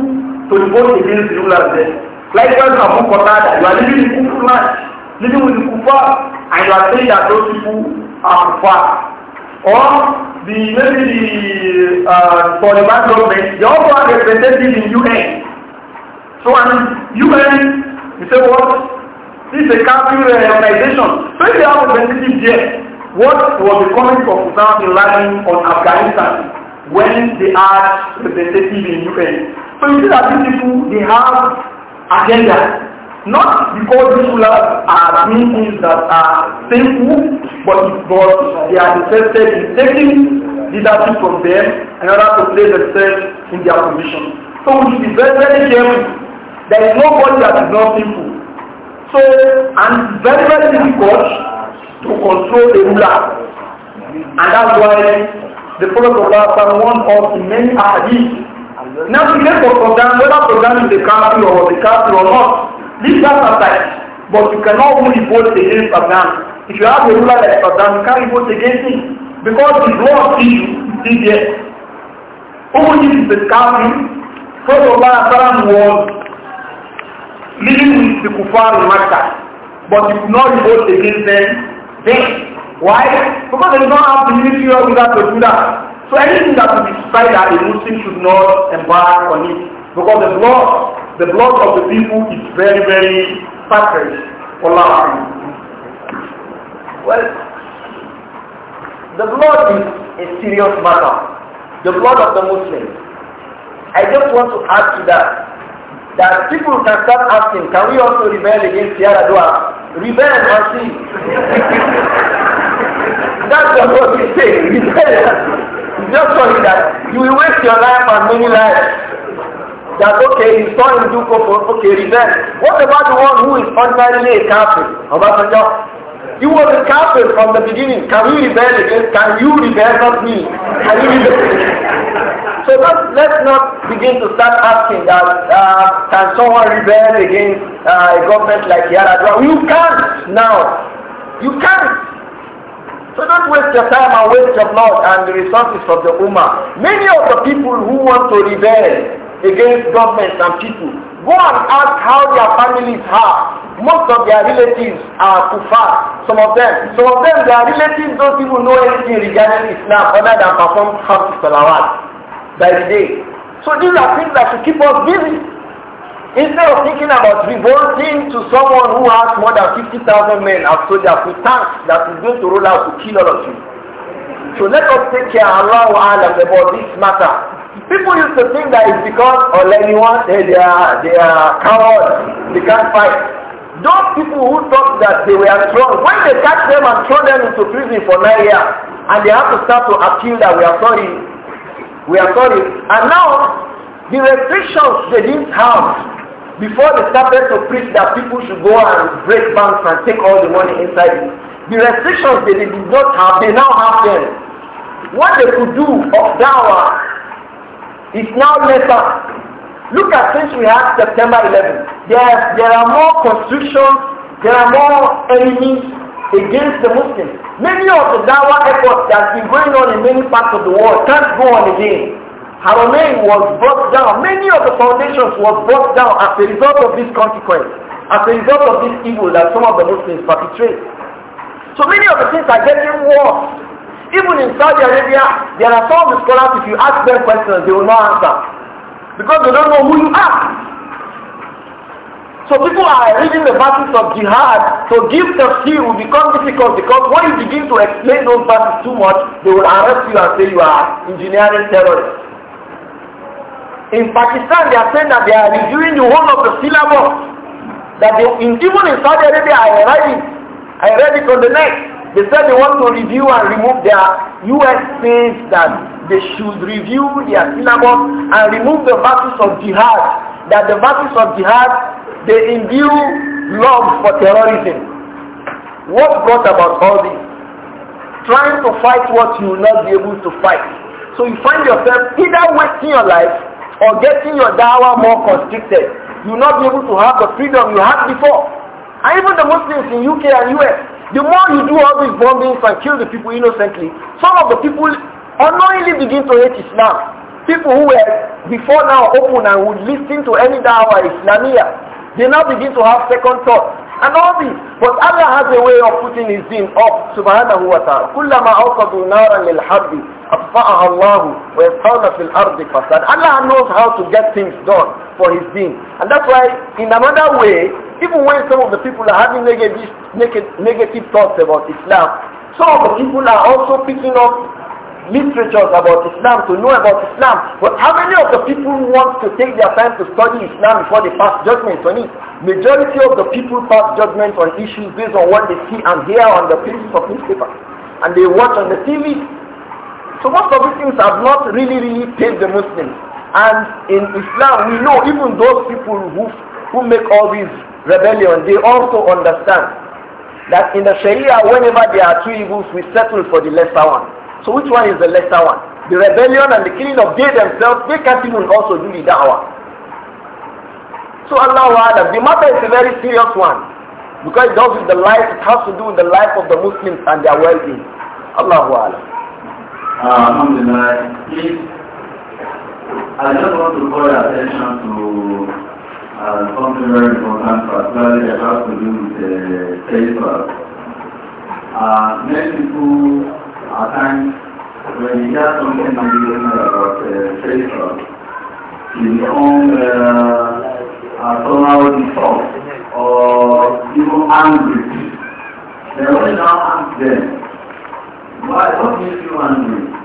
to vote against the rulers there. Likewise, Abu Qatada, you are living in Kufur land, living with the Kufar, and you are saying that those people are Kufar or the maybe the uh, Taliban government, they also have representatives in UN. So and UN, you say what? This is a country uh, organization. So if they have representatives there, what was the comment of Osama bin Laden on Afghanistan when they had representatives in UN? So you see that these people, they have agenda. Not because these rulers are doing things that are sinful, but because they are interested in taking leadership from them in order to place themselves in their position. So we should be very, very careful. There is nobody that is not sinful. So, and very, very difficult to control a ruler. And that's why the Prophet of Allah warned us in many hadith. Now, we get for Sudan, whether Sudan is the country or the country or not, Leave that aside. But you cannot only vote against Saddam. If you have a ruler like Saddam, you can't vote against him. Because his law issue is there. Who if the captain, Prophet Allah Saddam was living with the Kufar in Makkah. But you cannot not vote against them then. Why? Because they do not have the military ruler to do that. So anything that will be decided, a Muslim should not embark on it. Because the law The blood of the people is very, very sacred. Allah. Well, the blood is a serious matter. The blood of the Muslims. I just want to add to that, that people can start asking, can we also rebel against Sierra Dua? Rebel and see. That's what we say, rebel. Just sorry that you will waste your life and many lives that okay, you saw him do kufr, okay, revenge. What about the one who is ordinarily a kafir? that? You were a kafir from the beginning. Can you rebel against, can you rebel not me? Can you rebel? so not, let's not begin to start asking that, uh, can someone rebel against uh, a government like Yaradua? You can't now. You can't. So don't waste your time and waste your blood and the resources of the Ummah. Many of the people who want to rebel against governments and people. Go and ask how their families are. Most of their relatives are far. Some of them, some of them, their relatives don't even know anything regarding Islam other than perform Hamsi Salawat by the day. So these are things that should keep us busy. Instead of thinking about revolting to someone who has more than 50,000 men as soldiers with tanks that is going to roll out to kill all of you. So let us take care, Allah, Allah about this matter. People used to think that it's because all anyone eh, they, they are they are cowards, they can't fight. Those people who thought that they were strong, when they catch them and throw them into prison for nine years, and they have to start to appeal that we are sorry, we are sorry. And now the restrictions they didn't have before they started to preach that people should go and break banks and take all the money inside it. The restrictions they did not have, they now have them. What they could do of dawah it's now lesser. Look at since we had September 11. There, there are more constructions, there are more enemies against the Muslims. Many of the Dawa efforts that have been going on in many parts of the world can't go on again. Haramain was brought down. Many of the foundations was brought down as a result of this consequence, as a result of this evil that some of the Muslims perpetrate. So many of the things are getting worse. Even in Saudi Arabia, there are some scholars, if you ask them questions, they will not answer. Because they don't know who you are. So people are reading the verses of jihad. So give tafsir will become difficult because when you begin to explain those verses too much, they will arrest you and say you are engineering terrorists. In Pakistan, they are saying that they are reviewing the whole of the syllabus. That they, in, even in Saudi Arabia, I read it. I read it on the next. They said they want to review and remove their U.S. things that they should review their syllabus and remove the verses of jihad. That the verses of jihad, they imbue love for terrorism. What brought about all this? Trying to fight what you will not be able to fight. So you find yourself either wasting your life or getting your dawah more constricted. You will not be able to have the freedom you had before. And even the Muslims in UK and US, the more you do all these bombings and kill the people innocently, some of the people unknowingly begin to hate Islam. People who were before now open and would listen to any dawah Islamia, they now begin to have second thoughts and all this. But Allah has a way of putting his deen up, subhanahu wa ta'ala. كُلَّمَا أَوْقَدُوا نَارًا لِلْحَرِّ أَطْفَأَهَا اللَّهُ وَيَسْتَوْنَ فِي الْأَرْضِ فَسَادًا Allah knows how to get things done for his deen. And that's why in another way, even when some of the people are having negative, negative thoughts about Islam, some of the people are also picking up literatures about Islam to know about Islam. But how many of the people want to take their time to study Islam before they pass judgment on it? Majority of the people pass judgment on issues based on what they see and hear on the pages of newspaper. And they watch on the TV. So most of these things have not really, really paid the Muslims. And in Islam, we know even those people who, who make all these rebellion, they also understand that in the Sharia, whenever there are two evils, we settle for the lesser one. So which one is the lesser one? The rebellion and the killing of they themselves, they can't even also do the da'wah. So Allahu Alam, the matter is a very serious one. Because it does with the life, it has to do with the life of the Muslims and their well-being. Allahu Uh, alhamdulillah. Please I just want to call your attention to uh, something very important, particularly that has to do with the uh, Uh, many people at times, when you hear something on the internet about uh, papers, you become uh, somehow disturbed or even angry. They always now ask them, why, what makes you angry?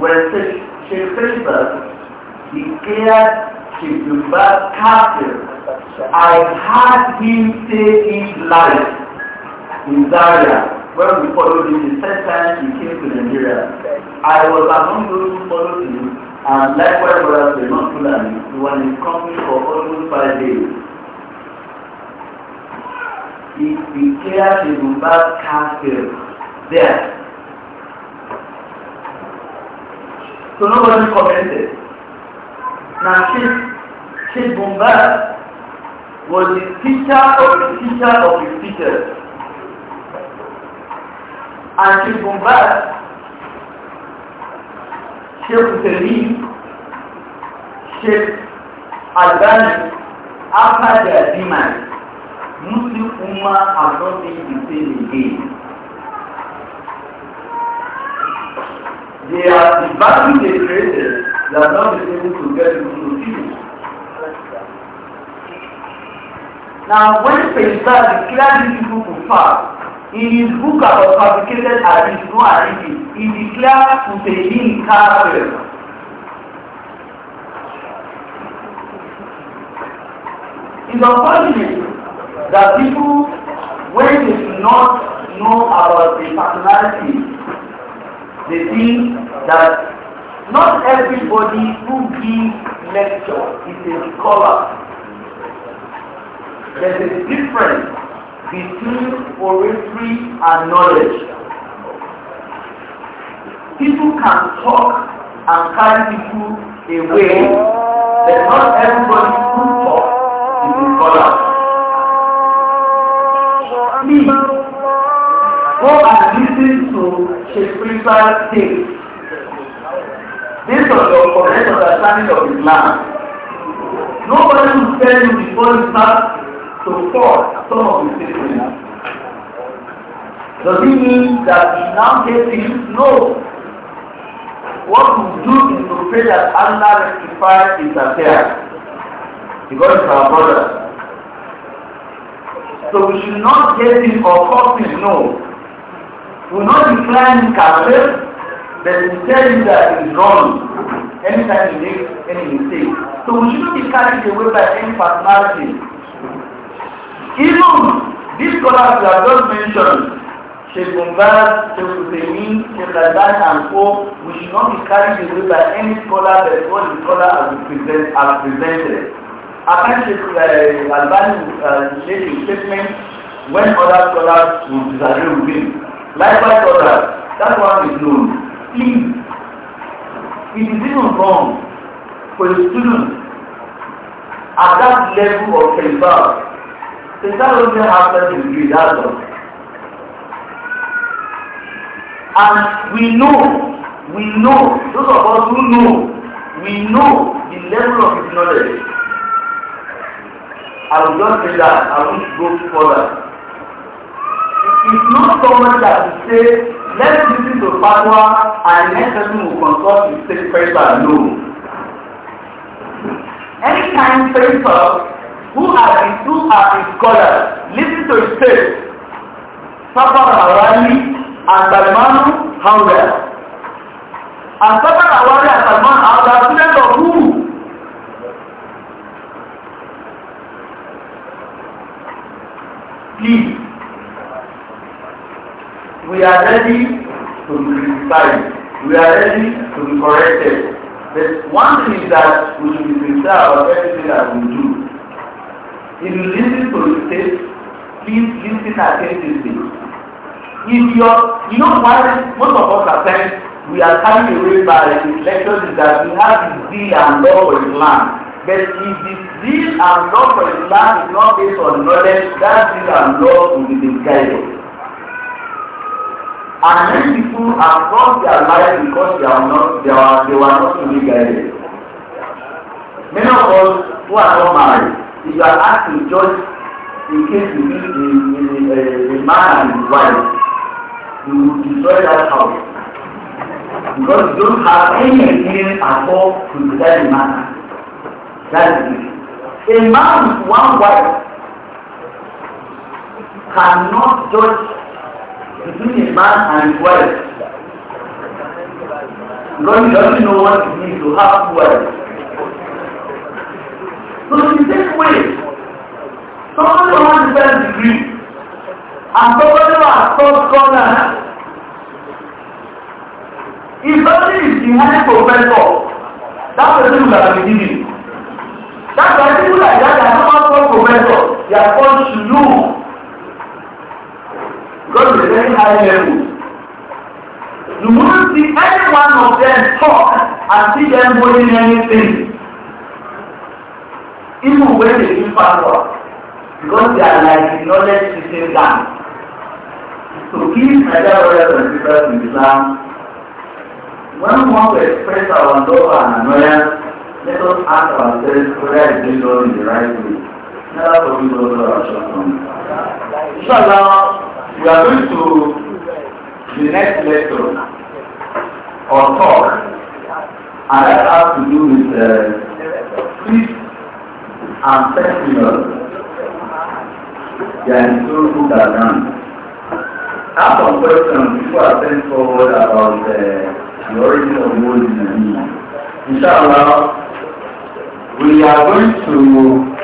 where Sheikh Fishberg declared Sheikh Fishberg captive. I had him take his life in Zaria. When we followed him the first time he came to Nigeria, I was among those who followed him and likewise brother Raymond Fulani, He was in company for almost five days. He declared Sheikh Fishberg captive there So nobody commented. Now Sheikh, Sheikh Bumba was the teacher of the teacher of his teachers. And Sheikh Bombay, Sheikh Hussein, Sheikh Albani, after their demise, Muslim Ummah have not been the same again. They are the value they created they are not able to get people to feel. Now when Pesach declared these people to fast, in his book about fabricated hadith no hadith he declared to the king kafir. It's unfortunate that people when they do not know about the personality The thing that not everybody who gives lecture is a scholar. There's a difference between oratory and knowledge. People can talk and carry people away, but not everybody who talks is a scholar. Please, go and listen to a spiritual thing. This on your correct understanding of Islam, nobody will tell you before you start to fall some of the statements. Does it mean that we now get things? No. What we do is to pray that Allah rectifies his affairs. Because it's our brother. So we should not get him or cause him, no. will not be decline in kafir, but will tell you that it is wrong anytime you make any mistake. So we shouldn't be carried away by any personality. Even these scholars you have just mentioned, Sheikh Mumbaz, Sheikh Hussein, Sheikh Lazan, and so we should not be carried away by any scholar that what the scholar has, present, presented. I can't Sheikh uh, Albani uh, made a statement when other scholars will disagree with him. Likewise others, that one is known. Please, it is even wrong for a student at that level of Kaisar. Kaisar only has certain degree, that's all. And we know, we know, those of us who know, we know the level of his knowledge. I will just say that, I won't go further. It's not someone that we say, let's listen to fatwa and next person will consult with state paper. No. Anytime paper who are the who are the scholars listen to state Safar Awali and Salman Hawla. And Safar Awali and Salman Hawla students of who? Please we are ready to be inspired. We are ready to be corrected. But one thing that we should be sincere about everything that we do. If you listen to the mistakes, please listen attentively. If you're, you know why most of us at times we are carried away by intellectuals is that we have the zeal and love for the land. But if the zeal and love for the land is not based on knowledge, that zeal and love will be misguided. And many people have lost their lives because they are not they were they were not fully guided. Many of us who are not married, if you are asking to judge in case you meet a, a, a, man and his wife, you will destroy that house. Because you don't have any experience at all to decide a man. That is it. A man with one wife cannot judge between a man and his wife. God doesn't know what it means to have wealth. So in this way, somebody who has a certain degree and somebody who has taught scholar, if somebody is behind professor, that person will have been living. That's why people like that are not called professors. they are called shulu. God is very high level. You won't see any one of them talk and see them holding anything. Even when they give power, because they are like the knowledge system down. So please, my dear brothers and sisters in Islam, when we want to express our love and annoyance, let us ask ourselves whether it is done in the right way náírà we are going to the next lecture or talk and that has to do with uh, and festival. They are historical background. I have some questions before I send forward about uh, the origin of world in the Inshallah, we are going to